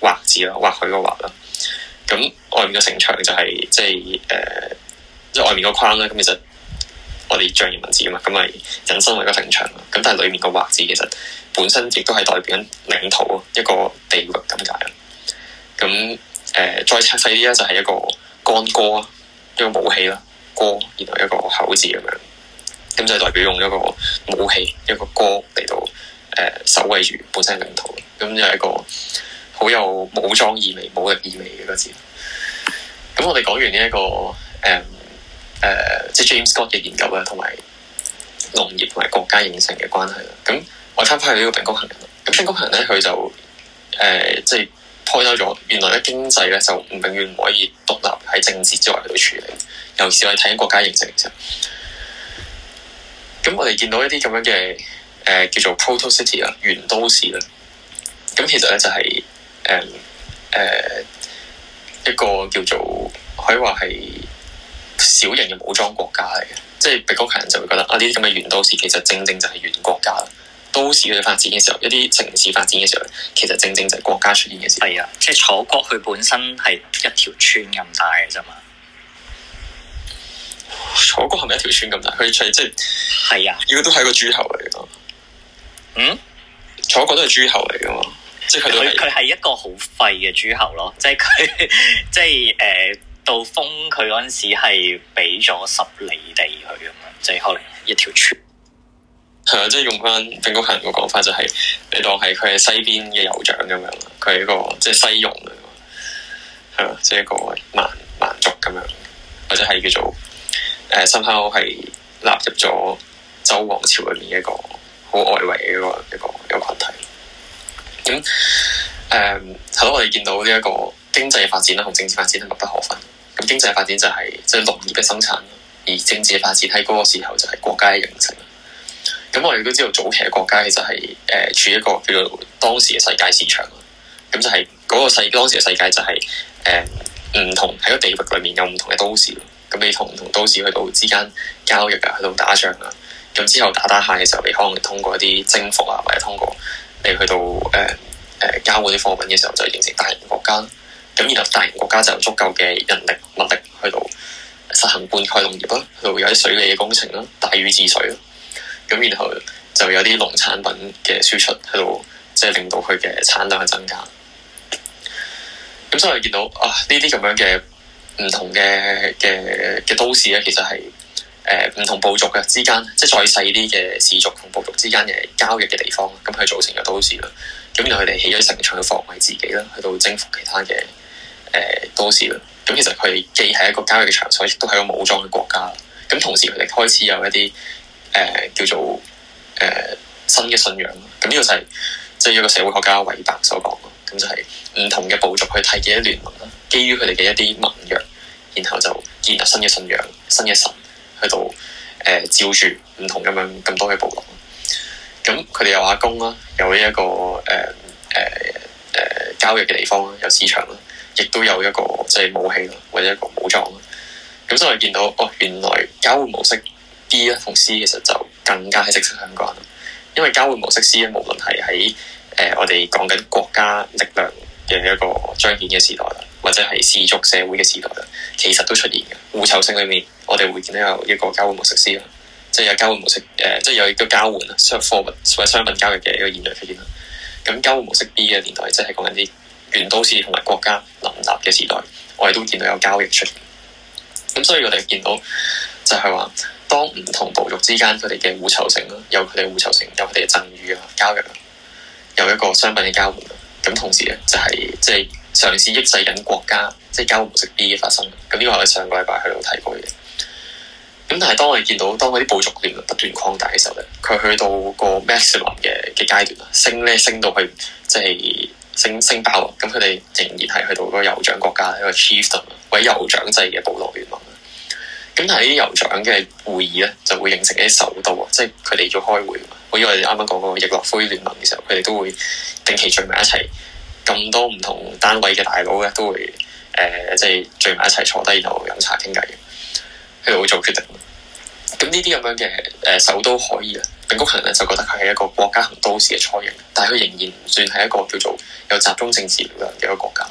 畫字啦，畫佢個畫啦。咁外面嘅城牆就係即係誒，即係、呃、外面個框啦。咁其實我哋象形文字啊嘛，咁咪引申為個城牆。咁但係裏面個畫字其實本身亦都係代表領土啊，一個地域咁解。咁誒、呃，再拆細啲咧就係一個干戈，一個武器啦，戈然後一個口字咁樣，咁就代表用一個武器一個戈嚟到誒、呃、守衛住本身領土。咁就係一個。好有武裝意味、武力意味嘅嗰時。咁我哋講完呢、這、一個誒誒、嗯呃，即係 James Scott 嘅研究啦，同埋農業同埋國家形成嘅關係啦。咁我翻翻去呢個餅谷行啦。咁餅谷行咧，佢就誒即係剖開咗，原來咧經濟咧就永遠唔可以獨立喺政治之外去處理。尤其是我哋睇緊國家形成嘅時候。咁我哋見到一啲咁樣嘅誒、呃、叫做 Proto City 啊，原都市啦。咁其實咧就係、是、～誒誒，一個叫做可以話係小型嘅武裝國家嚟嘅，即係北歐群人就會覺得啊，呢啲咁嘅元都市其實正正就係元國家啦。都市佢哋發展嘅時候，一啲城市發展嘅時候，其實正正就係國家出現嘅時候。係啊，即係楚國佢本身係一條村咁大嘅啫嘛。楚國係咪一條村咁大？佢哋即係，係啊，如果都係個諸侯嚟嘅。嗯？楚國都係諸侯嚟嘅嘛？即係佢，佢係一個好廢嘅諸侯咯，即係佢，即係誒、呃，到封佢嗰陣時係俾咗十里地佢咁嘛，即係可能一條村。係啊，即係用翻鄭國衡嘅講法，就係，就係你當係佢係西邊嘅酋長咁樣，佢係一個即係西戎啊，係啊，即係一個蠻蠻族咁樣，或者係叫做誒，呃、深刻亥係納入咗周王朝裏面一個好外圍嘅一個一個一、這個群體。咁誒，係咯、嗯嗯，我哋見到呢一個經濟發展啦，同政治發展係密不可分。咁經濟發展就係即係農業嘅生產，而政治嘅發展喺嗰個時候就係國家嘅形成。咁我哋都知道早期嘅國家其實係誒處於一個叫做當時嘅世界市場。咁就係嗰、那個世當時嘅世界就係誒唔同喺個地域裏面有唔同嘅都市，咁你同唔同都市去到之間交易啊，去到打仗啊，咁之後打打下嘅時候，你可能通過一啲征服啊，或者通過。你去到誒誒、呃呃、交換啲貨品嘅時候，就形成大型國家。咁然後大型國家就有足夠嘅人力物力去到實行灌溉農業啦，去到有啲水利嘅工程啦，大禹治水啦。咁然後就有啲農產品嘅輸出，喺度即係令到佢嘅產量嘅增加。咁所以見到啊，呢啲咁樣嘅唔同嘅嘅嘅都市咧，其實係～誒唔同部族嘅之間，即係再細啲嘅氏族同部族之間嘅交易嘅地方，咁佢造成咗都市啦。咁然後佢哋起咗成場嘅防衛自己啦，去到征服其他嘅誒都市啦。咁、呃、其實佢哋既係一個交易嘅場所，亦都係一個武裝嘅國家啦。咁同時佢哋開始有一啲誒、呃、叫做誒、呃、新嘅信仰啦。咁呢個就係即係一個社會學家韋伯所講咯。咁就係唔同嘅部族去睇幾多聯盟啦，基於佢哋嘅一啲盟約，然後就建立新嘅信仰，新嘅神。喺度誒照住唔同咁樣咁多嘅部落，咁佢哋有阿公啦，有呢一個誒誒誒交易嘅地方啦，有市場啦，亦都有一個即係、就是、武器啦，或者一個武裝啦。咁所以我見到哦，原來交換模式 B 啊同 C 其實就更加係息息相關。因為交換模式 C 咧，無論係喺誒我哋講緊國家力量嘅一個彰顯嘅時代啦，或者係氏族社會嘅時代啦，其實都出現嘅互酬性裏面。我哋會見到有一個交換模式 C 啦，即係有交換模式誒，即係有一個交換啊，貨物或者商品交易嘅一個現象出現啦。咁交換模式 B 嘅年代，即係講緊啲元都市同埋國家林立嘅時代，我哋都見到有交易出現。咁所以我哋見到就係話，當唔同部族之間佢哋嘅互酬性啦，有佢哋嘅互酬性，有佢哋嘅贈與啊，交易啊，有一個商品嘅交換。咁同時咧，就係即係嘗試抑制緊國家即係、就是、交換模式 B 嘅發生。咁呢個係我上個禮拜去度睇過嘅。咁但係當我哋見到當嗰啲部族連絡不斷擴大嘅時候咧，佢去到個 maximum 嘅嘅階段啦，升咧升到去即係升升爆咁，佢哋仍然係去到嗰個酋長國家一、那個 chiefdom 或者酋長制嘅部落聯盟。咁但係啲酋長嘅會議咧，就會形成一啲首都，即係佢哋要開會。好似我哋啱啱講個易洛魁聯盟嘅時候，佢哋都會定期聚埋一齊，咁多唔同單位嘅大佬咧都會誒、呃、即係聚埋一齊坐低度飲茶傾偈。佢會做決定。咁呢啲咁樣嘅誒首都可以啊，柄谷行人咧就覺得佢係一個國家型都市嘅雛形，但係佢仍然唔算係一個叫做有集中政治力量嘅一個國家。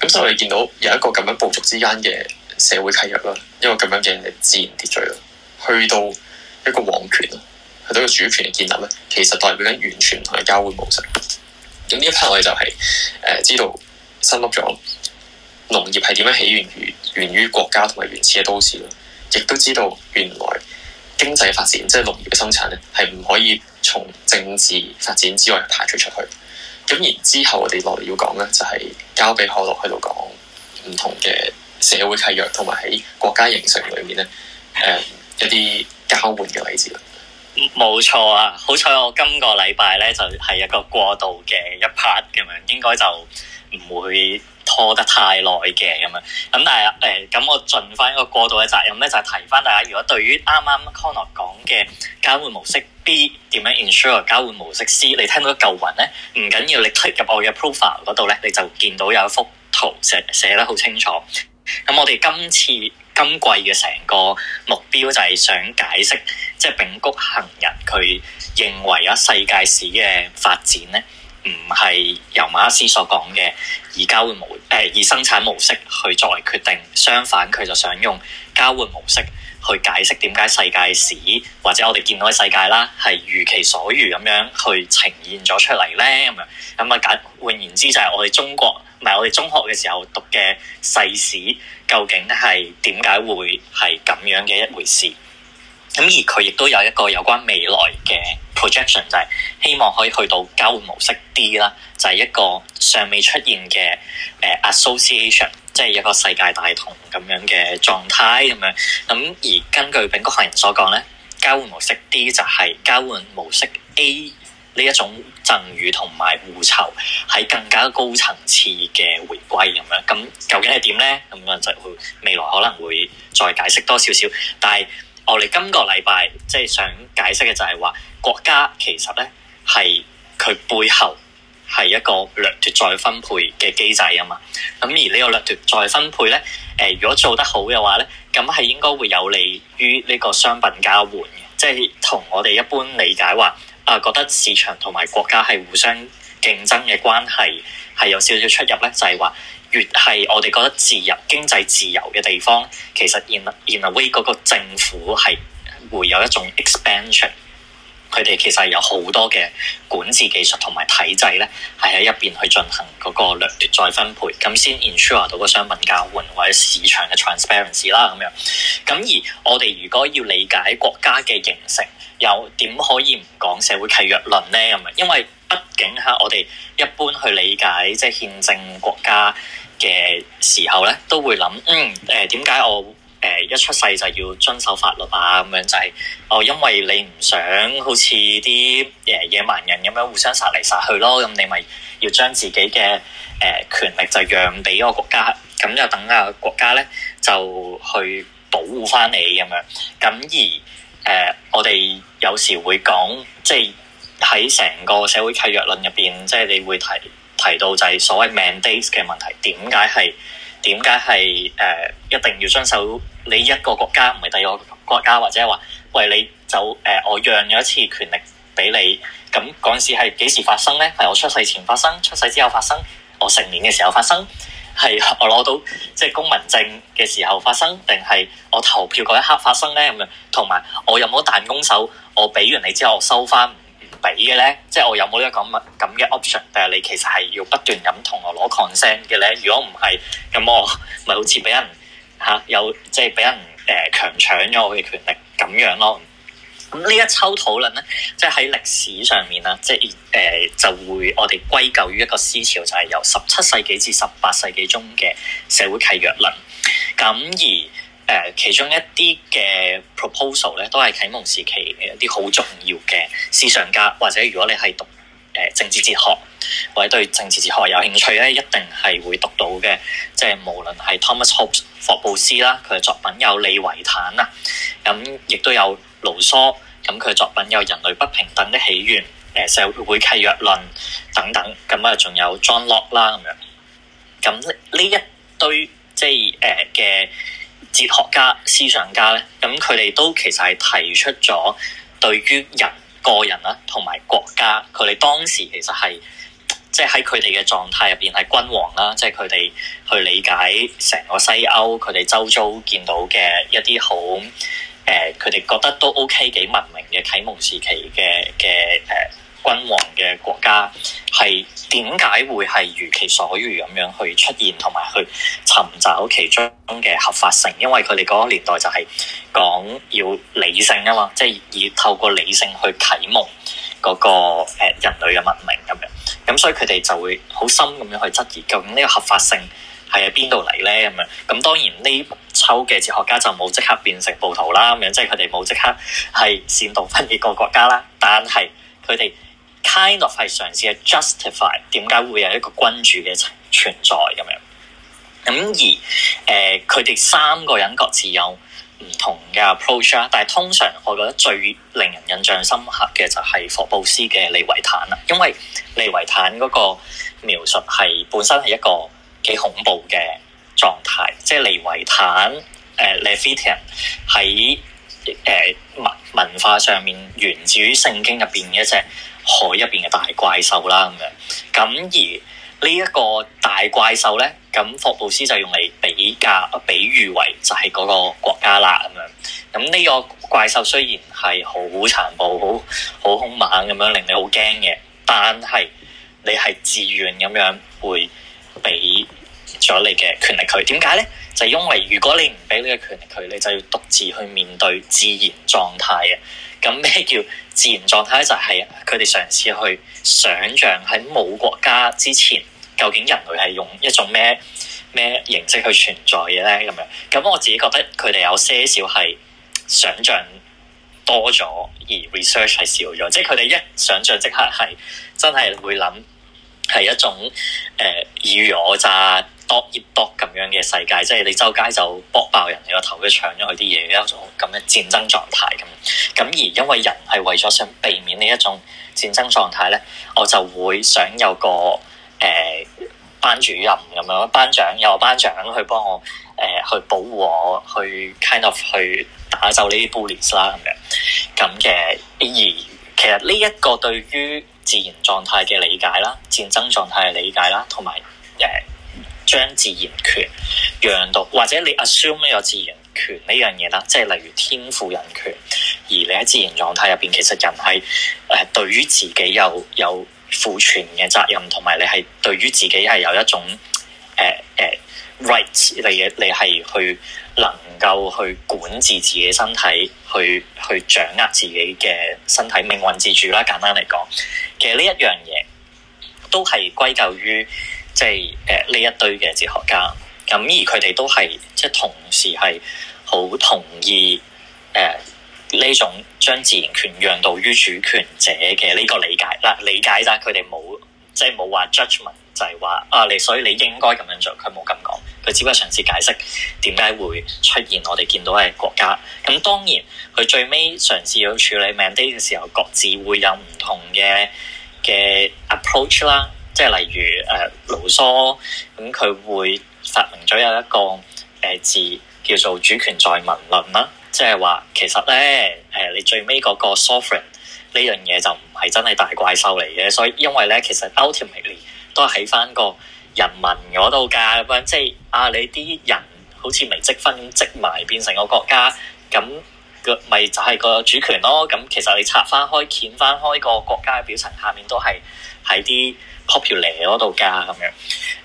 咁所以我哋見到有一個咁樣部族之間嘅社會契約啦，一個咁樣嘅自然秩序啦，去到一個王權啦，去到一個主權嘅建立咧，其實代表緊完全同係交換模式。咁呢一 part 我哋就係、是、誒、呃、知道新築咗。農業係點樣起源於源於國家同埋原始嘅都市咯，亦都知道原來經濟發展即係農業嘅生產咧，係唔可以從政治發展之外排除出去。咁然之後我哋落嚟要講咧，就係、是、交俾可樂喺度講唔同嘅社會契約同埋喺國家形成裏面咧，誒、嗯、一啲交換嘅例子啦。冇錯啊！好彩我今個禮拜咧就係一個過渡嘅一 part 咁樣，應該就唔會。拖得太耐嘅咁樣，咁但係誒，咁、欸、我盡翻一個過渡嘅責任咧，就係、是、提翻大家，如果對於啱啱 Connor 講嘅交換模式 B 點樣 ensure 交換模式 C，你聽到舊雲咧，唔緊要，你 click 入我嘅 profile 嗰度咧，你就見到有一幅圖寫寫得好清楚。咁我哋今次今季嘅成個目標就係想解釋，即、就、係、是、柄谷行人佢認為啊世界史嘅發展咧。唔係由馬克思所講嘅以交換模誒、呃、以生產模式去作為決定，相反佢就想用交換模式去解釋點解世界史或者我哋見到嘅世界啦，係如其所如咁樣去呈現咗出嚟咧咁樣咁啊！咁換言之就係我哋中國唔係我哋中學嘅時候讀嘅世史，究竟係點解會係咁樣嘅一回事？咁而佢亦都有一個有關未來嘅 projection，就係希望可以去到交換模式 D 啦，就係一個尚未出現嘅誒 association，即係一個世界大同咁樣嘅狀態咁樣。咁而根據柄谷行人所講咧，交換模式 D 就係交換模式 A 呢一種贈與同埋互酬喺更加高層次嘅回歸咁樣。咁究竟係點咧？咁可能就會未來可能會再解釋多少少，但係。我哋今個禮拜即係想解釋嘅就係話，國家其實咧係佢背後係一個掠奪再分配嘅機制啊嘛。咁而呢個掠奪再分配咧，誒、呃、如果做得好嘅話咧，咁係應該會有利於呢個商品交換嘅，即係同我哋一般理解話，啊覺得市場同埋國家係互相競爭嘅關係，係有少少出入咧，就係、是、話。越係我哋覺得自由經濟自由嘅地方，其實 in a way，嗰個政府係會有一種 expansion，佢哋其實有好多嘅管治技術同埋體制咧，係喺一邊去進行嗰個掠奪再分配，咁先 ensure 到個商品交換或者市場嘅 transparency 啦咁樣。咁而我哋如果要理解國家嘅形成，又點可以唔講社會契約論咧？咁樣，因為畢竟嚇我哋一般去理解即係憲政國家。嘅時候咧，都會諗，嗯，誒點解我誒一出世就要遵守法律啊？咁樣就係，哦，因為你唔想好似啲誒野蠻人咁樣互相殺嚟殺去咯，咁你咪要將自己嘅誒權力就讓俾個國家，咁就等下國家咧就去保護翻你咁樣。咁而誒，我哋有時會講，即係喺成個社會契約論入邊，即係你會提。提到就係所謂 mandates 嘅問題，點解係點解係誒一定要遵守你一個國家唔係第二個國家，或者話喂，你就誒、呃、我讓咗一次權力俾你，咁陣時係幾時發生咧？係我出世前發生，出世之後發生，我成年嘅時候發生，係我攞到即係、就是、公民證嘅時候發生，定係我投票嗰一刻發生咧咁樣？同埋我有冇彈弓手？我俾完你之後我收翻。俾嘅咧，即係我有冇呢一個咁咁嘅 option？但、啊、係你其實係要不斷咁同我攞 consent 嘅咧。如果唔係，咁我咪好似俾人吓，有即係俾人誒、呃、強搶咗我嘅權力咁樣咯。咁呢一抽討論咧，即係喺歷史上面啦，即係誒、呃、就會我哋歸咎於一個思潮，就係、是、由十七世紀至十八世紀中嘅社會契約論，咁而。誒其中一啲嘅 proposal 咧，都係啟蒙時期嘅一啲好重要嘅思想家，或者如果你係讀誒政治哲學，或者對政治哲學有興趣咧，一定係會讀到嘅。即係無論係 Thomas Hobbes 霍布斯啦，佢嘅作品有《利維坦》啦，咁亦都有盧梭，咁佢嘅作品有《人類不平等的起源》、誒《社會，會契約論》等等，咁啊，仲有 John Locke 啦咁樣。咁呢呢一堆即係誒嘅。呃哲學家、思想家咧，咁佢哋都其實係提出咗對於人、個人啦，同埋國家，佢哋當時其實係即係喺佢哋嘅狀態入邊係君王啦，即係佢哋去理解成個西歐，佢哋周遭見到嘅一啲好誒，佢哋覺得都 OK 幾文明嘅啟蒙時期嘅嘅誒。君王嘅國家係點解會係如其所願咁樣去出現同埋去尋找其中嘅合法性？因為佢哋嗰個年代就係講要理性啊嘛，即係以透過理性去啟蒙嗰個誒人類嘅文明咁樣。咁所以佢哋就會好深咁樣去質疑「究竟呢個合法性係喺邊度嚟呢？」咁樣，咁當然呢抽嘅哲學家就冇即刻變成暴徒啦，咁樣即係佢哋冇即刻係煽動分裂個國家啦。但係佢哋。Kind of 係嘗試去 justify 點解會有一個君主嘅存在咁樣，咁而誒，佢、呃、哋三個人各自有唔同嘅 approach 啦。但係通常我覺得最令人印象深刻嘅就係霍布斯嘅《利維坦》啦，因為利《利維坦》嗰個描述係本身係一個幾恐怖嘅狀態，即係《利維坦》誒 Levitian 喺誒文文化上面源自於聖經入邊嘅一隻海入邊嘅大怪獸啦，咁樣，咁而呢一個大怪獸咧，咁霍布斯就用嚟比較比喻為就係嗰個國家啦，咁樣。咁呢個怪獸雖然係好殘暴、好好兇猛咁樣，令你好驚嘅，但係你係自願咁樣會俾咗你嘅權力佢。點解咧？就係因為如果你唔俾呢個權力佢，你就要獨自去面對自然狀態啊。咁咩叫自然狀態咧？就係佢哋嘗試去想象喺冇國家之前，究竟人類係用一種咩咩形式去存在嘅咧？咁樣，咁我自己覺得佢哋有些少係想象多咗，而 research 係少咗。即係佢哋一想象即刻係真係會諗係一種誒以我咋。呃多越多咁樣嘅世界，即係你周街就搏爆人哋個頭，去搶咗佢啲嘢，一種咁嘅戰爭狀態咁。咁而因為人係為咗想避免呢一種戰爭狀態咧，我就會想有個誒、呃、班主任咁樣，班長有個班長去幫我誒、呃、去保護我，去 kind of 去打走呢啲 bullies 啦，咁樣咁嘅。而其實呢一個對於自然狀態嘅理解啦，戰爭狀態嘅理解啦，同埋誒。呃將自然權讓渡，或者你 assume 呢個自然權呢樣嘢啦，即係例如天賦人權。而你喺自然狀態入邊，其實人係誒對於自己有有負全嘅責任，同埋你係對於自己係有一種誒誒、呃呃、rights，你嘅你係去能夠去管治自己身體，去去掌握自己嘅身體命運之主啦。簡單嚟講，其實呢一樣嘢都係歸咎於。即係誒呢一堆嘅哲學家，咁而佢哋都係即係同時係好同意誒呢、呃、種將自然權讓渡於主權者嘅呢個理解。嗱、呃、理解，但係佢哋冇即係冇話 judgement，就係話啊你所以你應該咁樣做，佢冇咁講，佢只不過嘗試解釋點解會出現我哋見到嘅國家。咁、嗯、當然佢最尾嘗試要處理 mandate 嘅時候，各自會有唔同嘅嘅 approach 啦。即係例如誒、啊、盧梭咁，佢會發明咗有一個誒、呃、字叫做主權在民論啦。即係話其實咧誒、呃，你最尾嗰個 sovereign 呢樣嘢就唔係真係大怪獸嚟嘅，所以因為咧其實 ultimately 都係喺返個人民嗰度㗎咁樣，即係啊你啲人好似未積分咁積埋變成個國家咁。咪就係個主權咯，咁其實你拆翻開、掀翻開個國家嘅表層下面都係喺啲 popular 嗰度㗎咁樣。誒、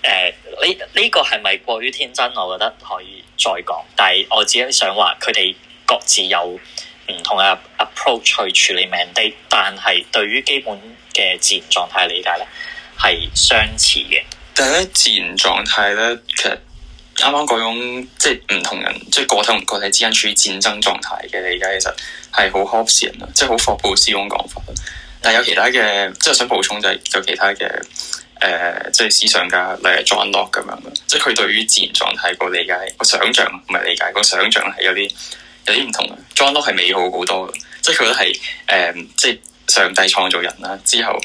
呃，呢呢、這個係咪過於天真？我覺得可以再講，但係我只係想話佢哋各自有唔同嘅 approach 去處理 mandate，但係對於基本嘅自然狀態理解咧係相似嘅。第一自然狀態咧，其實。啱啱嗰種即係唔同人，即係個體同個體之間處於戰爭狀態嘅理解，其實係好吓死人啊！即係好霍布斯嗰講法。但係有其他嘅，即係想補充就係有其他嘅，誒、呃，即係思想家，例如 John Locke 咁樣。即係佢對於自然狀態個理解，個想象唔係理解，個想象係有啲有啲唔同。John Locke 係美好好多嘅，即係佢都係誒，即係上帝創造人啦，之後。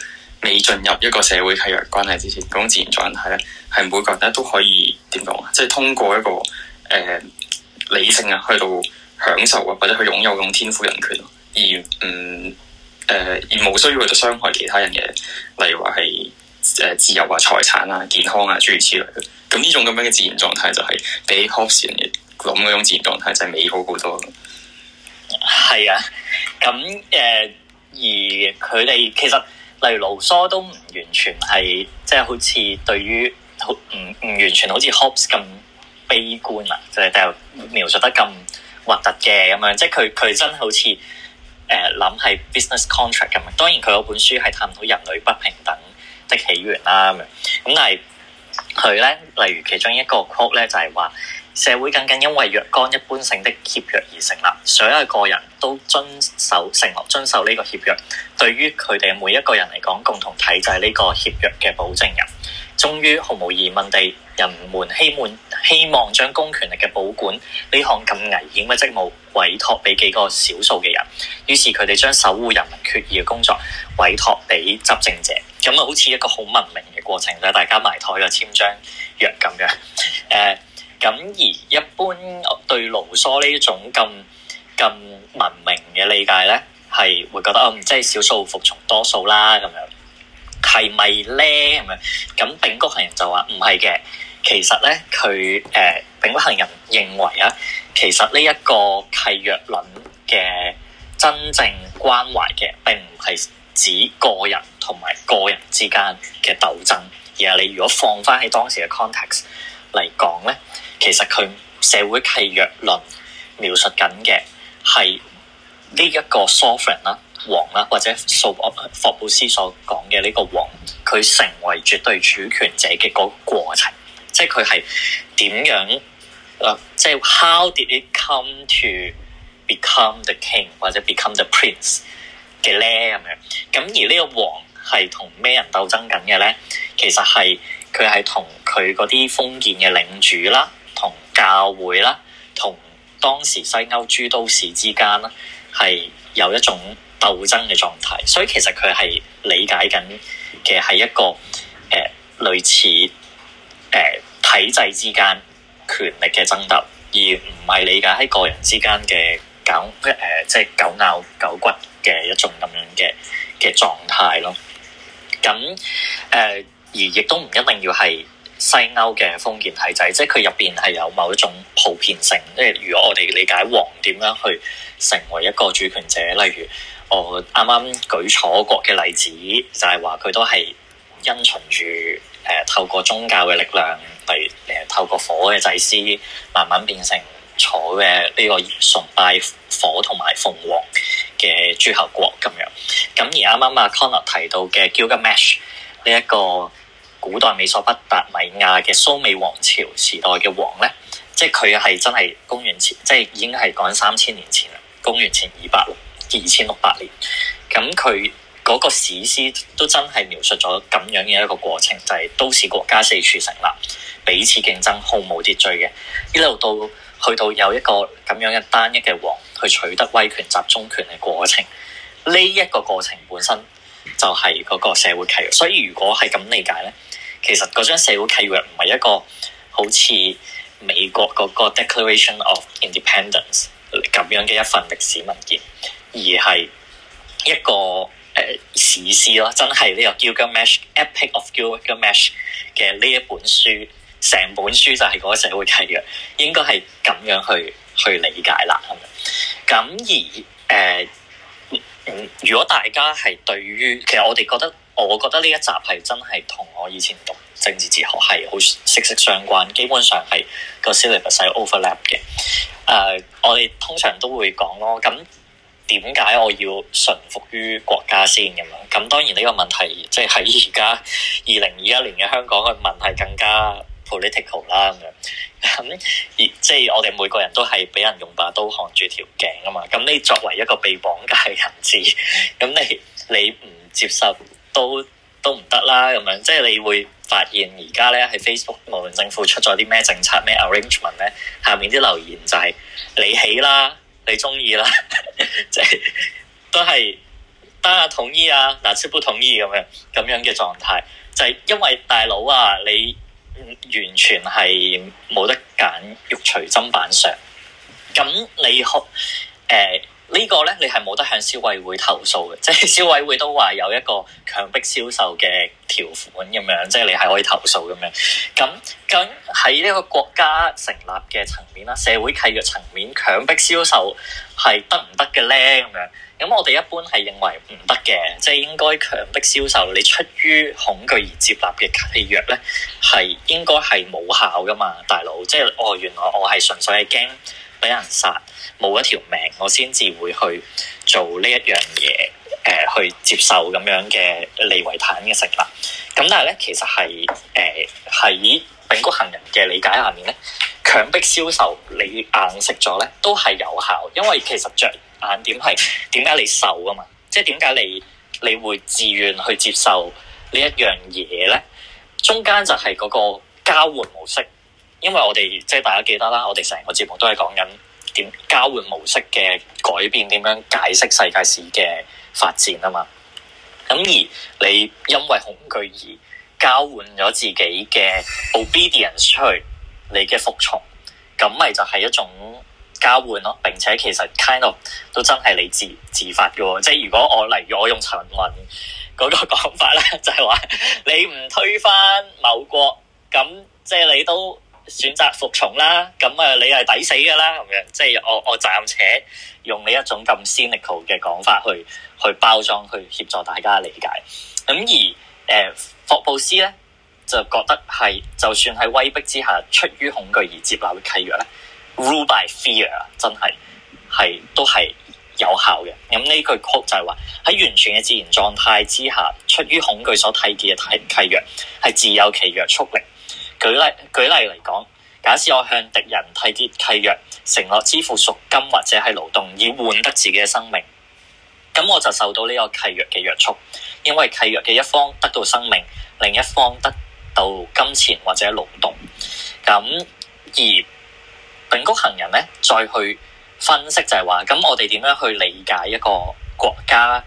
未進入一個社會契約關係之前，嗰種自然狀態咧，係每個人咧都可以點講啊？即係通過一個誒、呃、理性啊，去到享受啊，或者去擁有嗰種天賦人權，而唔誒、嗯呃、而冇需要去到傷害其他人嘅，例如話係誒自由啊、財產啊、健康啊諸如此類嘅。咁呢種咁樣嘅自然狀態就係、是、比 Hobbes 諗嗰種自然狀態就係美好好多咯。係啊，咁誒、呃、而佢哋其實。例如盧梭都唔完全係，即係好似對於好唔唔完全好似 Hobbes 咁悲觀啊，就係就描述得咁核突嘅咁樣，即係佢佢真係好似誒諗係 business contract 咁。當然佢有本書係探討人類不平等的起源啦咁樣，咁但係佢咧，例如其中一個 quote 咧就係話。社會僅僅因為若干一般性的協約而成立，所有個人都遵守承諾，遵守呢個協約。對於佢哋每一個人嚟講，共同體就係呢個協約嘅保證人。終於毫無疑問地，人們希望希望將公權力嘅保管呢項咁危險嘅職務委託俾幾個少數嘅人。於是佢哋將守護人民決議嘅工作委託俾執政者。咁啊，好似一個好文明嘅過程就係，大家埋台嘅簽章約咁嘅誒。Uh, 咁而一般對盧梭呢種咁咁文明嘅理解咧，係會覺得、嗯、即係少數服從多數啦咁樣，係咪咧咁樣？咁丙谷行人就話唔係嘅，其實咧佢誒丙谷行人認為啊，其實呢一個契約論嘅真正關懷嘅並唔係指個人同埋個人之間嘅鬥爭，而係你如果放翻喺當時嘅 context 嚟講咧。其實佢社會契約論描述緊嘅係呢一個 sovereign 啦，王啦，或者數霍布斯所講嘅呢個王，佢成為絕對主權者嘅嗰個過程，即係佢係點樣？即係 how did it come to become the king 或者 become the prince 嘅咧咁樣？咁而呢個王係同咩人鬥爭緊嘅咧？其實係佢係同佢嗰啲封建嘅領主啦。教會啦，同當時西歐諸都市之間啦，係有一種鬥爭嘅狀態，所以其實佢係理解緊嘅係一個誒、呃、類似誒、呃、體制之間權力嘅爭鬥，而唔係理解喺個人之間嘅狗誒，即係狗咬狗骨嘅一種咁樣嘅嘅狀態咯。咁誒、呃，而亦都唔一定要係，西歐嘅封建體制，即係佢入邊係有某一種普遍性。即係如果我哋理解王點樣去成為一個主權者，例如我啱啱舉楚國嘅例子，就係話佢都係因循住誒透過宗教嘅力量，例如誒透過火嘅祭司，慢慢變成楚嘅呢個崇拜火同埋鳳凰嘅諸侯國咁樣，咁而啱啱阿 Connor 提到嘅 Gilgamesh 呢一個。古代美索不達米亞嘅蘇美王朝時代嘅王呢，即係佢係真係公元前，即係已經係講三千年前啦，公元前二百二千六百年。咁佢嗰個史詩都真係描述咗咁樣嘅一個過程，就係、是、都市國家四處成立，彼此競爭，毫無秩序嘅，一路到去到有一個咁樣嘅單一嘅王去取得威權集中權嘅過程。呢、這、一個過程本身就係嗰個社會契約。所以如果係咁理解呢。其實嗰張社會契約唔係一個好似美國嗰個 Declaration of Independence 咁樣嘅一份歷史文件，而係一個誒、呃、史詩咯，真係呢個《Gilgamesh，Epic of Gilgamesh》嘅呢一本書，成本書就係嗰個社會契約，應該係咁樣去去理解啦。咁而誒、呃，如果大家係對於，其實我哋覺得。我覺得呢一集係真係同我以前讀政治哲學係好息息相關，基本上係個 syllabus 係 overlap 嘅。誒、uh，我哋通常都會講咯。咁點解我要臣服於國家先咁樣？咁當然呢個問題，即係喺而家二零二一年嘅香港嘅問題更加 political 啦咁樣。咁而即係我哋每個人都係俾人用把刀看住條頸啊嘛。咁你作為一個被綁架嘅人質，咁你你唔接受？都都唔得啦，咁樣即係你會發現而家咧喺 Facebook，無論政府出咗啲咩政策，咩 arrangement 咧，下面啲留言就係、是、你起啦，你中意啦，即 係、就是、都係得啊同意啊，嗱，超不同意咁樣咁樣嘅狀態，就係、是、因為大佬啊，你完全係冇得揀，欲除砧板上，咁你學誒？呃呢個咧，你係冇得向消委會投訴嘅，即係消委會都話有一個強迫銷售嘅條款咁樣，即係你係可以投訴咁樣。咁咁喺呢個國家成立嘅層面啦，社會契約層面強迫銷售係得唔得嘅咧？咁樣，咁我哋一般係認為唔得嘅，即係應該強迫銷售你出於恐懼而接納嘅契約咧，係應該係冇效噶嘛，大佬。即係哦，原來我係純粹係驚。俾人殺冇一條命，我先至會去做呢一樣嘢，誒、呃、去接受咁樣嘅利維坦嘅食物。咁但係咧，其實係誒喺《蘋、呃、谷行人》嘅理解下面咧，強迫銷售你硬食咗咧，都係有效，因為其實着眼點係點解你瘦啊嘛，即係點解你你會自願去接受呢一樣嘢咧？中間就係嗰個交換模式。因為我哋即係大家記得啦，我哋成個節目都係講緊點交換模式嘅改變，點樣解釋世界史嘅發展啊嘛。咁而你因為恐懼而交換咗自己嘅 obedience 出去你嘅服從，咁咪就係一種交換咯。並且其實 kind of 都真係你自自發嘅，即係如果我例如我用陳雲嗰個講法啦，就係話你唔推翻某國，咁即係你都。選擇服從啦，咁、嗯、誒你係抵死嘅啦，咁樣即係我我暫且用呢一種咁 cynical 嘅講法去去包裝，去協助大家理解。咁、嗯、而誒、呃、霍布斯咧就覺得係就算喺威逼之下，出於恐懼而接納嘅契約咧，rule by fear 真係係都係有效嘅。咁、嗯、呢句 quote 就係話喺完全嘅自然狀態之下，出於恐懼所締結嘅契契約係自有其約束力。舉例舉例嚟講，假使我向敵人替啲契約，承諾支付贖金或者係勞動，以換得自己嘅生命，咁我就受到呢個契約嘅約束，因為契約嘅一方得到生命，另一方得到金錢或者勞動，咁而丙谷行人咧，再去分析就係話，咁我哋點樣去理解一個國家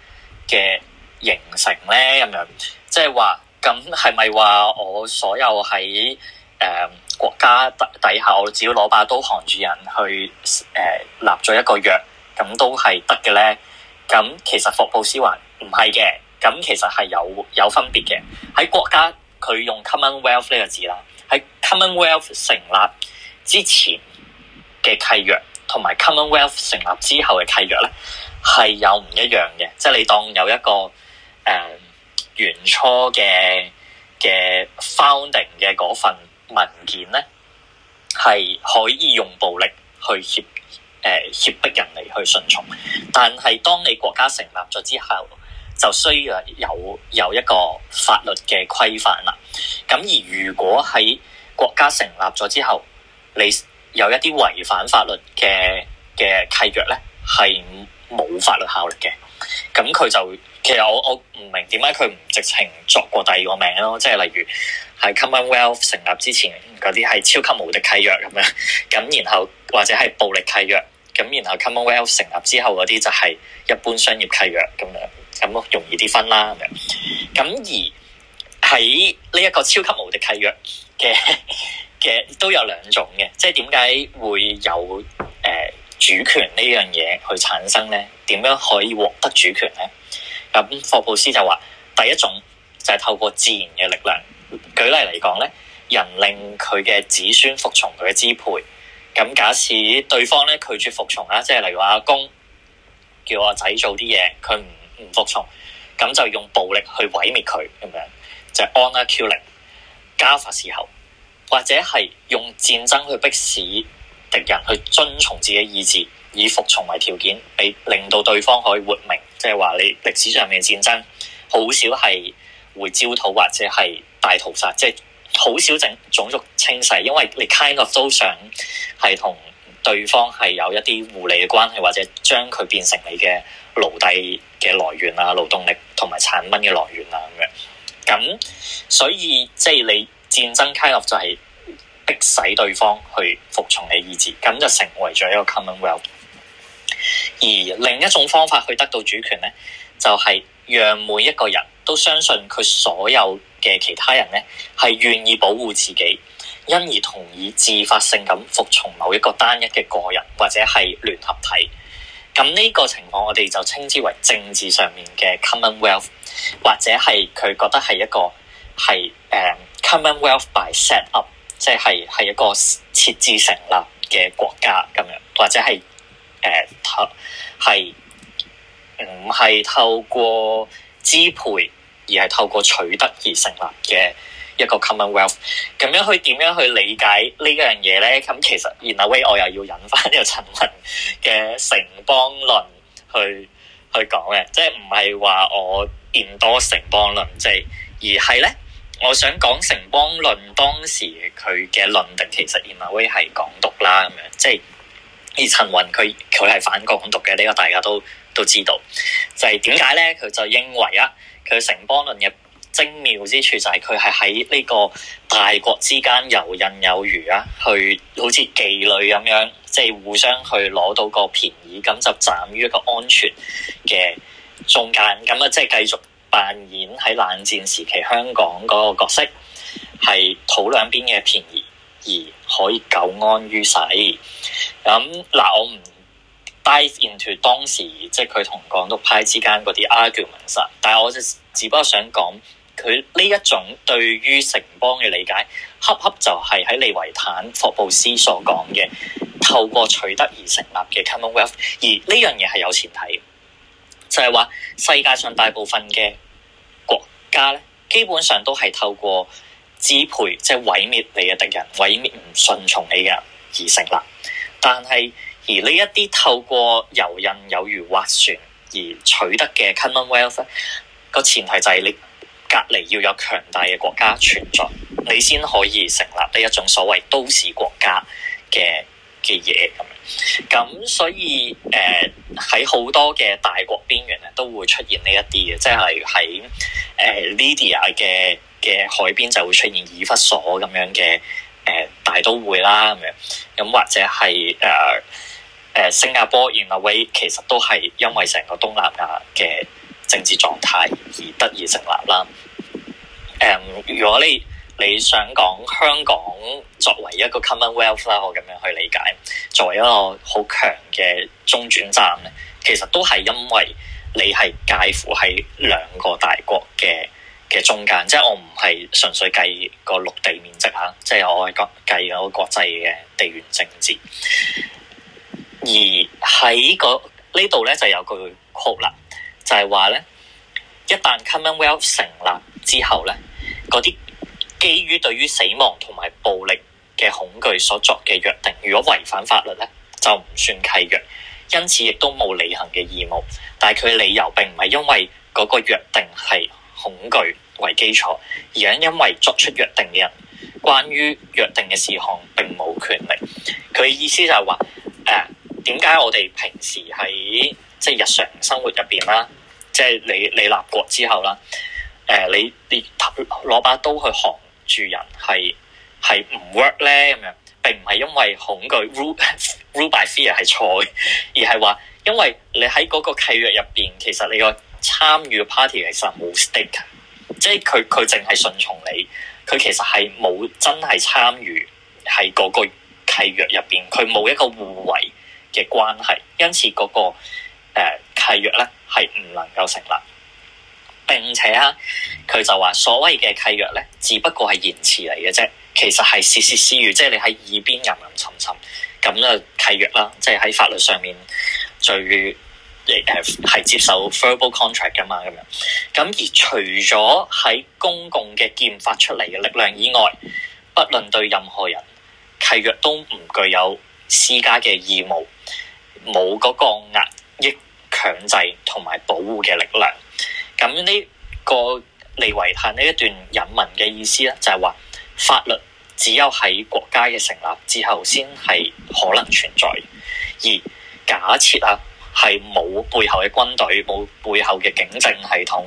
嘅形成咧？咁樣即係話。咁係咪話我所有喺誒、呃、國家底底下，我只要攞把刀行住人去誒、呃、立咗一個約，咁都係得嘅咧？咁其實霍布斯話唔係嘅，咁其實係有有分別嘅。喺國家，佢用 Commonwealth 呢個字啦，喺 Commonwealth 成立之前嘅契約，同埋 Commonwealth 成立之後嘅契約咧，係有唔一樣嘅。即係你當有一個誒。呃原初嘅嘅 founding 嘅嗰份文件咧，係可以用暴力去脅、呃、脅迫人嚟去順從，但係當你國家成立咗之後就需要有有一個法律嘅規範啦。咁而如果喺國家成立咗之後，你有一啲違反法律嘅嘅契約咧，係冇法律效力嘅，咁佢就。其實我我唔明點解佢唔直情作過第二個名咯，即係例如係 Commonwealth 成立之前嗰啲係超級無敵契約咁樣，咁然後或者係暴力契約，咁然後 Commonwealth 成立之後嗰啲就係一般商業契約咁樣，咁容易啲分啦咁樣。咁而喺呢一個超級無敵契約嘅嘅 都有兩種嘅，即係點解會有誒、呃、主權呢樣嘢去產生咧？點樣可以獲得主權咧？咁霍布斯就話，第一種就係、是、透過自然嘅力量，舉例嚟講咧，人令佢嘅子孫服從佢嘅支配。咁假使對方咧拒絕服從啦，即係例如話阿公叫我仔做啲嘢，佢唔唔服從，咁就用暴力去毀滅佢咁樣，就係 honor killing，加法時候，或者係用戰爭去逼使敵人去遵從自己意志。以服從為條件，俾令到對方可以活命，即係話你歷史上面嘅戰爭好少係會焦土或者係大屠殺，即係好少整種族清洗，因為你 kind of 都想係同對方係有一啲互利嘅關係，或者將佢變成你嘅奴隸嘅來源啊、勞動力同埋產品嘅來源啊咁樣，咁所以即係你戰爭 kind of 就係逼使對方去服從你意志，咁就成為咗一個 commonwealth。而另一種方法去得到主權咧，就係、是、讓每一個人都相信佢所有嘅其他人咧係願意保護自己，因而同意自發性咁服從某一個單一嘅個人或者係聯合體。咁呢個情況我哋就稱之為政治上面嘅 commonwealth，或者係佢覺得係一個係誒、uh, commonwealth by set up，即係係一個設置成立嘅國家咁樣，或者係。誒透係唔係透過支配，而係透過取得而成立嘅一個 commonwealth，咁樣去點樣去理解呢樣嘢咧？咁其實 in a way 我又要引翻呢個陳雲嘅城邦論去去講嘅，即係唔係話我 endorse 城邦論，即係而係咧，我想講城邦論當時佢嘅論定其實 in a way 係港獨啦咁樣即係。而陳雲佢佢係反港獨嘅，呢、這個大家都都知道。就係點解咧？佢、嗯、就認為啊，佢城邦論嘅精妙之處就係佢係喺呢個大國之間游刃有餘啊，去好似妓女咁樣，即係互相去攞到個便宜，咁就站於一個安全嘅中間，咁啊，即係繼續扮演喺冷戰時期香港嗰個角色，係討兩邊嘅便宜而。可以久安於世。咁、嗯、嗱，我唔 dive into 當時即係佢同港獨派之間嗰啲 argument 實，但係我就只不過想講佢呢一種對於城邦嘅理解，恰恰就係喺利維坦霍布斯所講嘅透過取得而成立嘅 Commonwealth，而呢樣嘢係有前提，就係、是、話世界上大部分嘅國家咧，基本上都係透過。支配即係毀滅你嘅敵人，毀滅唔順從你嘅而成立。但係而呢一啲透過游刃有餘划船而取得嘅 Commonwealth 個前提就係你隔籬要有強大嘅國家存在，你先可以成立呢一種所謂都市國家嘅嘅嘢咁。咁所以誒喺好多嘅大國邊緣咧都會出現呢一啲嘅，即係喺誒 Lydia 嘅呃嘅海邊就會出現爾忽所咁樣嘅誒、呃、大都會啦，咁樣咁或者係誒誒新加坡、in a way，其實都係因為成個東南亞嘅政治狀態而得以成立啦。誒、呃，如果你你想講香港作為一個 Commonwealth 啦，我咁樣去理解，作為一個好強嘅中轉站咧，其實都係因為你係介乎喺兩個大國嘅。嘅中間，即係我唔係純粹計個陸地面積嚇、啊，即係我係國計嗰個國際嘅地緣政治。而喺、嗰個呢度咧就有句 quote 啦，就係話咧，一旦 Commonwealth 成立之後咧，嗰啲基於對於死亡同埋暴力嘅恐懼所作嘅約定，如果違反法律咧，就唔算契約，因此亦都冇履行嘅義務。但係佢嘅理由並唔係因為嗰個約定係。恐懼為基礎，而因因為作出約定嘅人，關於約定嘅事項並冇權利。佢意思就係話誒，點解我哋平時喺即係日常生活入邊啦，即係你你立國之後啦，誒、呃、你你頭攞把刀去扛住人係係唔 work 咧，咁樣並唔係因為恐懼 rule rule by fear 係錯，而係話因為你喺嗰個契約入邊，其實你個。參與嘅 party 其實冇 stake，即係佢佢淨係順從你，佢其實係冇真係參與，係嗰個契約入邊佢冇一個互惠嘅關係，因此嗰、那個、呃、契約咧係唔能夠成立。並且啊，佢就話所謂嘅契約咧，只不過係言詞嚟嘅啫，其實係竊竊私語，即係你喺耳邊吟吟沉沉。咁啊契約啦，即係喺法律上面最。誒係接受 verbal contract 噶嘛，咁樣咁而除咗喺公共嘅劍發出嚟嘅力量以外，不論對任何人契約都唔具有私家嘅義務，冇嗰個壓抑強制同埋保護嘅力量。咁呢個利維坦呢一段引文嘅意思咧，就係、是、話法律只有喺國家嘅成立之後先係可能存在。而假設啊。係冇背後嘅軍隊，冇背後嘅警政系統，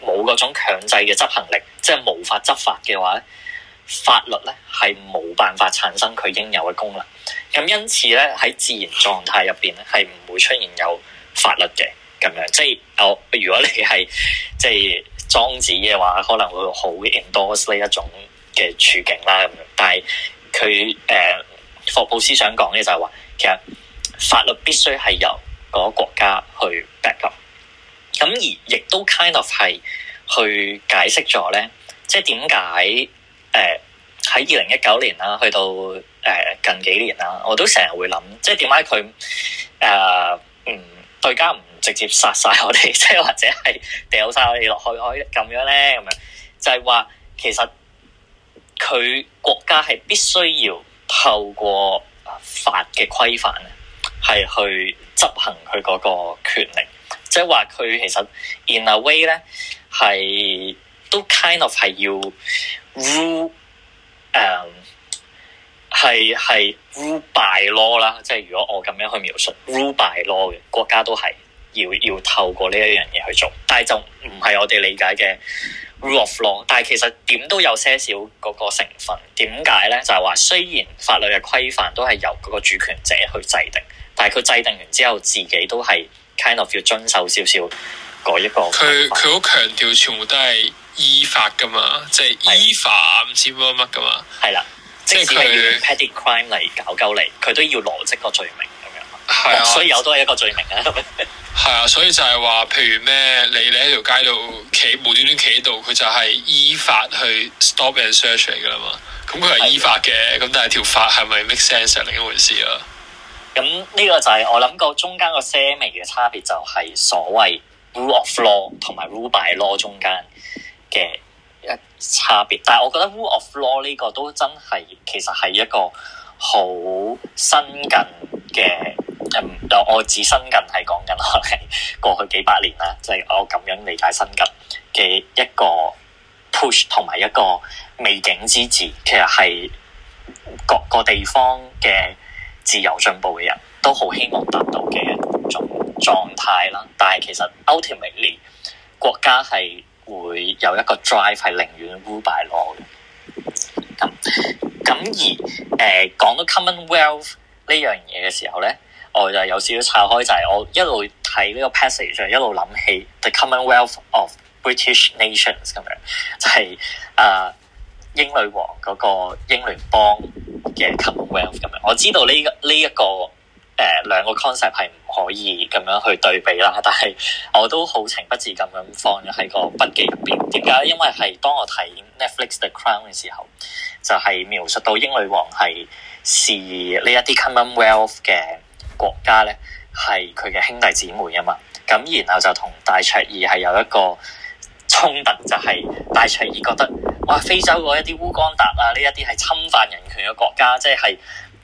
冇嗰種強制嘅執行力，即係無法執法嘅話，法律咧係冇辦法產生佢應有嘅功能。咁因此咧，喺自然狀態入邊，咧係唔會出現有法律嘅咁樣。即係我如果你係即係莊子嘅話，可能會好 endorse 呢一種嘅處境啦。咁樣，但係佢誒霍布斯想講嘅就係話，其實法律必須係由個國家去 back up，咁而亦都 kind of 係去解釋咗咧，即係點解誒喺二零一九年啦，去到誒、呃、近幾年啦，我都成日會諗，即係點解佢誒嗯對家唔直接殺晒我哋，即係或者係掉晒我哋落去可以咁樣咧？咁樣就係、是、話其實佢國家係必須要透過法嘅規範係去。執行佢嗰個權力，即係話佢其實 in a way 咧係都 kind of 係要 rule 誒係係 rule by law 啦，即係如果我咁樣去描述 rule by law 嘅國家都係要要透過呢一樣嘢去做，但係就唔係我哋理解嘅 rule of law，但係其實點都有些少嗰個成分。點解咧？就係話雖然法律嘅規範都係由嗰個主權者去制定。但係佢制定完之後，自己都係 kind of 要遵守少少嗰一個。佢佢好強調，全部都係依法噶嘛，即係依法唔知乜乜噶嘛。係啦，即使係 petty crime 嚟搞鳩你，佢都要邏輯個罪名咁樣。係啊，所以有都係一個罪名嘅。係 啊，所以就係話，譬如咩，你你喺條街度企無端端企喺度，佢就係依法去 stop and search 嚟㗎嘛。咁佢係依法嘅，咁但係條法係咪 make sense？另一回事啊。咁呢個就係我諗過中間個些微嘅差別，就係所謂 rule of law 同埋 rule by law 中間嘅一差別。但係我覺得 rule of law 呢個都真係其實係一個好新近嘅，唔，我指新近係講緊我係過去幾百年啦，即係我咁樣理解新近嘅一個 push 同埋一個美景之治，其實係各個地方嘅，自由進步嘅人都好希望達到嘅一種狀態啦，但係其實 ultimately 國家係會有一個 drive 係寧願 rule by law 嘅。咁、嗯、咁、嗯、而誒、呃、講到 Commonwealth 呢樣嘢嘅時候咧，我就有少少岔開，就係我一路睇呢個 passage，一路諗起 The Commonwealth of British Nations 咁樣，就係、是、啊。呃英女王嗰個英聯邦嘅 Commonwealth 咁樣，我知道呢呢一個誒、呃、兩個 concept 係唔可以咁樣去對比啦，但係我都好情不自禁咁放咗喺個筆記入邊。點解？因為係當我睇 Netflix The Crown 嘅時候，就係、是、描述到英女王係視呢一啲 Commonwealth 嘅國家咧，係佢嘅兄弟姊妹啊嘛。咁然後就同戴卓爾係有一個衝突就係戴卓爾覺得，哇！非洲嗰一啲烏干達啊，呢一啲係侵犯人權嘅國家，即係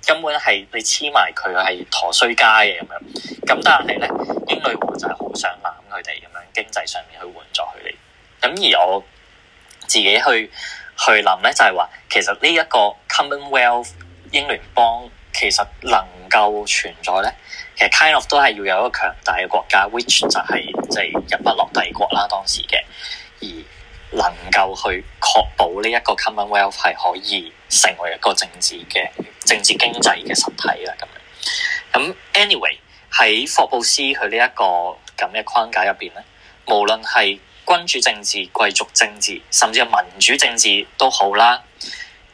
根本係你黐埋佢係陀衰家嘅咁樣。咁但係咧，英女王就係好想攬佢哋咁樣經濟上面去援助佢哋。咁、嗯、而我自己去去諗咧，就係、是、話其實呢一個 Commonwealth 英聯邦。其實能夠存在咧，其實 kind of 都係要有一個強大嘅國家 ，which 就係即係日不落帝國啦，當時嘅，而能夠去確保呢一個 commonwealth 係可以成為一個政治嘅政治經濟嘅實體啦，咁樣。咁 anyway 喺霍布斯佢呢一個咁嘅框架入邊咧，無論係君主政治、貴族政治，甚至係民主政治都好啦，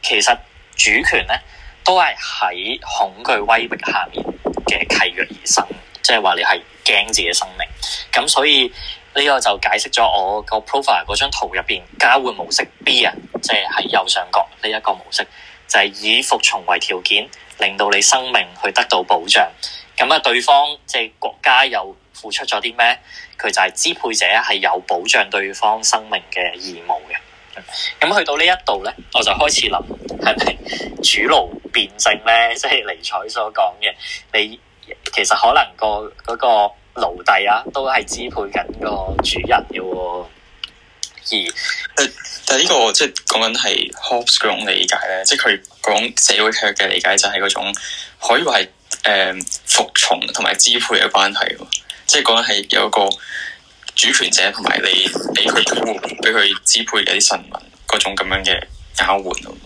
其實主權咧，都係喺恐懼威逼下面嘅契約而生，即係話你係驚自己生命，咁所以呢個就解釋咗我個 profile 嗰張圖入邊交換模式 B 啊，即係喺右上角呢一個模式，就係、是、以服從為條件，令到你生命去得到保障。咁啊，對方即係、就是、國家又付出咗啲咩？佢就係支配者係有保障對方生命嘅義務嘅。咁去到呢一度咧，我就開始諗，係咪 主奴辯證咧？即係尼采所講嘅，你其實可能個嗰個奴隸啊，都係支配緊個主人嘅。而誒、呃，但係呢、這個、嗯、即係講緊係 Hobbes 嗰種理解咧，即係佢講社會契約嘅理解就係嗰種可以話係誒服從同埋支配嘅關係，即係講緊係有一個。主權者同埋你俾佢保護、俾佢支配嘅啲臣民，嗰種咁樣嘅交換咯。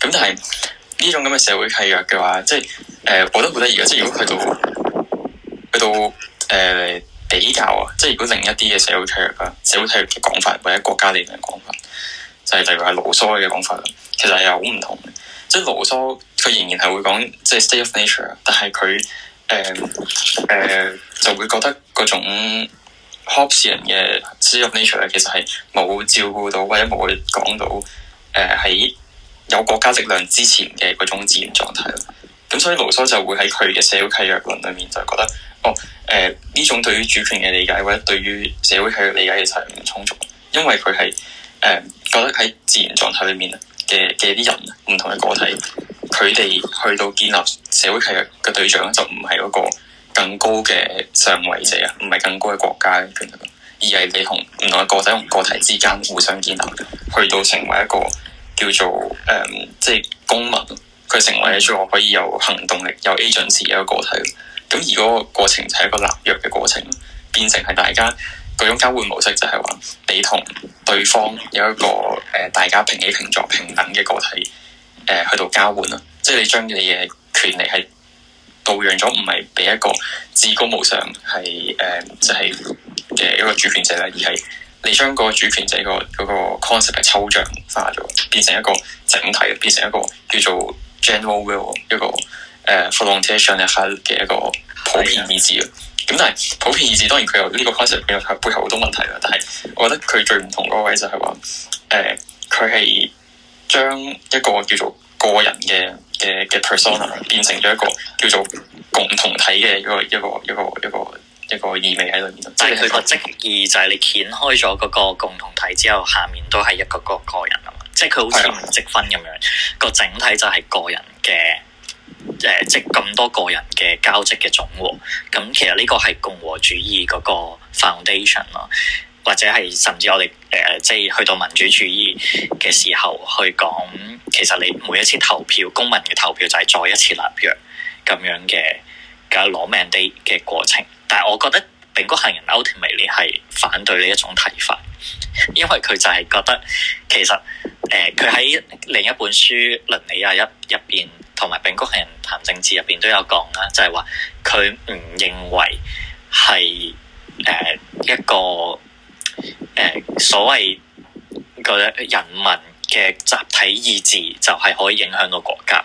咁但係呢種咁嘅社會契約嘅話，即係誒，我都覺得而家即係如果去到去到誒、呃、比較啊，即係如果另一啲嘅社會契約啊、社會契約嘅講法或者國家嚟嘅講法，就係、是、例如係盧梭嘅講法啦。其實又好唔同嘅，即係盧梭佢仍然係會講即係 state of nature，但係佢誒誒就會覺得嗰種。Hobbes 人嘅 state of nature 其實係冇照顧到，或者冇講到，誒、呃、喺有國家力量之前嘅嗰種自然狀態啦。咁所以盧梭就會喺佢嘅社會契約論裡面就覺得，哦，誒、呃、呢種對於主權嘅理解，或者對於社會契約理解其實係唔充足，因為佢係誒覺得喺自然狀態裏面嘅嘅啲人唔同嘅個體，佢哋去到建立社會契約嘅對象就唔係嗰個。更高嘅上位者啊，唔係更高嘅國家，而係你同唔同嘅個體同個體之間互相建立，去到成為一個叫做誒、呃，即係公民，佢成為一個可以有行動力、有 agency 嘅個,個體。咁而嗰個過程就係一個立約嘅過程，變成係大家嗰種交換模式，就係話你同對方有一個誒，大家平起平坐、平等嘅個體誒、呃，去到交換啦，即係你將你嘅權利係。度揚咗唔係俾一個至高無上係誒就係嘅一個主權者啦，而係你將個主權者個個 concept 係抽象化咗，變成一個整體，變成一個叫做 general will 一個誒 forestation、uh, 嘅一個普遍意志啊。咁的但係普遍意志當然佢有呢個 concept，佢有背後好多問題啦。但係我覺得佢最唔同嗰位就係話誒佢係將一個叫做個人嘅。嘅嘅 persona 變成咗一個叫做共同體嘅一個一個一個一個一個意味喺裏面。即係佢個職業就係你掀開咗嗰個共同體之後，下面都係一,一個個個人啊嘛。即係佢好似唔積分咁樣，個的整體就係個人嘅誒、呃，即係咁多個人嘅交集嘅總和。咁其實呢個係共和主義嗰個 foundation 咯。或者係甚至我哋誒、呃、即係去到民主主義嘅時候，去講，其實你每一次投票，公民嘅投票就係再一次立約咁樣嘅嘅 mandate 嘅過程。但係我覺得柄谷行人 ultimately 係反對呢一種睇法，因為佢就係覺得其實誒佢喺另一本書倫理啊一入邊同埋柄谷行人談政治入邊都有講啦，就係話佢唔認為係誒、呃、一個。誒、uh，所謂個人民嘅集體意志就係可以影響到國家，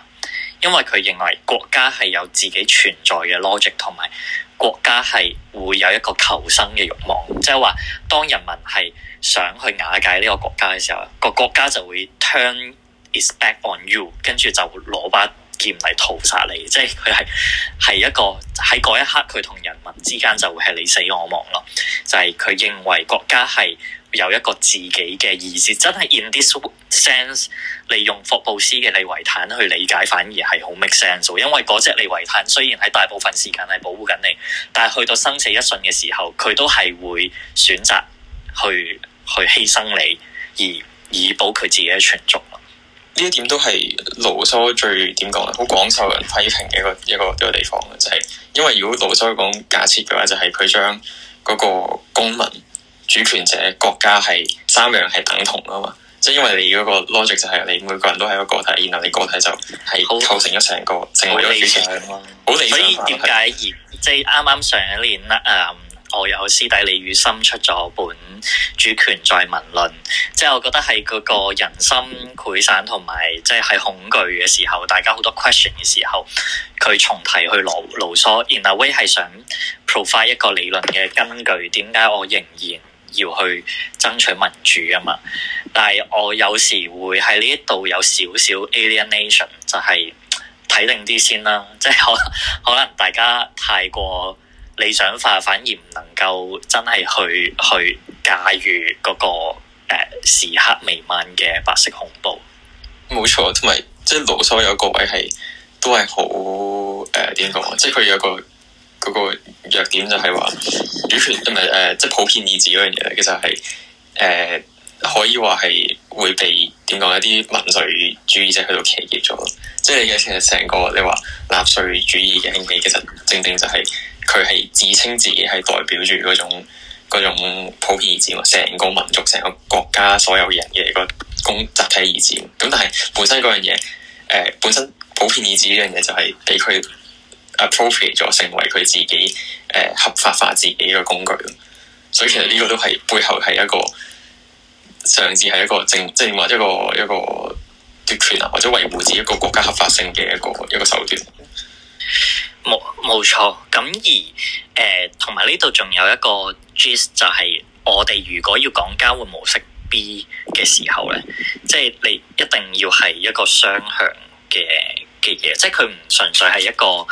因為佢認為國家係有自己存在嘅 logic，同埋國家係會有一個求生嘅欲望，即係話當人民係想去瓦解呢個國家嘅時候，個國家就會 turn its back on you，跟住就攞把劍嚟屠殺你，即係佢係係一個喺一刻，佢同人民之間就會係你死我亡咯。就係、是、佢認為國家係有一個自己嘅意思，真係 in this sense，利用霍布斯嘅利維坦去理解，反而係好 make sense。因為隻利維坦雖然喺大部分時間係保護緊你，但係去到生死一瞬嘅時候，佢都係會選擇去去犧牲你，而以保佢自己嘅存續。呢一點都係盧梭最點講咧，好廣受人批評嘅一個一個一個地方嘅，就係、是、因為如果盧梭講假設嘅話，就係佢將嗰個公民主權者國家係三樣係等同啊嘛，即、就、係、是、因為你嗰個 logic 就係你每個人都係一個個體，然後你個體就係構成咗好成個成個主權，好理想。所以點解而即係啱啱上一年啦啊？Um, 我有師弟李宇森出咗本《主權在民論》，即係我覺得係嗰個人心潰散同埋，即係喺恐懼嘅時候，大家好多 question 嘅時候，佢重提去盧盧梭。然後 We 係想 provide 一個理論嘅根據，點解我仍然要去爭取民主吖嘛？但係我有時會喺呢一度有少少 alienation，就係睇定啲先啦。即係可可能大家太過理想化反而唔能夠真係去去駕馭嗰、那個誒、呃、時刻彌漫嘅白色恐怖。冇錯，同埋即係盧梭有個位係都係好誒，點講，即係佢有個嗰、那個弱點就係話主權同埋誒，即係普遍意志嗰樣嘢，其實係誒、呃、可以話係會被點講，一啲民粹主義者去到企結咗咯。即係其實成個你話納粹主義嘅興起，其實正正就係、是。佢係自稱自己係代表住嗰種嗰種普遍意志，成個民族、成個國家所有人嘅個公集體意志。咁但係本身嗰樣嘢，誒、呃、本身普遍意志呢樣嘢就係俾佢 appropriate 咗，成為佢自己誒、呃、合法化自己嘅工具。所以其實呢個都係背後係一個，甚至係一個政，即係話一個一個奪權啊，或者維護自己一個國家合法性嘅一個一個手段。冇冇錯，咁而誒同埋呢度仲有一個 GIS 就係我哋如果要講交換模式 B 嘅時候咧，即係你一定要係一個雙向嘅嘅嘢，即係佢唔純粹係一個誒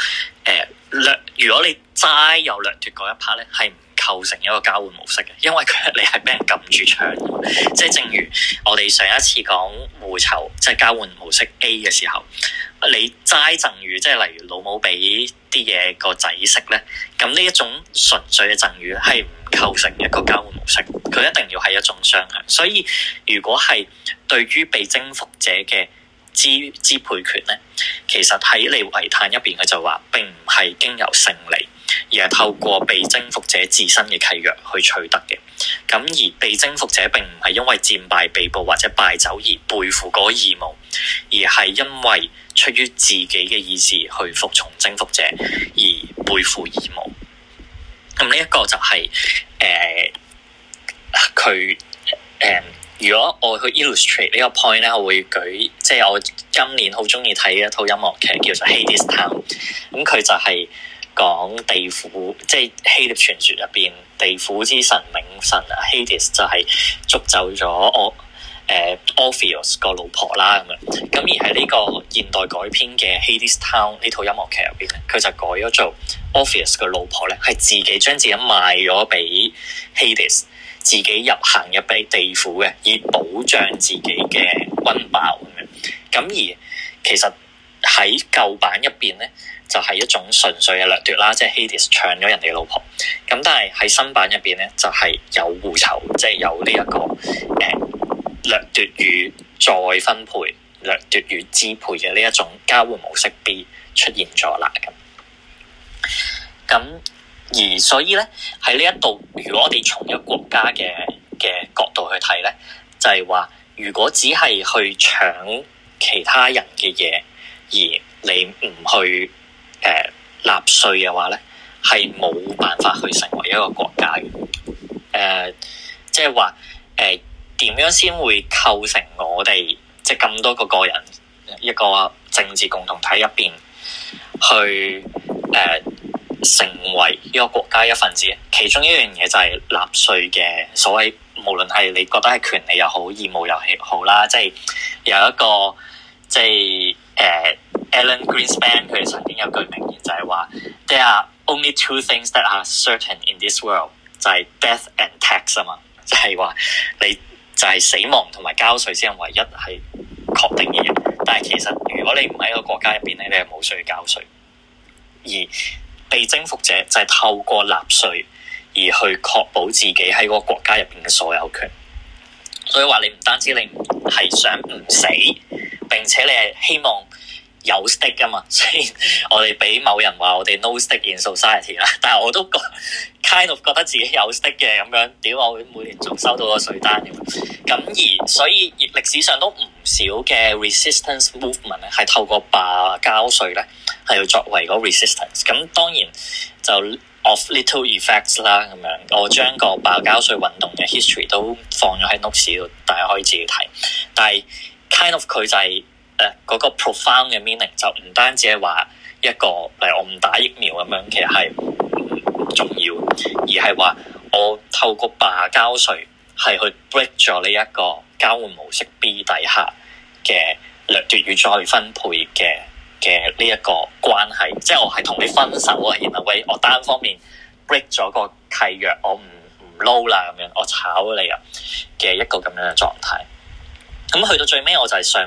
略，如果你齋有略脱一 part 咧，係唔構成一個交換模式嘅，因為佢你係俾人撳住搶，即係正如我哋上一次講互酬即係交換模式 A 嘅時候，你齋贈與，即係例如老母俾啲嘢個仔食咧，咁呢一種純粹嘅贈與係唔構成一個交換模式，佢一,一,一,一定要係一種雙向。所以如果係對於被征服者嘅支支配權咧，其實喺利維坦入邊，佢就話並唔係經由勝利。而係透過被征服者自身嘅契約去取得嘅。咁而被征服者並唔係因為戰敗被捕或者敗走而背負嗰義務，而係因為出於自己嘅意志去服從征服者而背負義務。咁呢一個就係誒佢誒，如果我去 illustrate 呢個 point 咧，我會舉即係、就是、我今年好中意睇一套音樂劇叫做 Town、就是《Hadestown 咁佢就係。講地府，即係希臘傳說入邊地府之神冥神啊，Hades 就係捉走咗我誒、呃、Orpheus 個老婆啦咁樣。咁而喺呢個現代改編嘅 Hades Town 呢套音樂劇入邊咧，佢就改咗做 Orpheus 個老婆咧，係自己將自己賣咗俾 Hades，自己入行入俾地府嘅，以保障自己嘅溫飽咁樣。咁而其實。喺舊版入邊咧，就係、是、一種純粹嘅掠奪啦，即係 Hades 搶咗人哋老婆。咁但係喺新版入邊咧，就係、是、有互酬，即、就、係、是、有呢、這、一個誒掠、嗯、奪與再分配、掠奪與支配嘅呢一種交換模式 B 出現咗啦。咁而所以咧，喺呢一度，如果我哋從一個國家嘅嘅角度去睇咧，就係、是、話，如果只係去搶其他人嘅嘢。而你唔去誒納稅嘅話咧，係冇辦法去成為一個國家嘅誒，即係話，誒點樣先會構成我哋即係咁多個個人一個政治共同體入邊去誒成為一個國家一份子？其中一樣嘢就係納稅嘅所謂，無論係你覺得係權利又好，義務又好啦，即係有一個即係。誒，uh,Alan Greenspan 佢曾經有句名言就係話：There are only two things that are certain in this world，就係 death and tax 啊嘛，就係話你就係死亡同埋交稅先係唯一係確定嘅嘢。但係其實如果你唔喺個國家入邊咧，你係冇需要交稅。而被征服者就係透過納稅而去確保自己喺個國家入邊嘅所有權。所以話你唔單止你係想唔死，並且你係希望有 stake 㗎嘛，所以我哋俾某人話我哋 no stake in society 啦，但係我都覺 kind of 覺得自己有 stake 嘅咁樣，屌我每年仲收到個稅單咁，咁而所以歷史上都唔少嘅 resistance movement 咧，係透過罷交稅咧，係要作為個 resistance。咁當然就。Of little effects 啦，咁樣，我將個罷交稅運動嘅 history 都放咗喺 notes 度，大家可以自己睇。但係 kind of 佢就係、是、誒、呃嗰個 profound 嘅 meaning，就唔單止係話一個誒我唔打疫苗咁樣其實係重要，而係話我透過罷交稅係去 break 咗呢一個交換模式 B 底下嘅掠奪與再分配嘅。嘅呢一個關係，即係我係同你分手啊，然後喂我單方面 break 咗個契約，我唔唔撈啦咁樣我炒你啊嘅一個咁樣嘅狀態，咁去到最尾，我就係想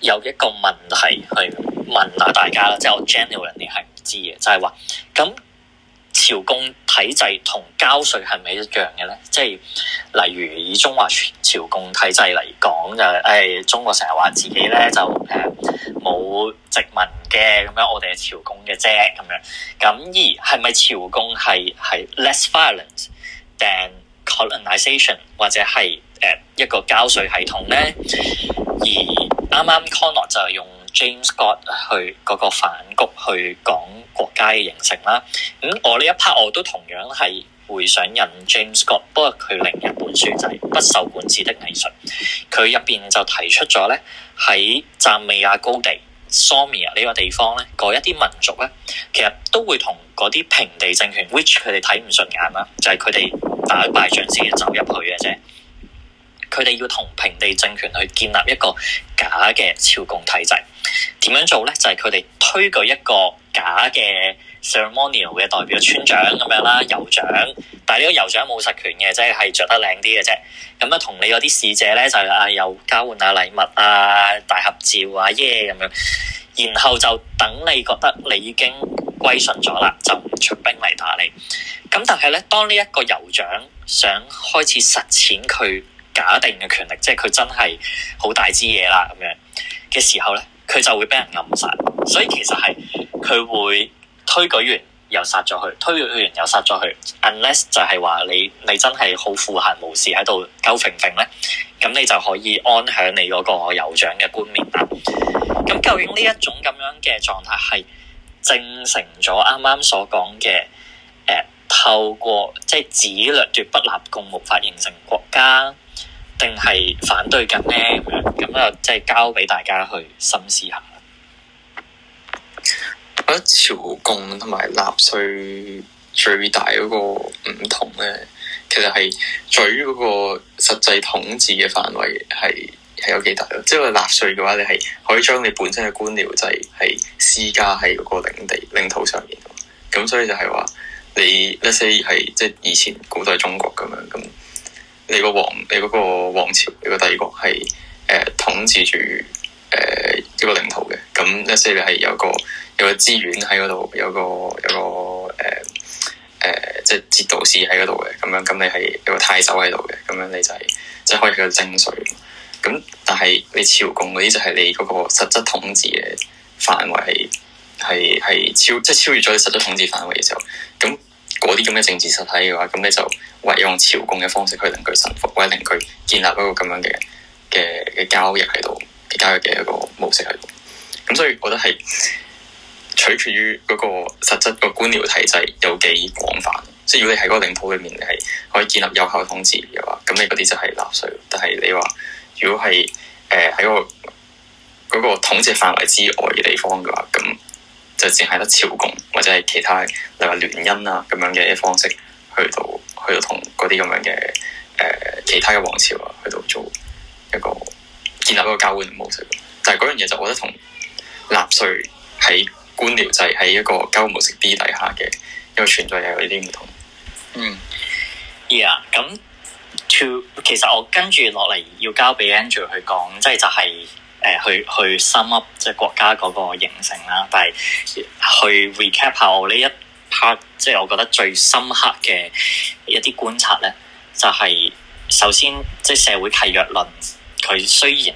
有一個問題去問下大家啦，即係我 general 人哋係唔知嘅，就係話咁朝貢體制同交稅係咪一樣嘅咧？即係例如以中華朝貢體制嚟講就誒中國成日話自己咧就誒冇。嗯殖民嘅咁樣我哋係朝貢嘅啫咁樣，咁而係咪朝貢係係 less violent than colonization，或者係誒一個交稅系統咧？而啱啱 Conor 就係用 James Scott 去嗰個反谷去講國家嘅形成啦。咁我呢一 part 我都同樣係會想引 James Scott，不過佢另一本書就係不受管治的藝術，佢入邊就提出咗咧喺讚美亞高地。Somia 呢個地方咧，嗰一啲民族咧，其實都會同嗰啲平地政權，which 佢哋睇唔順眼啦，就係佢哋打敗仗先至走入去嘅啫。佢哋要同平地政權去建立一個假嘅朝貢體制，點樣做咧？就係佢哋推舉一個假嘅 ceremonial 嘅代表村長咁樣啦，酋長，但係呢個酋長冇實權嘅，即係係著得靚啲嘅啫。咁啊，同你嗰啲使者咧就係啊，又交換下禮物啊，大合照啊耶咁樣，然後就等你覺得你已經歸順咗啦，就唔出兵嚟打你。咁但係咧，當呢一個酋長想開始實踐佢假定嘅權力，即係佢真係好大支嘢啦咁樣嘅時候咧。佢就會俾人暗殺，所以其實係佢會推舉完又殺咗佢，推舉完又殺咗佢。 Unless 就係話你你真係好富閒無事喺度鳩揈揈咧，咁你就可以安享你嗰個酋長嘅官名啦。咁、啊、究竟呢一種咁樣嘅狀態係正成咗啱啱所講嘅？誒、呃，透過即係只掠奪不立共無法形成國家。定係反對緊呢？咁樣，咁啊，即係交俾大家去深思下。我覺得朝貢同埋納稅最大嗰個唔同咧，其實係在於嗰個實際統治嘅範圍係係有幾大咯。即係納稅嘅話，你係可以將你本身嘅官僚制係施加喺嗰個領地、領土上面。咁所以就係話，你 let's say 係即係以前古代中國咁樣咁。你個王，你嗰王朝，你個帝國係誒、呃、統治住誒、呃、一個領土嘅，咁一些你係有個有個資源喺嗰度，有個有個誒誒，即係節度使喺嗰度嘅，咁樣咁你係有個太守喺度嘅，咁樣你就係、是、即係可以去徵稅。咁但係你朝貢嗰啲就係你嗰個實質統治嘅範圍係係係超，即、就、係、是、超越咗你實質統治範圍嘅時候，咁。嗰啲咁嘅政治實體嘅話，咁你就唯用朝貢嘅方式去令佢臣服，或者令佢建立一個咁樣嘅嘅嘅交易喺度，交易嘅一個模式喺度。咁所以，我覺得係取決於嗰個實質個官僚體制有幾廣泛。即係如果你喺嗰個領土裏面你係可以建立有效統治嘅話，咁你嗰啲就係納稅。但係你話如果係誒喺個嗰個統治範圍之外嘅地方嘅話，咁。就淨係得朝貢或者係其他，例如聯姻啊咁樣嘅方式，去到去到同嗰啲咁樣嘅誒、呃、其他嘅王朝啊，去到做一個建立一個交換模，模式。但係嗰樣嘢就我覺得同納稅喺官僚制喺一個交換模式 B 底下嘅，因為存在又有啲唔同。嗯，yeah，咁 to 其實我跟住落嚟要交俾 Andrew 去講，即係就係、是就。是誒、呃、去去 sum up 即係國家嗰個形成啦，但係去 recap 下我呢一 part，即係我覺得最深刻嘅一啲觀察咧，就係、是、首先即係社會契約論，佢雖然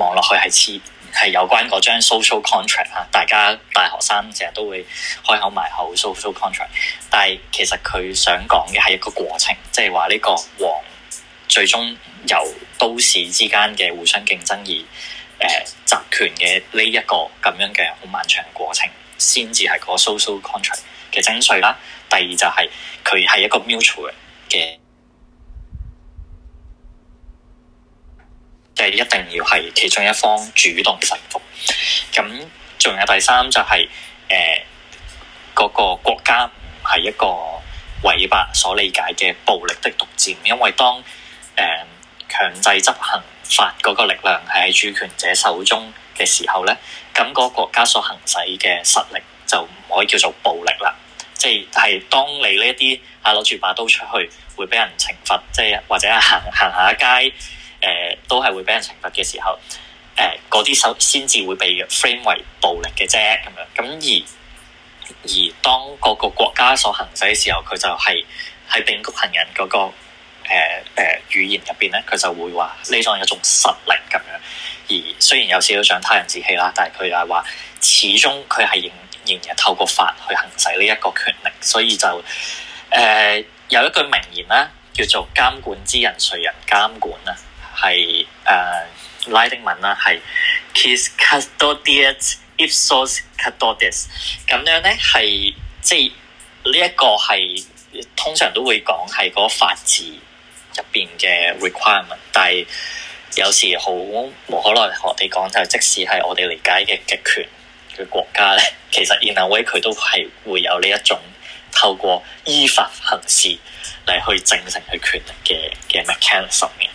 望落去係似係有關嗰張 social contract 啊，大家大學生成日都會開口埋口 social contract，但係其實佢想講嘅係一個過程，即係話呢個王最終由都市之間嘅互相競爭而。誒、呃、集權嘅呢一個咁樣嘅好漫長嘅過程，先至係個 social contract 嘅徵稅啦。第二就係佢係一個 mutual 嘅，即係一定要係其中一方主動臣服。咁仲有第三就係誒嗰個國家唔係一個韋伯所理解嘅暴力的獨佔，因為當誒、呃、強制執行。法嗰個力量係喺主權者手中嘅時候咧，咁嗰個國家所行使嘅實力就唔可以叫做暴力啦。即係係當你呢一啲啊攞住把刀出去會俾人懲罰，即係或者行行下街誒、呃、都係會俾人懲罰嘅時候，誒啲手先至會被 frame 為暴力嘅啫。咁樣咁而而當嗰個國家所行使嘅時候，佢就係係並國行人嗰個。誒誒、呃呃、語言入邊咧，佢就會話呢種係一種實力咁樣。而雖然有時都想他人自欺啦，但係佢又係話始終佢係仍仍然透過法去行使呢一個權力。所以就誒、呃、有一句名言啦，叫做監管之人誰人監管啊，係誒、呃、拉丁文啦，係 quis custodiet ipsos custodes 咁樣咧，係即係呢一、就是這個係通常都會講係嗰個法治。入邊嘅 requirement，但係有時好無可奈何。你講，就即使係我哋理解嘅極權嘅國家咧，其實 in a way 佢都係會有呢一種透過依法行事嚟去證成佢權力嘅嘅 mechanism 嘅。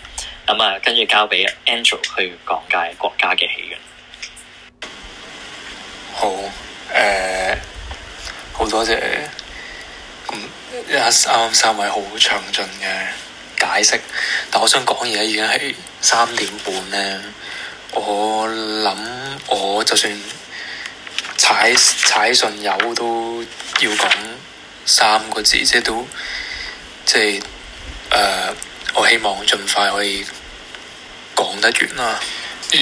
咁啊，跟、嗯、住交俾 Angel 去講解國家嘅起源。好，誒、呃，好多謝。咁一啱三位好詳盡嘅。解釋，但我想講，而家已經係三點半咧。我諗我就算踩踩順友都要講三個字，即係都即係誒，我希望盡快可以講得完啦。如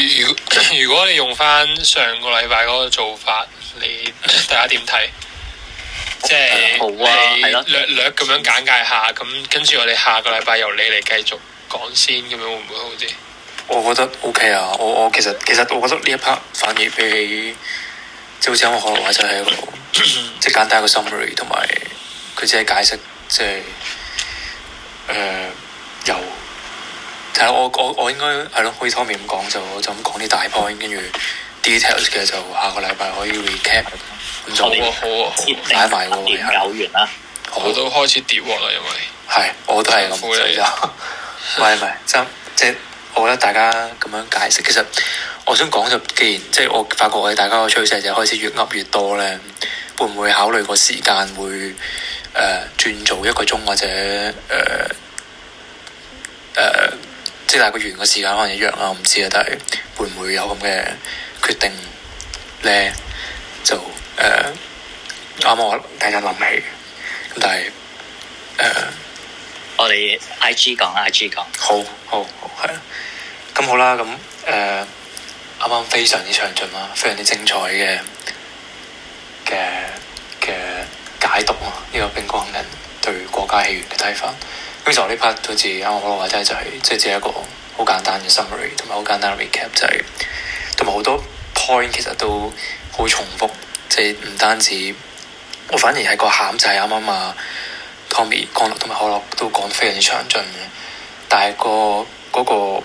如果你用翻上個禮拜嗰個做法，你大家點睇？即係、嗯、啊，略的略咁樣簡介下，咁跟住我哋下個禮拜由你嚟繼續講先，咁樣會唔會好啲？我覺得 OK 啊！我我其實其實我覺得呢一 part 反而比起即係好似阿可能樂喺度，即係咳咳簡單一個 summary 同埋佢只係解釋，即係誒由睇我我我應該係咯，可以方便咁講就就咁講啲大 point，跟住 details 其實就下個禮拜可以 recap。做好，啊好，啊好啊，啊是好啊，買埋個年九月啦，我都開始跌 watt 啦，因為係，我都係咁，真係唔係唔係真即係我覺得大家咁樣解釋，其實我想講就，既然即係、就是、我發覺我哋大家個趨勢就開始越噏越多咧，會唔會考慮個時間會誒、呃、轉做一個鐘或者誒誒，即、呃、係、呃就是、大概完個時間可能一樣啊？我唔知啊，但係會唔會有咁嘅決定咧？就誒，啱啱、uh, mm hmm. 我突然間諗起，但係誒，uh, 我哋 IG 講 IG 講，好好好係啊。咁好啦，咁誒，啱啱非常之詳盡啦，非常之精彩嘅嘅嘅解讀啊，呢、這個冰光人對國家戲院嘅睇法。咁就呢 part 好似啱啱我話齋就係，即係只係一個好簡單嘅 summary，同埋好簡單嘅 recap，就係同埋好多 point 其實都好重複。即係唔單止，我反而係個鹹就係啱啱啊，Tommy、江同埋可樂都講得非常之詳盡嘅。但係個嗰、那個誒、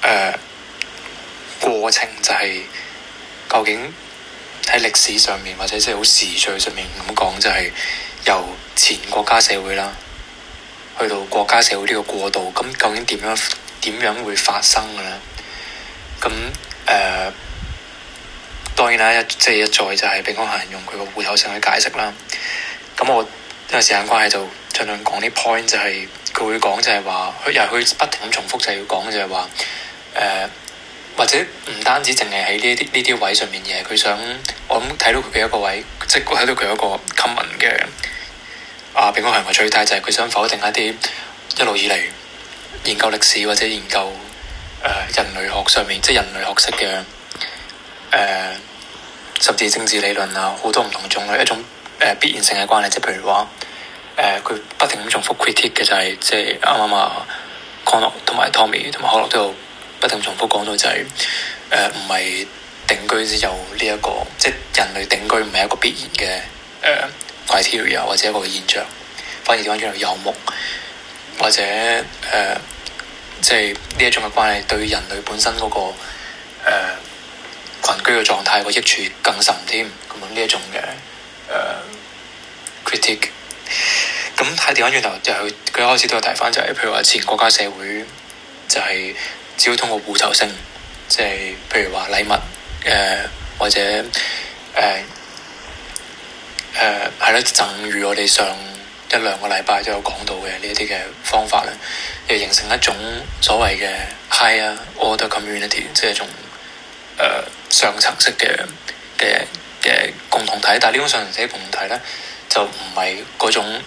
呃、過程就係、是、究竟喺歷史上面，或者即係好時序上面咁講，就係、是、由前國家社會啦，去到國家社會呢個過渡，咁究竟點樣點樣會發生嘅咧？咁誒？呃當然啦，一即係一再就係俾我行人用佢個芋口上去解釋啦。咁我因為時間關係就盡量講啲 point，就係佢會講就係話，佢又去不停咁重複就係要講就係話，誒、呃、或者唔單止淨係喺呢啲呢啲位上面嘅，佢想我諗睇到佢嘅一個位，即係睇到佢一個 common 嘅啊，俾我行人話最大就係佢想否定一啲一路以嚟研究歷史或者研究誒人類學上面、uh. 即係人類學識嘅。誒，甚至、uh, 政治理論啊，好多唔同種類一種誒、uh, 必然性嘅關係，即譬如話，誒、uh, 佢不停咁重複 critic 嘅就係、是，即係啱啱啊，Conor 同埋 Tommy 同埋可樂都有不停重複講到、就是，就係誒唔係定居只有呢、這、一個，即、就、係、是、人類定居唔係一個必然嘅 criteria，或者一個現象，反而完全係遊牧，或者誒，即係呢一種嘅關係對人類本身嗰、那個誒。Uh, 群居嘅狀態個益處更甚添，咁啊呢一種嘅誒 critic，咁睇掉返轉頭又佢一開始都有提翻，就係、是、譬如話前國家社會就係、是、只要通過互酬性，即係譬如話禮物誒、呃、或者誒誒係咯贈與，呃呃、正如我哋上一兩個禮拜都有講到嘅呢一啲嘅方法咧，又形成一種所謂嘅 high order community，即係一種。誒、呃、上層式嘅嘅嘅共同體，但係呢種上層式嘅共同體咧，就唔係嗰種誒，啱、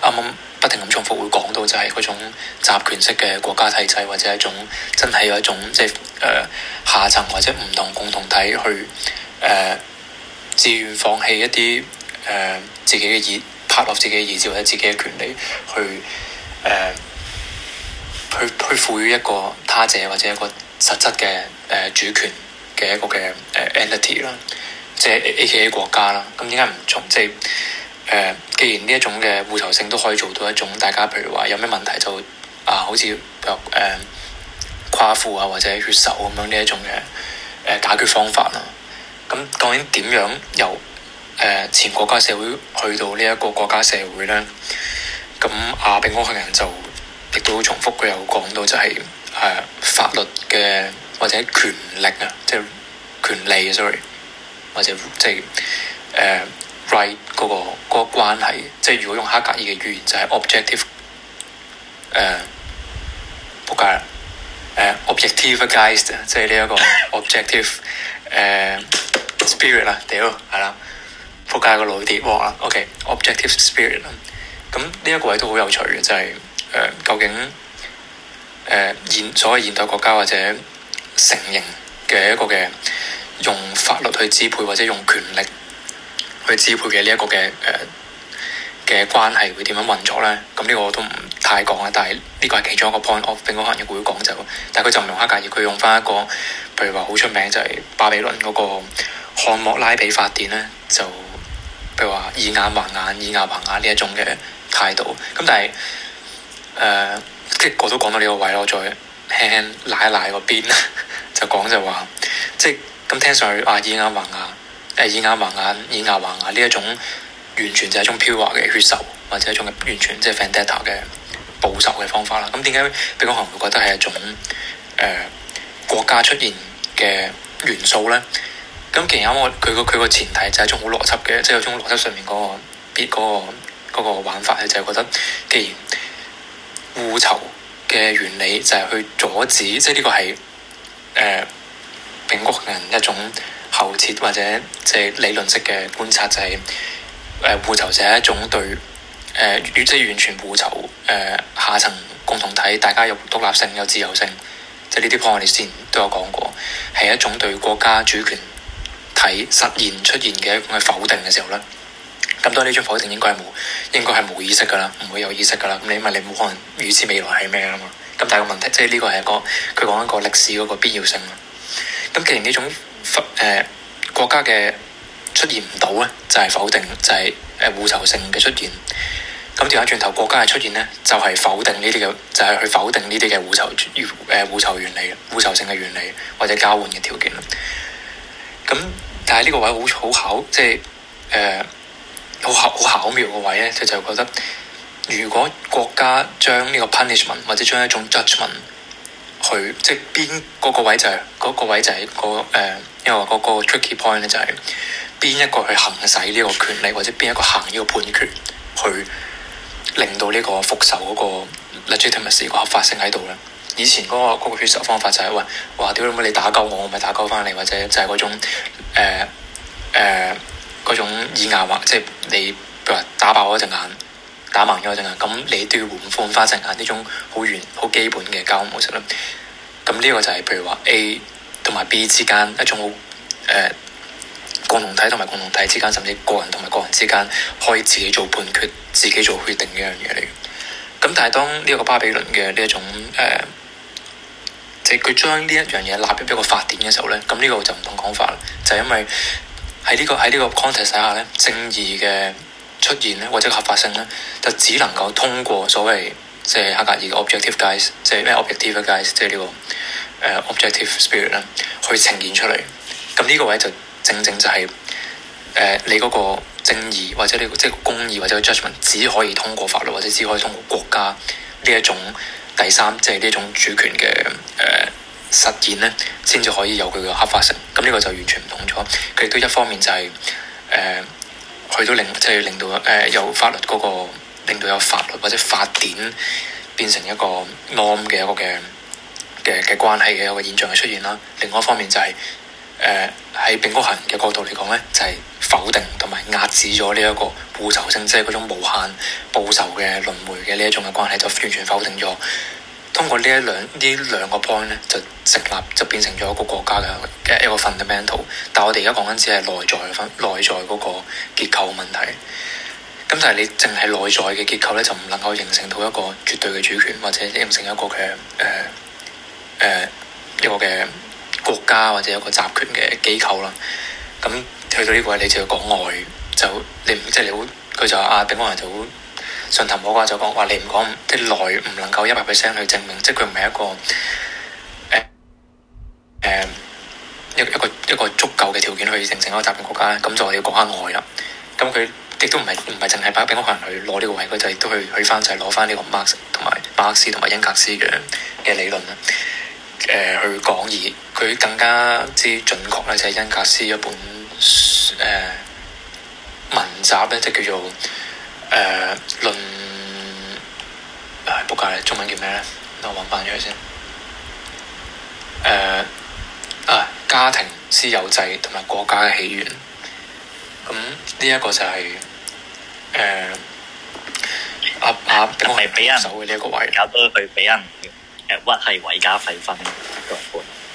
呃、啱不停咁重複會講到，就係嗰種集權式嘅國家體制，或者係一種真係有一種即係誒、呃、下層或者唔同共同體去誒、呃呃，自願放棄一啲誒自己嘅意，拍落自己嘅意志或者自己嘅權利去誒、呃，去賦予一個他者或者一個實質嘅。誒、呃、主權嘅一個嘅誒 entity 啦，即係 A.K.A 國家啦。咁點解唔做即係誒？既然呢一種嘅互酬性都可以做到一種，大家譬如話有咩問題就啊，好似譬如誒跨付啊或者血手咁樣呢一種嘅誒解決方法啦、啊。咁究竟點樣由誒、呃、前國家社會去到呢一個國家社會咧？咁阿炳哥個人就亦都重複佢有講到、就是，就係誒法律嘅。或者權力啊，即係權利，sorry，或者即係誒、uh, right 嗰、那個嗰、那個關係，即係如果用黑格爾嘅語言，就係、是 object uh, uh, objective 誒仆街誒 objective Geist，即係呢一個 objective 誒、uh, spirit 啦屌係啦，仆街個老啲喎，OK objective spirit，咁呢一個位都好有趣嘅，就係、是、誒、uh，究竟誒現、uh, 所謂現代國家或者？成形嘅一個嘅用法律去支配或者用權力去支配嘅呢一個嘅誒嘅關係會點樣運作咧？咁呢個我都唔太講啦。但係呢個係其中一個 point of view 可能亦會講就，但係佢就唔用黑格爾，佢用翻一個，譬如話好出名就係巴比倫嗰個漢莫拉比法典咧，就譬如話以眼還眼，以牙還牙呢一種嘅態度。咁但係誒，即、呃、係我都講到呢個位咯，再。輕輕奶奶個邊啦， 就講就話，即係咁聽上去啊，以牙還牙，誒以牙還牙，以牙還牙呢一種，完全就係一種漂華嘅血仇，或者一種完全即係 vendetta 嘅報仇嘅方法啦。咁點解李光漢會覺得係一種誒、呃、國家出現嘅元素咧？咁其實啱我，佢個佢個前提就係一種好邏輯嘅，即係有種邏輯上面嗰、那個別嗰、那個嗰、那個那個、玩法咧，就係覺得既然烏臭。嘅原理就係去阻止，即係呢個係誒英國人一種後設或者即係理論式嘅觀察、就是，就係誒互酬者係一種對誒、呃，即係完全互酬誒、呃、下層共同體大家有獨立性、有自由性，即係呢啲 point 我哋之前都有講過，係一種對國家主權體實現出現嘅一種否定嘅時候咧。咁多呢種否定應該，應該係冇應該係冇意識噶啦，唔會有意識噶啦。咁你問你冇可能預知未來係咩啊嘛？咁但係個問題，即係呢、這個係一個佢講一個歷史嗰個必要性。咁既然呢種佛誒、呃、國家嘅出現唔到咧，就係、是、否定，就係誒互酬性嘅出現。咁調翻轉頭，國家嘅出現咧，就係、是、否定呢啲嘅，就係、是、去否定呢啲嘅互酬誒互酬原理、互酬性嘅原理或者交換嘅條件。咁但係呢個位好好考，即係誒。呃好巧妙個位咧，佢就是、覺得如果國家將呢個 punishment 或者將一種 judgment 去即係邊嗰個位就係、是、嗰、那個位就係、是那個誒、呃，因為話嗰個 tricky point 咧就係、是、邊一個去行使呢個權利，或者邊一個行呢個判決去令到呢個復仇嗰個 legitimacy 個合法性喺度咧。以前嗰、那個那個血個仇方法就係、是、喂，哇屌你打鳩我，我咪打鳩翻你，或者就係嗰種誒、呃呃嗰種以牙或即係你譬如話打爆我隻眼，打盲咗我隻眼，咁你都要換換返隻眼呢種好完好基本嘅交換模式啦。咁呢個就係譬如話 A 同埋 B 之間一種誒、呃、共同體同埋共同體之間，甚至個人同埋個人之間可以自己做判決、自己做決定一樣嘢嚟。咁但係當呢一個巴比倫嘅呢一種誒，即係佢將呢一樣嘢納入一個法典嘅時候咧，咁呢個就唔同講法啦，就係、因為。喺呢個喺呢個 context 底下咧，正義嘅出現咧，或者合法性咧，就只能夠通過所謂即係黑格爾嘅 objective Geist，即係咩 objective Geist，即係呢個誒 objective spirit 啦，去呈現出嚟。咁呢個位就正正就係、是、誒、呃、你嗰個正義或者呢、這個即係、就是、公義或者 judgment 只可以通過法律或者只可以通過國家呢一種第三即係呢一種主權嘅誒。呃實現咧，先至可以有佢嘅合法性。咁呢個就完全唔同咗。佢都一方面就係、是、誒，去、呃、到令即係、就是、令到誒由、呃、法律嗰、那個，令到有法律或者法典變成一個 norm 嘅一個嘅嘅嘅關係嘅一個現象嘅出現啦。另外一方面就係誒喺並夫行嘅角度嚟講咧，就係、是、否定同埋壓制咗呢一個報仇性，即係嗰種無限報仇嘅輪迴嘅呢一種嘅關係，就完全否定咗。通過呢一兩呢兩個 point 咧，就成立就變成咗一個國家嘅嘅一個 fundamental。但係我哋而家講緊只係內在嘅分，內在嗰個結構問題。咁但係你淨係內在嘅結構咧，就唔能夠形成到一個絕對嘅主權，或者形成一個嘅誒誒一個嘅國家或者一個集權嘅機構啦。咁去到呢個位，你就要講外就，你即係你好，佢就話啊，阿炳人就好。上頭我嘅話就講話你唔講啲內唔能夠一百 percent 去證明，即係佢唔係一個誒一、呃呃、一個一個足夠嘅條件去形成一個集權國家咧。咁就我要講下外啦。咁佢亦都唔係唔係淨係擺俾屋企人去攞呢個位，佢就亦都去取翻就係攞翻呢個馬斯同埋馬克斯同埋恩格斯嘅嘅理論咧。誒、呃、去講而佢更加之準確咧，就係、是、恩格斯一本誒、呃、文集咧，即、就是、叫做。誒、uh, 論誒 book 中文叫咩咧？等我揾翻咗佢先。誒、uh, 啊！家庭私有制同埋國家嘅起源。咁呢一個就係誒壓壓。呃啊啊啊、我係俾、啊、人,人。受嘅呢一個位搞到佢俾人誒屈係毀家廢婚。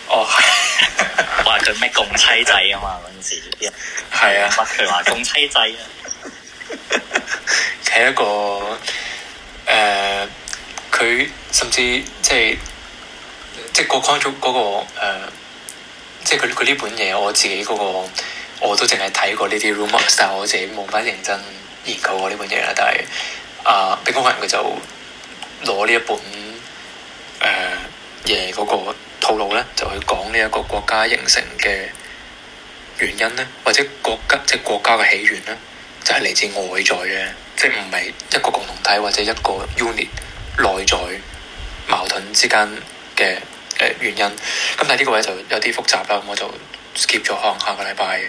哦，係。話佢咩共妻制啊嘛？嗰陣 時啲係啊，屈佢話共妻制啊。係 一個誒，佢、呃、甚至即係即係個創作嗰個誒，即係佢佢呢本嘢，我自己嗰、那個我都淨係睇過呢啲 rumors，但係我自己冇乜認真研究過呢本嘢啦。但係啊，冰、呃、火人佢就攞呢一本誒嘢、呃、個套路咧，就去講呢一個國家形成嘅原因咧，或者國家即係、就是、國家嘅起源咧。就係嚟自外在嘅，即係唔係一個共同體或者一個 unit 內在矛盾之間嘅誒原因。咁但係呢個位就有啲複雜啦，我就 skip 咗，可能下個禮拜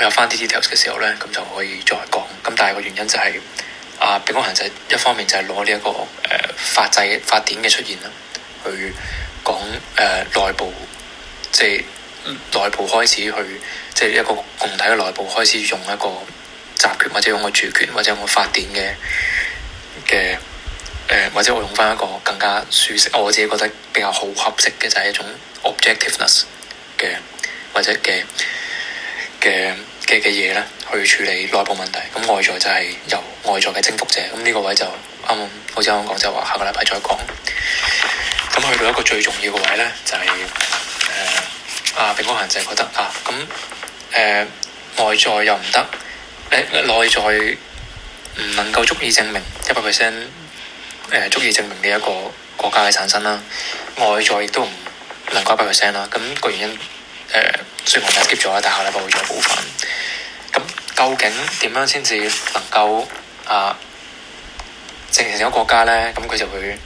有翻 details 嘅時候咧，咁就可以再講，咁但係個原因就係、是、啊，炳個恒就一方面就係攞呢一個誒、呃、法制法典嘅出現啦，去講誒、呃、內部即係內部開始去即係一個共體嘅內部開始用一個。集權或者用我主權或者我法典嘅嘅誒，或者我用翻一個更加舒適，我自己覺得比較好合適嘅就係、是、一種 objectiveness 嘅或者嘅嘅嘅嘅嘢咧，去處理內部問題。咁、嗯、外在就係由外在嘅征服者。咁、嗯、呢、這個位就啱、嗯，好似啱啱講就話下個禮拜再講。咁、嗯、去到一個最重要嘅位咧，就係、是、誒、呃、啊！炳哥賢就係覺得啊，咁、嗯、誒、呃、外在又唔得。誒，內在唔能夠足以證明一百 percent，足以證明你一個國家嘅產生啦。外在亦都唔能夠一百 percent 啦。咁個原因誒、呃、雖然我哋 skip 咗，但係後來都會再補返。咁究竟點樣先至能夠啊形成一個國家咧？咁佢就會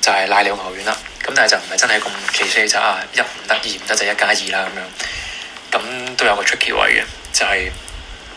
就係拉你去頭軟啦。咁但係就唔係真係咁奇獅仔、就是、啊！一唔得二唔得就一加二啦咁樣。咁都有個出奇位嘅，就係、是。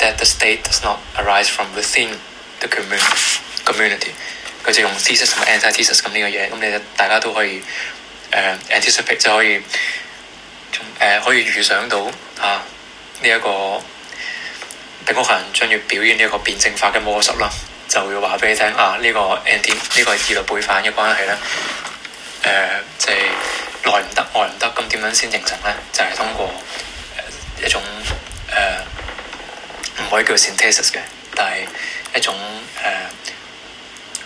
that the state does not arise from within the community 佢就用 thesis and anti-thesis，咁呢個嘢，咁你大家都可以誒、uh, anticipate 就可以誒、uh, 可以預想到啊呢一、這個辯護人將要表演呢個辯證法嘅魔術啦，就會話俾你聽啊呢、這個 anti 呢、啊這個二律背反嘅關係咧誒即係內唔得外唔得，咁點樣先形成咧？就係、是、通過、呃、一種誒。呃唔可以叫做 synthesis 嘅，但係一種誒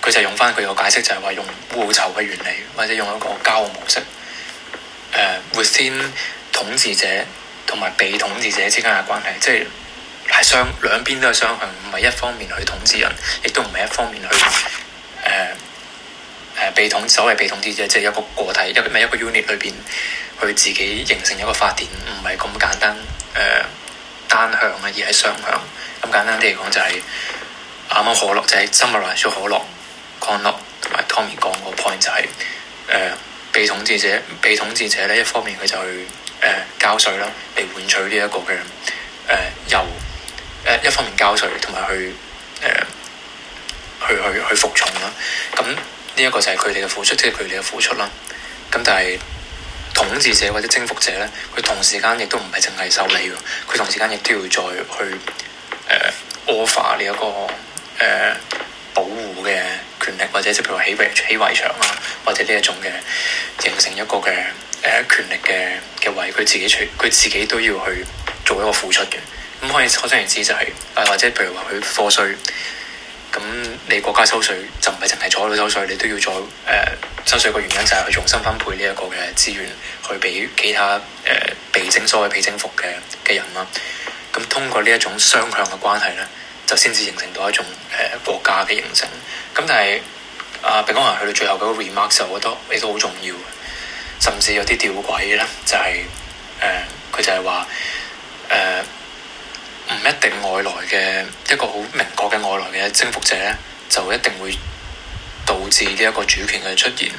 佢、呃、就用翻佢個解釋就係、是、話用互酬嘅原理，或者用一個交嘅模式，誒、活、呃、鮮，統治者同埋被統治者之間嘅關係，即係係雙，兩邊都係雙向，唔係一方面去統治人，亦都唔係一方面去誒誒、呃、被統治，所謂被統治者，即、就、係、是、一個個體一唔係，一個 unit 裏邊去自己形成一個法典，唔係咁簡單，誒。呃單向啊，而係雙向。咁簡單啲嚟講，就係啱啱可樂，就係 Summersure 可樂、康樂同埋 Tommy 講個 point 就係、是、誒、呃、被統治者，被統治者咧一方面佢就去誒、呃、交稅啦，嚟換取呢一個嘅誒油。誒、呃、一方面交稅，同埋去誒、呃、去去去服從啦。咁呢一個就係佢哋嘅付出，即係佢哋嘅付出啦。咁但係。統治者或者征服者咧，佢同時間亦都唔係淨係受禮喎，佢同時間亦都要再去誒、呃、offer 你、這、一個誒、呃、保護嘅權力，或者即譬如話起圍起圍牆啊，或者呢一種嘅形成一個嘅誒、呃、權力嘅嘅位，佢自己佢自己都要去做一個付出嘅。咁可以可想而知、就是，就係誒或者譬如話佢課稅。咁你國家收稅就唔係淨係坐到收稅，你都要再誒、呃、收稅嘅原因就係去重新分配呢一個嘅資源去俾其他誒被徵收、被徵，所謂被徵服嘅嘅人啦。咁、啊、通過呢一種雙向嘅關係咧，就先至形成到一種誒、呃、國家嘅形成。咁但係啊，呂安華去到最後嗰個 remark 就我覺得亦都好重要，甚至有啲吊詭咧、就是，呃、就係誒佢就係話誒。呃唔一定外來嘅一個好明確嘅外來嘅征服者，就一定會導致呢一，、呃、一個主權嘅出現，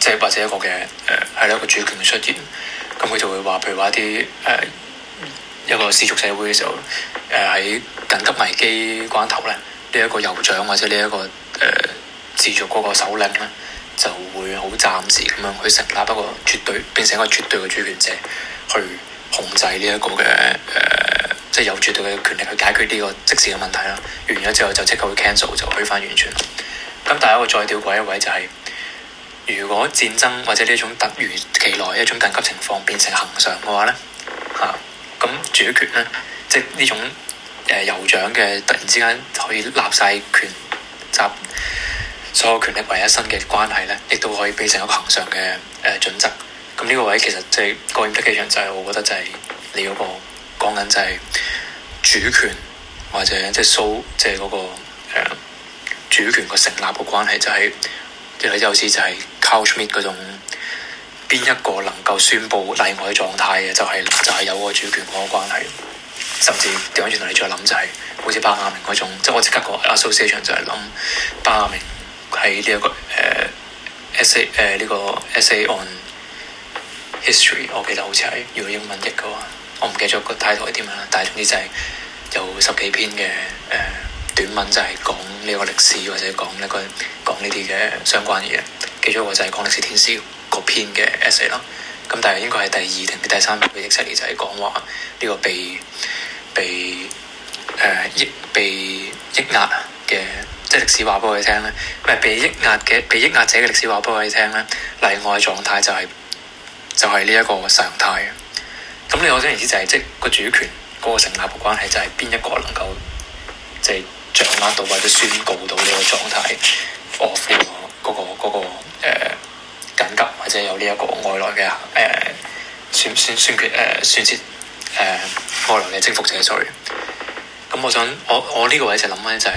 即係或者一個嘅誒係咯一個主權嘅出現。咁佢就會話，譬如話啲誒一個氏族社會嘅時候，誒喺緊急危機關頭咧，呢、這、一個酋長或者呢、這、一個誒氏、呃、族嗰個首領咧，就會好暫時咁樣去成立，一過絕對變成一個絕對嘅主權者去。控制呢一個嘅誒、呃，即係有絕對嘅權力去解決呢個即時嘅問題啦。完咗之後就即刻會 cancel，就去翻完全。咁但係一個再吊詭一位就係、是，如果戰爭或者呢種突如其來一種緊急情況變成恆常嘅話咧，嚇、啊、咁主權咧，即係呢種誒酋、呃、長嘅突然之間可以立晒權集所有權力為一身嘅關係咧，亦都可以變成一個恆常嘅誒準則。咁呢個位其實即係個 o a 機場就係、是、我覺得就係、是、你嗰、那個講緊就係主權或者即係 so 即係嗰個誒、呃、主權個成立個關係就係、是，即係有時就係 Carl Schmitt 嗰種邊一個能夠宣布例外狀態嘅、就是，就係、是、就係、是、有個主權個關係，甚至掉翻轉頭，你再諗就係、是、好似包亞明嗰種，即係我即刻、這個 association 就係諗包亞明喺呢一個誒 SA 誒、呃、呢、這個 SA on。History 我記得好似如果英文譯嘅話，我唔記咗個題目係點啊，但係總之就係有十幾篇嘅誒、呃、短文，就係講呢個歷史或者講呢、這個講呢啲嘅相關嘢。記咗我就係講歷史天書嗰篇嘅 essay 咯。咁但係應該係第二定第三篇嘅 essay 就係講話呢個被被誒抑、呃、被抑壓嘅，即、就、係、是、歷史話畀我哋聽咧。唔係被抑壓嘅被抑壓者嘅歷史話畀我哋聽咧。例外狀態就係、是。就係呢一個常態嘅，咁你可想而知、就是，就係即係個主權嗰個成立嘅關係就係邊一個能夠即係掌握到或者宣告到呢個狀態 this,、那個，我符合嗰個嗰、那個誒、呃、緊急或者有呢一個外來嘅誒宣宣宣決誒宣泄誒外來嘅征服者 Sorry。咁我想我我呢個位置就諗咧，就係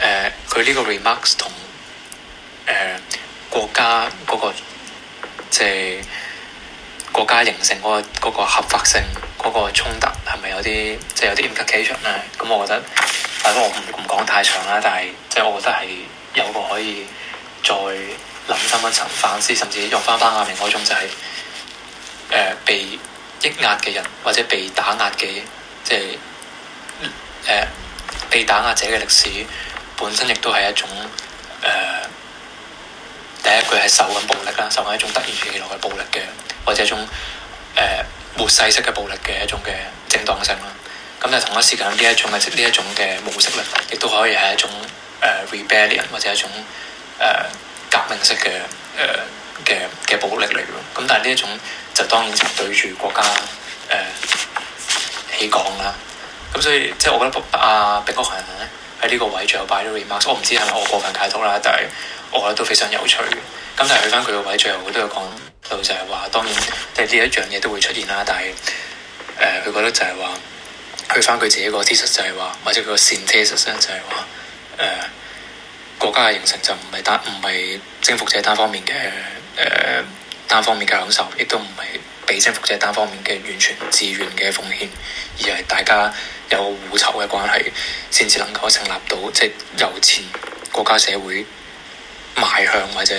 誒佢呢個 remarks 同誒、呃、國家嗰、那個。即係國家形成嗰、嗰個合法性嗰、嗰個衝突係咪有啲即係有啲 implication 呢？咁我覺得誒，我唔唔講太長啦。但係即係我覺得係有個可以再諗深一層反思，甚至用翻翻阿明嗰種、就係，就係誒被抑壓嘅人或者被打壓嘅，即係誒被打壓者嘅歷史本身亦都係一種誒。呃第一，佢係受緊暴力啦，受緊一種突然而來嘅暴力嘅，或者一種誒末世式嘅暴力嘅一種嘅正當性啦。咁啊，同一時間呢一種嘅呢一種嘅模式咧，亦都可以係一種誒、呃、rebellion 或者一種誒、呃、革命式嘅誒嘅嘅暴力嚟咯。咁但係呢一種就當然就對住國家誒、呃、起講啦。咁所以即係我覺得阿冰哥行人咧喺呢個位最後擺咗 remark，我唔知係咪我過分解讀啦，但係。我覺得都非常有趣嘅。咁但係去返佢個位，最後佢都有講到就，就係話當然即係呢一樣嘢都會出現啦。但係誒，佢、呃、覺得就係話去返佢自己個知識，就係話或者佢個善知識，實質上就係話誒國家嘅形成就唔係單唔係征服者單方面嘅誒、呃、單方面嘅享受，亦都唔係被征服者單方面嘅完全自願嘅奉獻，而係大家有互酬嘅關係，先至能夠成立到即係、就是、由前國家社會。邁向或者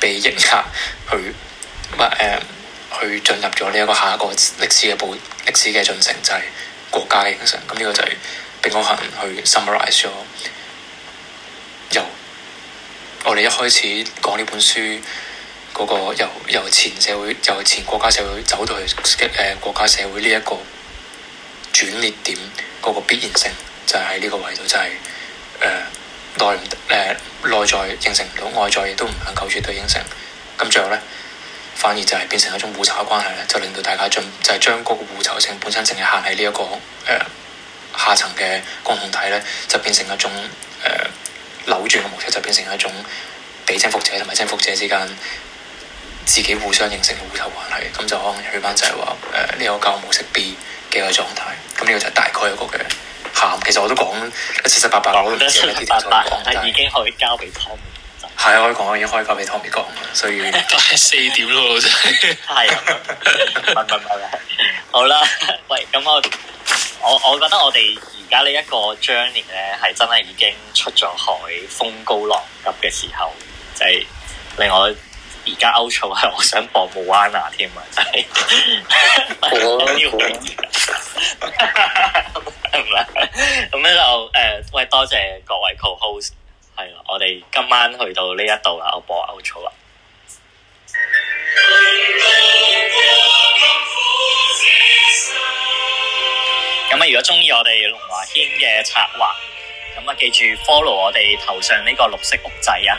被抑壓，去、呃、去進入咗呢一個下一個歷史嘅步歷史嘅進程，就係、是、國家嘅形成。咁、嗯、呢、這個就係、是、並可行去 summarize 咗由我哋一開始講呢本書嗰、那個由由前社會由前國家社會走到去誒、呃、國家社會呢一個轉捩點嗰個必然性，就喺、是、呢個位度，就係、是、誒。呃內唔誒內在形成唔到，外在亦都唔能夠絕對形成。咁最後咧，反而就係變成一種互酬嘅關係咧，就令到大家進就係、是、將嗰個互酬性本身淨係限喺呢一個誒、呃、下層嘅共同體咧，就變成一種誒、呃、扭轉嘅模式，就變成一種被征服者同埋征服者之間自己互相形成嘅互酬關係，咁就可能去返就係話誒呢個交換模式 B 嘅一個狀態。咁呢個就係大概一個嘅。其實我都講一七七八八八，我都知一啲，但已經可以交俾 Tommy 係啊，可以講啊，已經可以交俾 Tommy 講啦，所以。都係四點咯，真係。係。唔唔好啦，喂，咁我我我覺得我哋而家呢一個 journey 咧，係真係已經出咗海，風高浪急嘅時候，就係令我。而家 outro 係我想播冇彎啊，添啊，真係。好，咁咧就誒，喂，多謝各位 co-host，係啊，我哋今晚去到呢一度啦，我播 outro 啦。咁啊， 如果中意我哋龍華軒嘅策劃，咁啊，記住 follow 我哋頭上呢個綠色屋仔啊。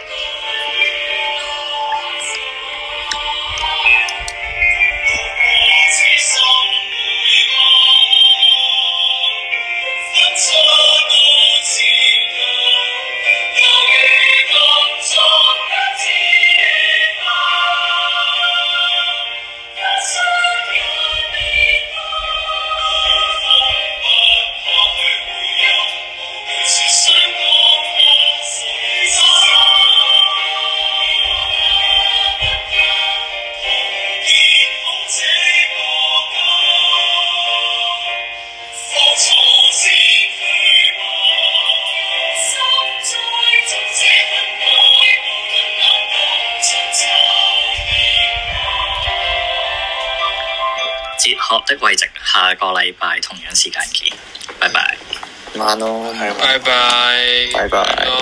學的位置，下個禮拜同樣時間見，拜拜。晚安，係。拜拜，拜拜。安。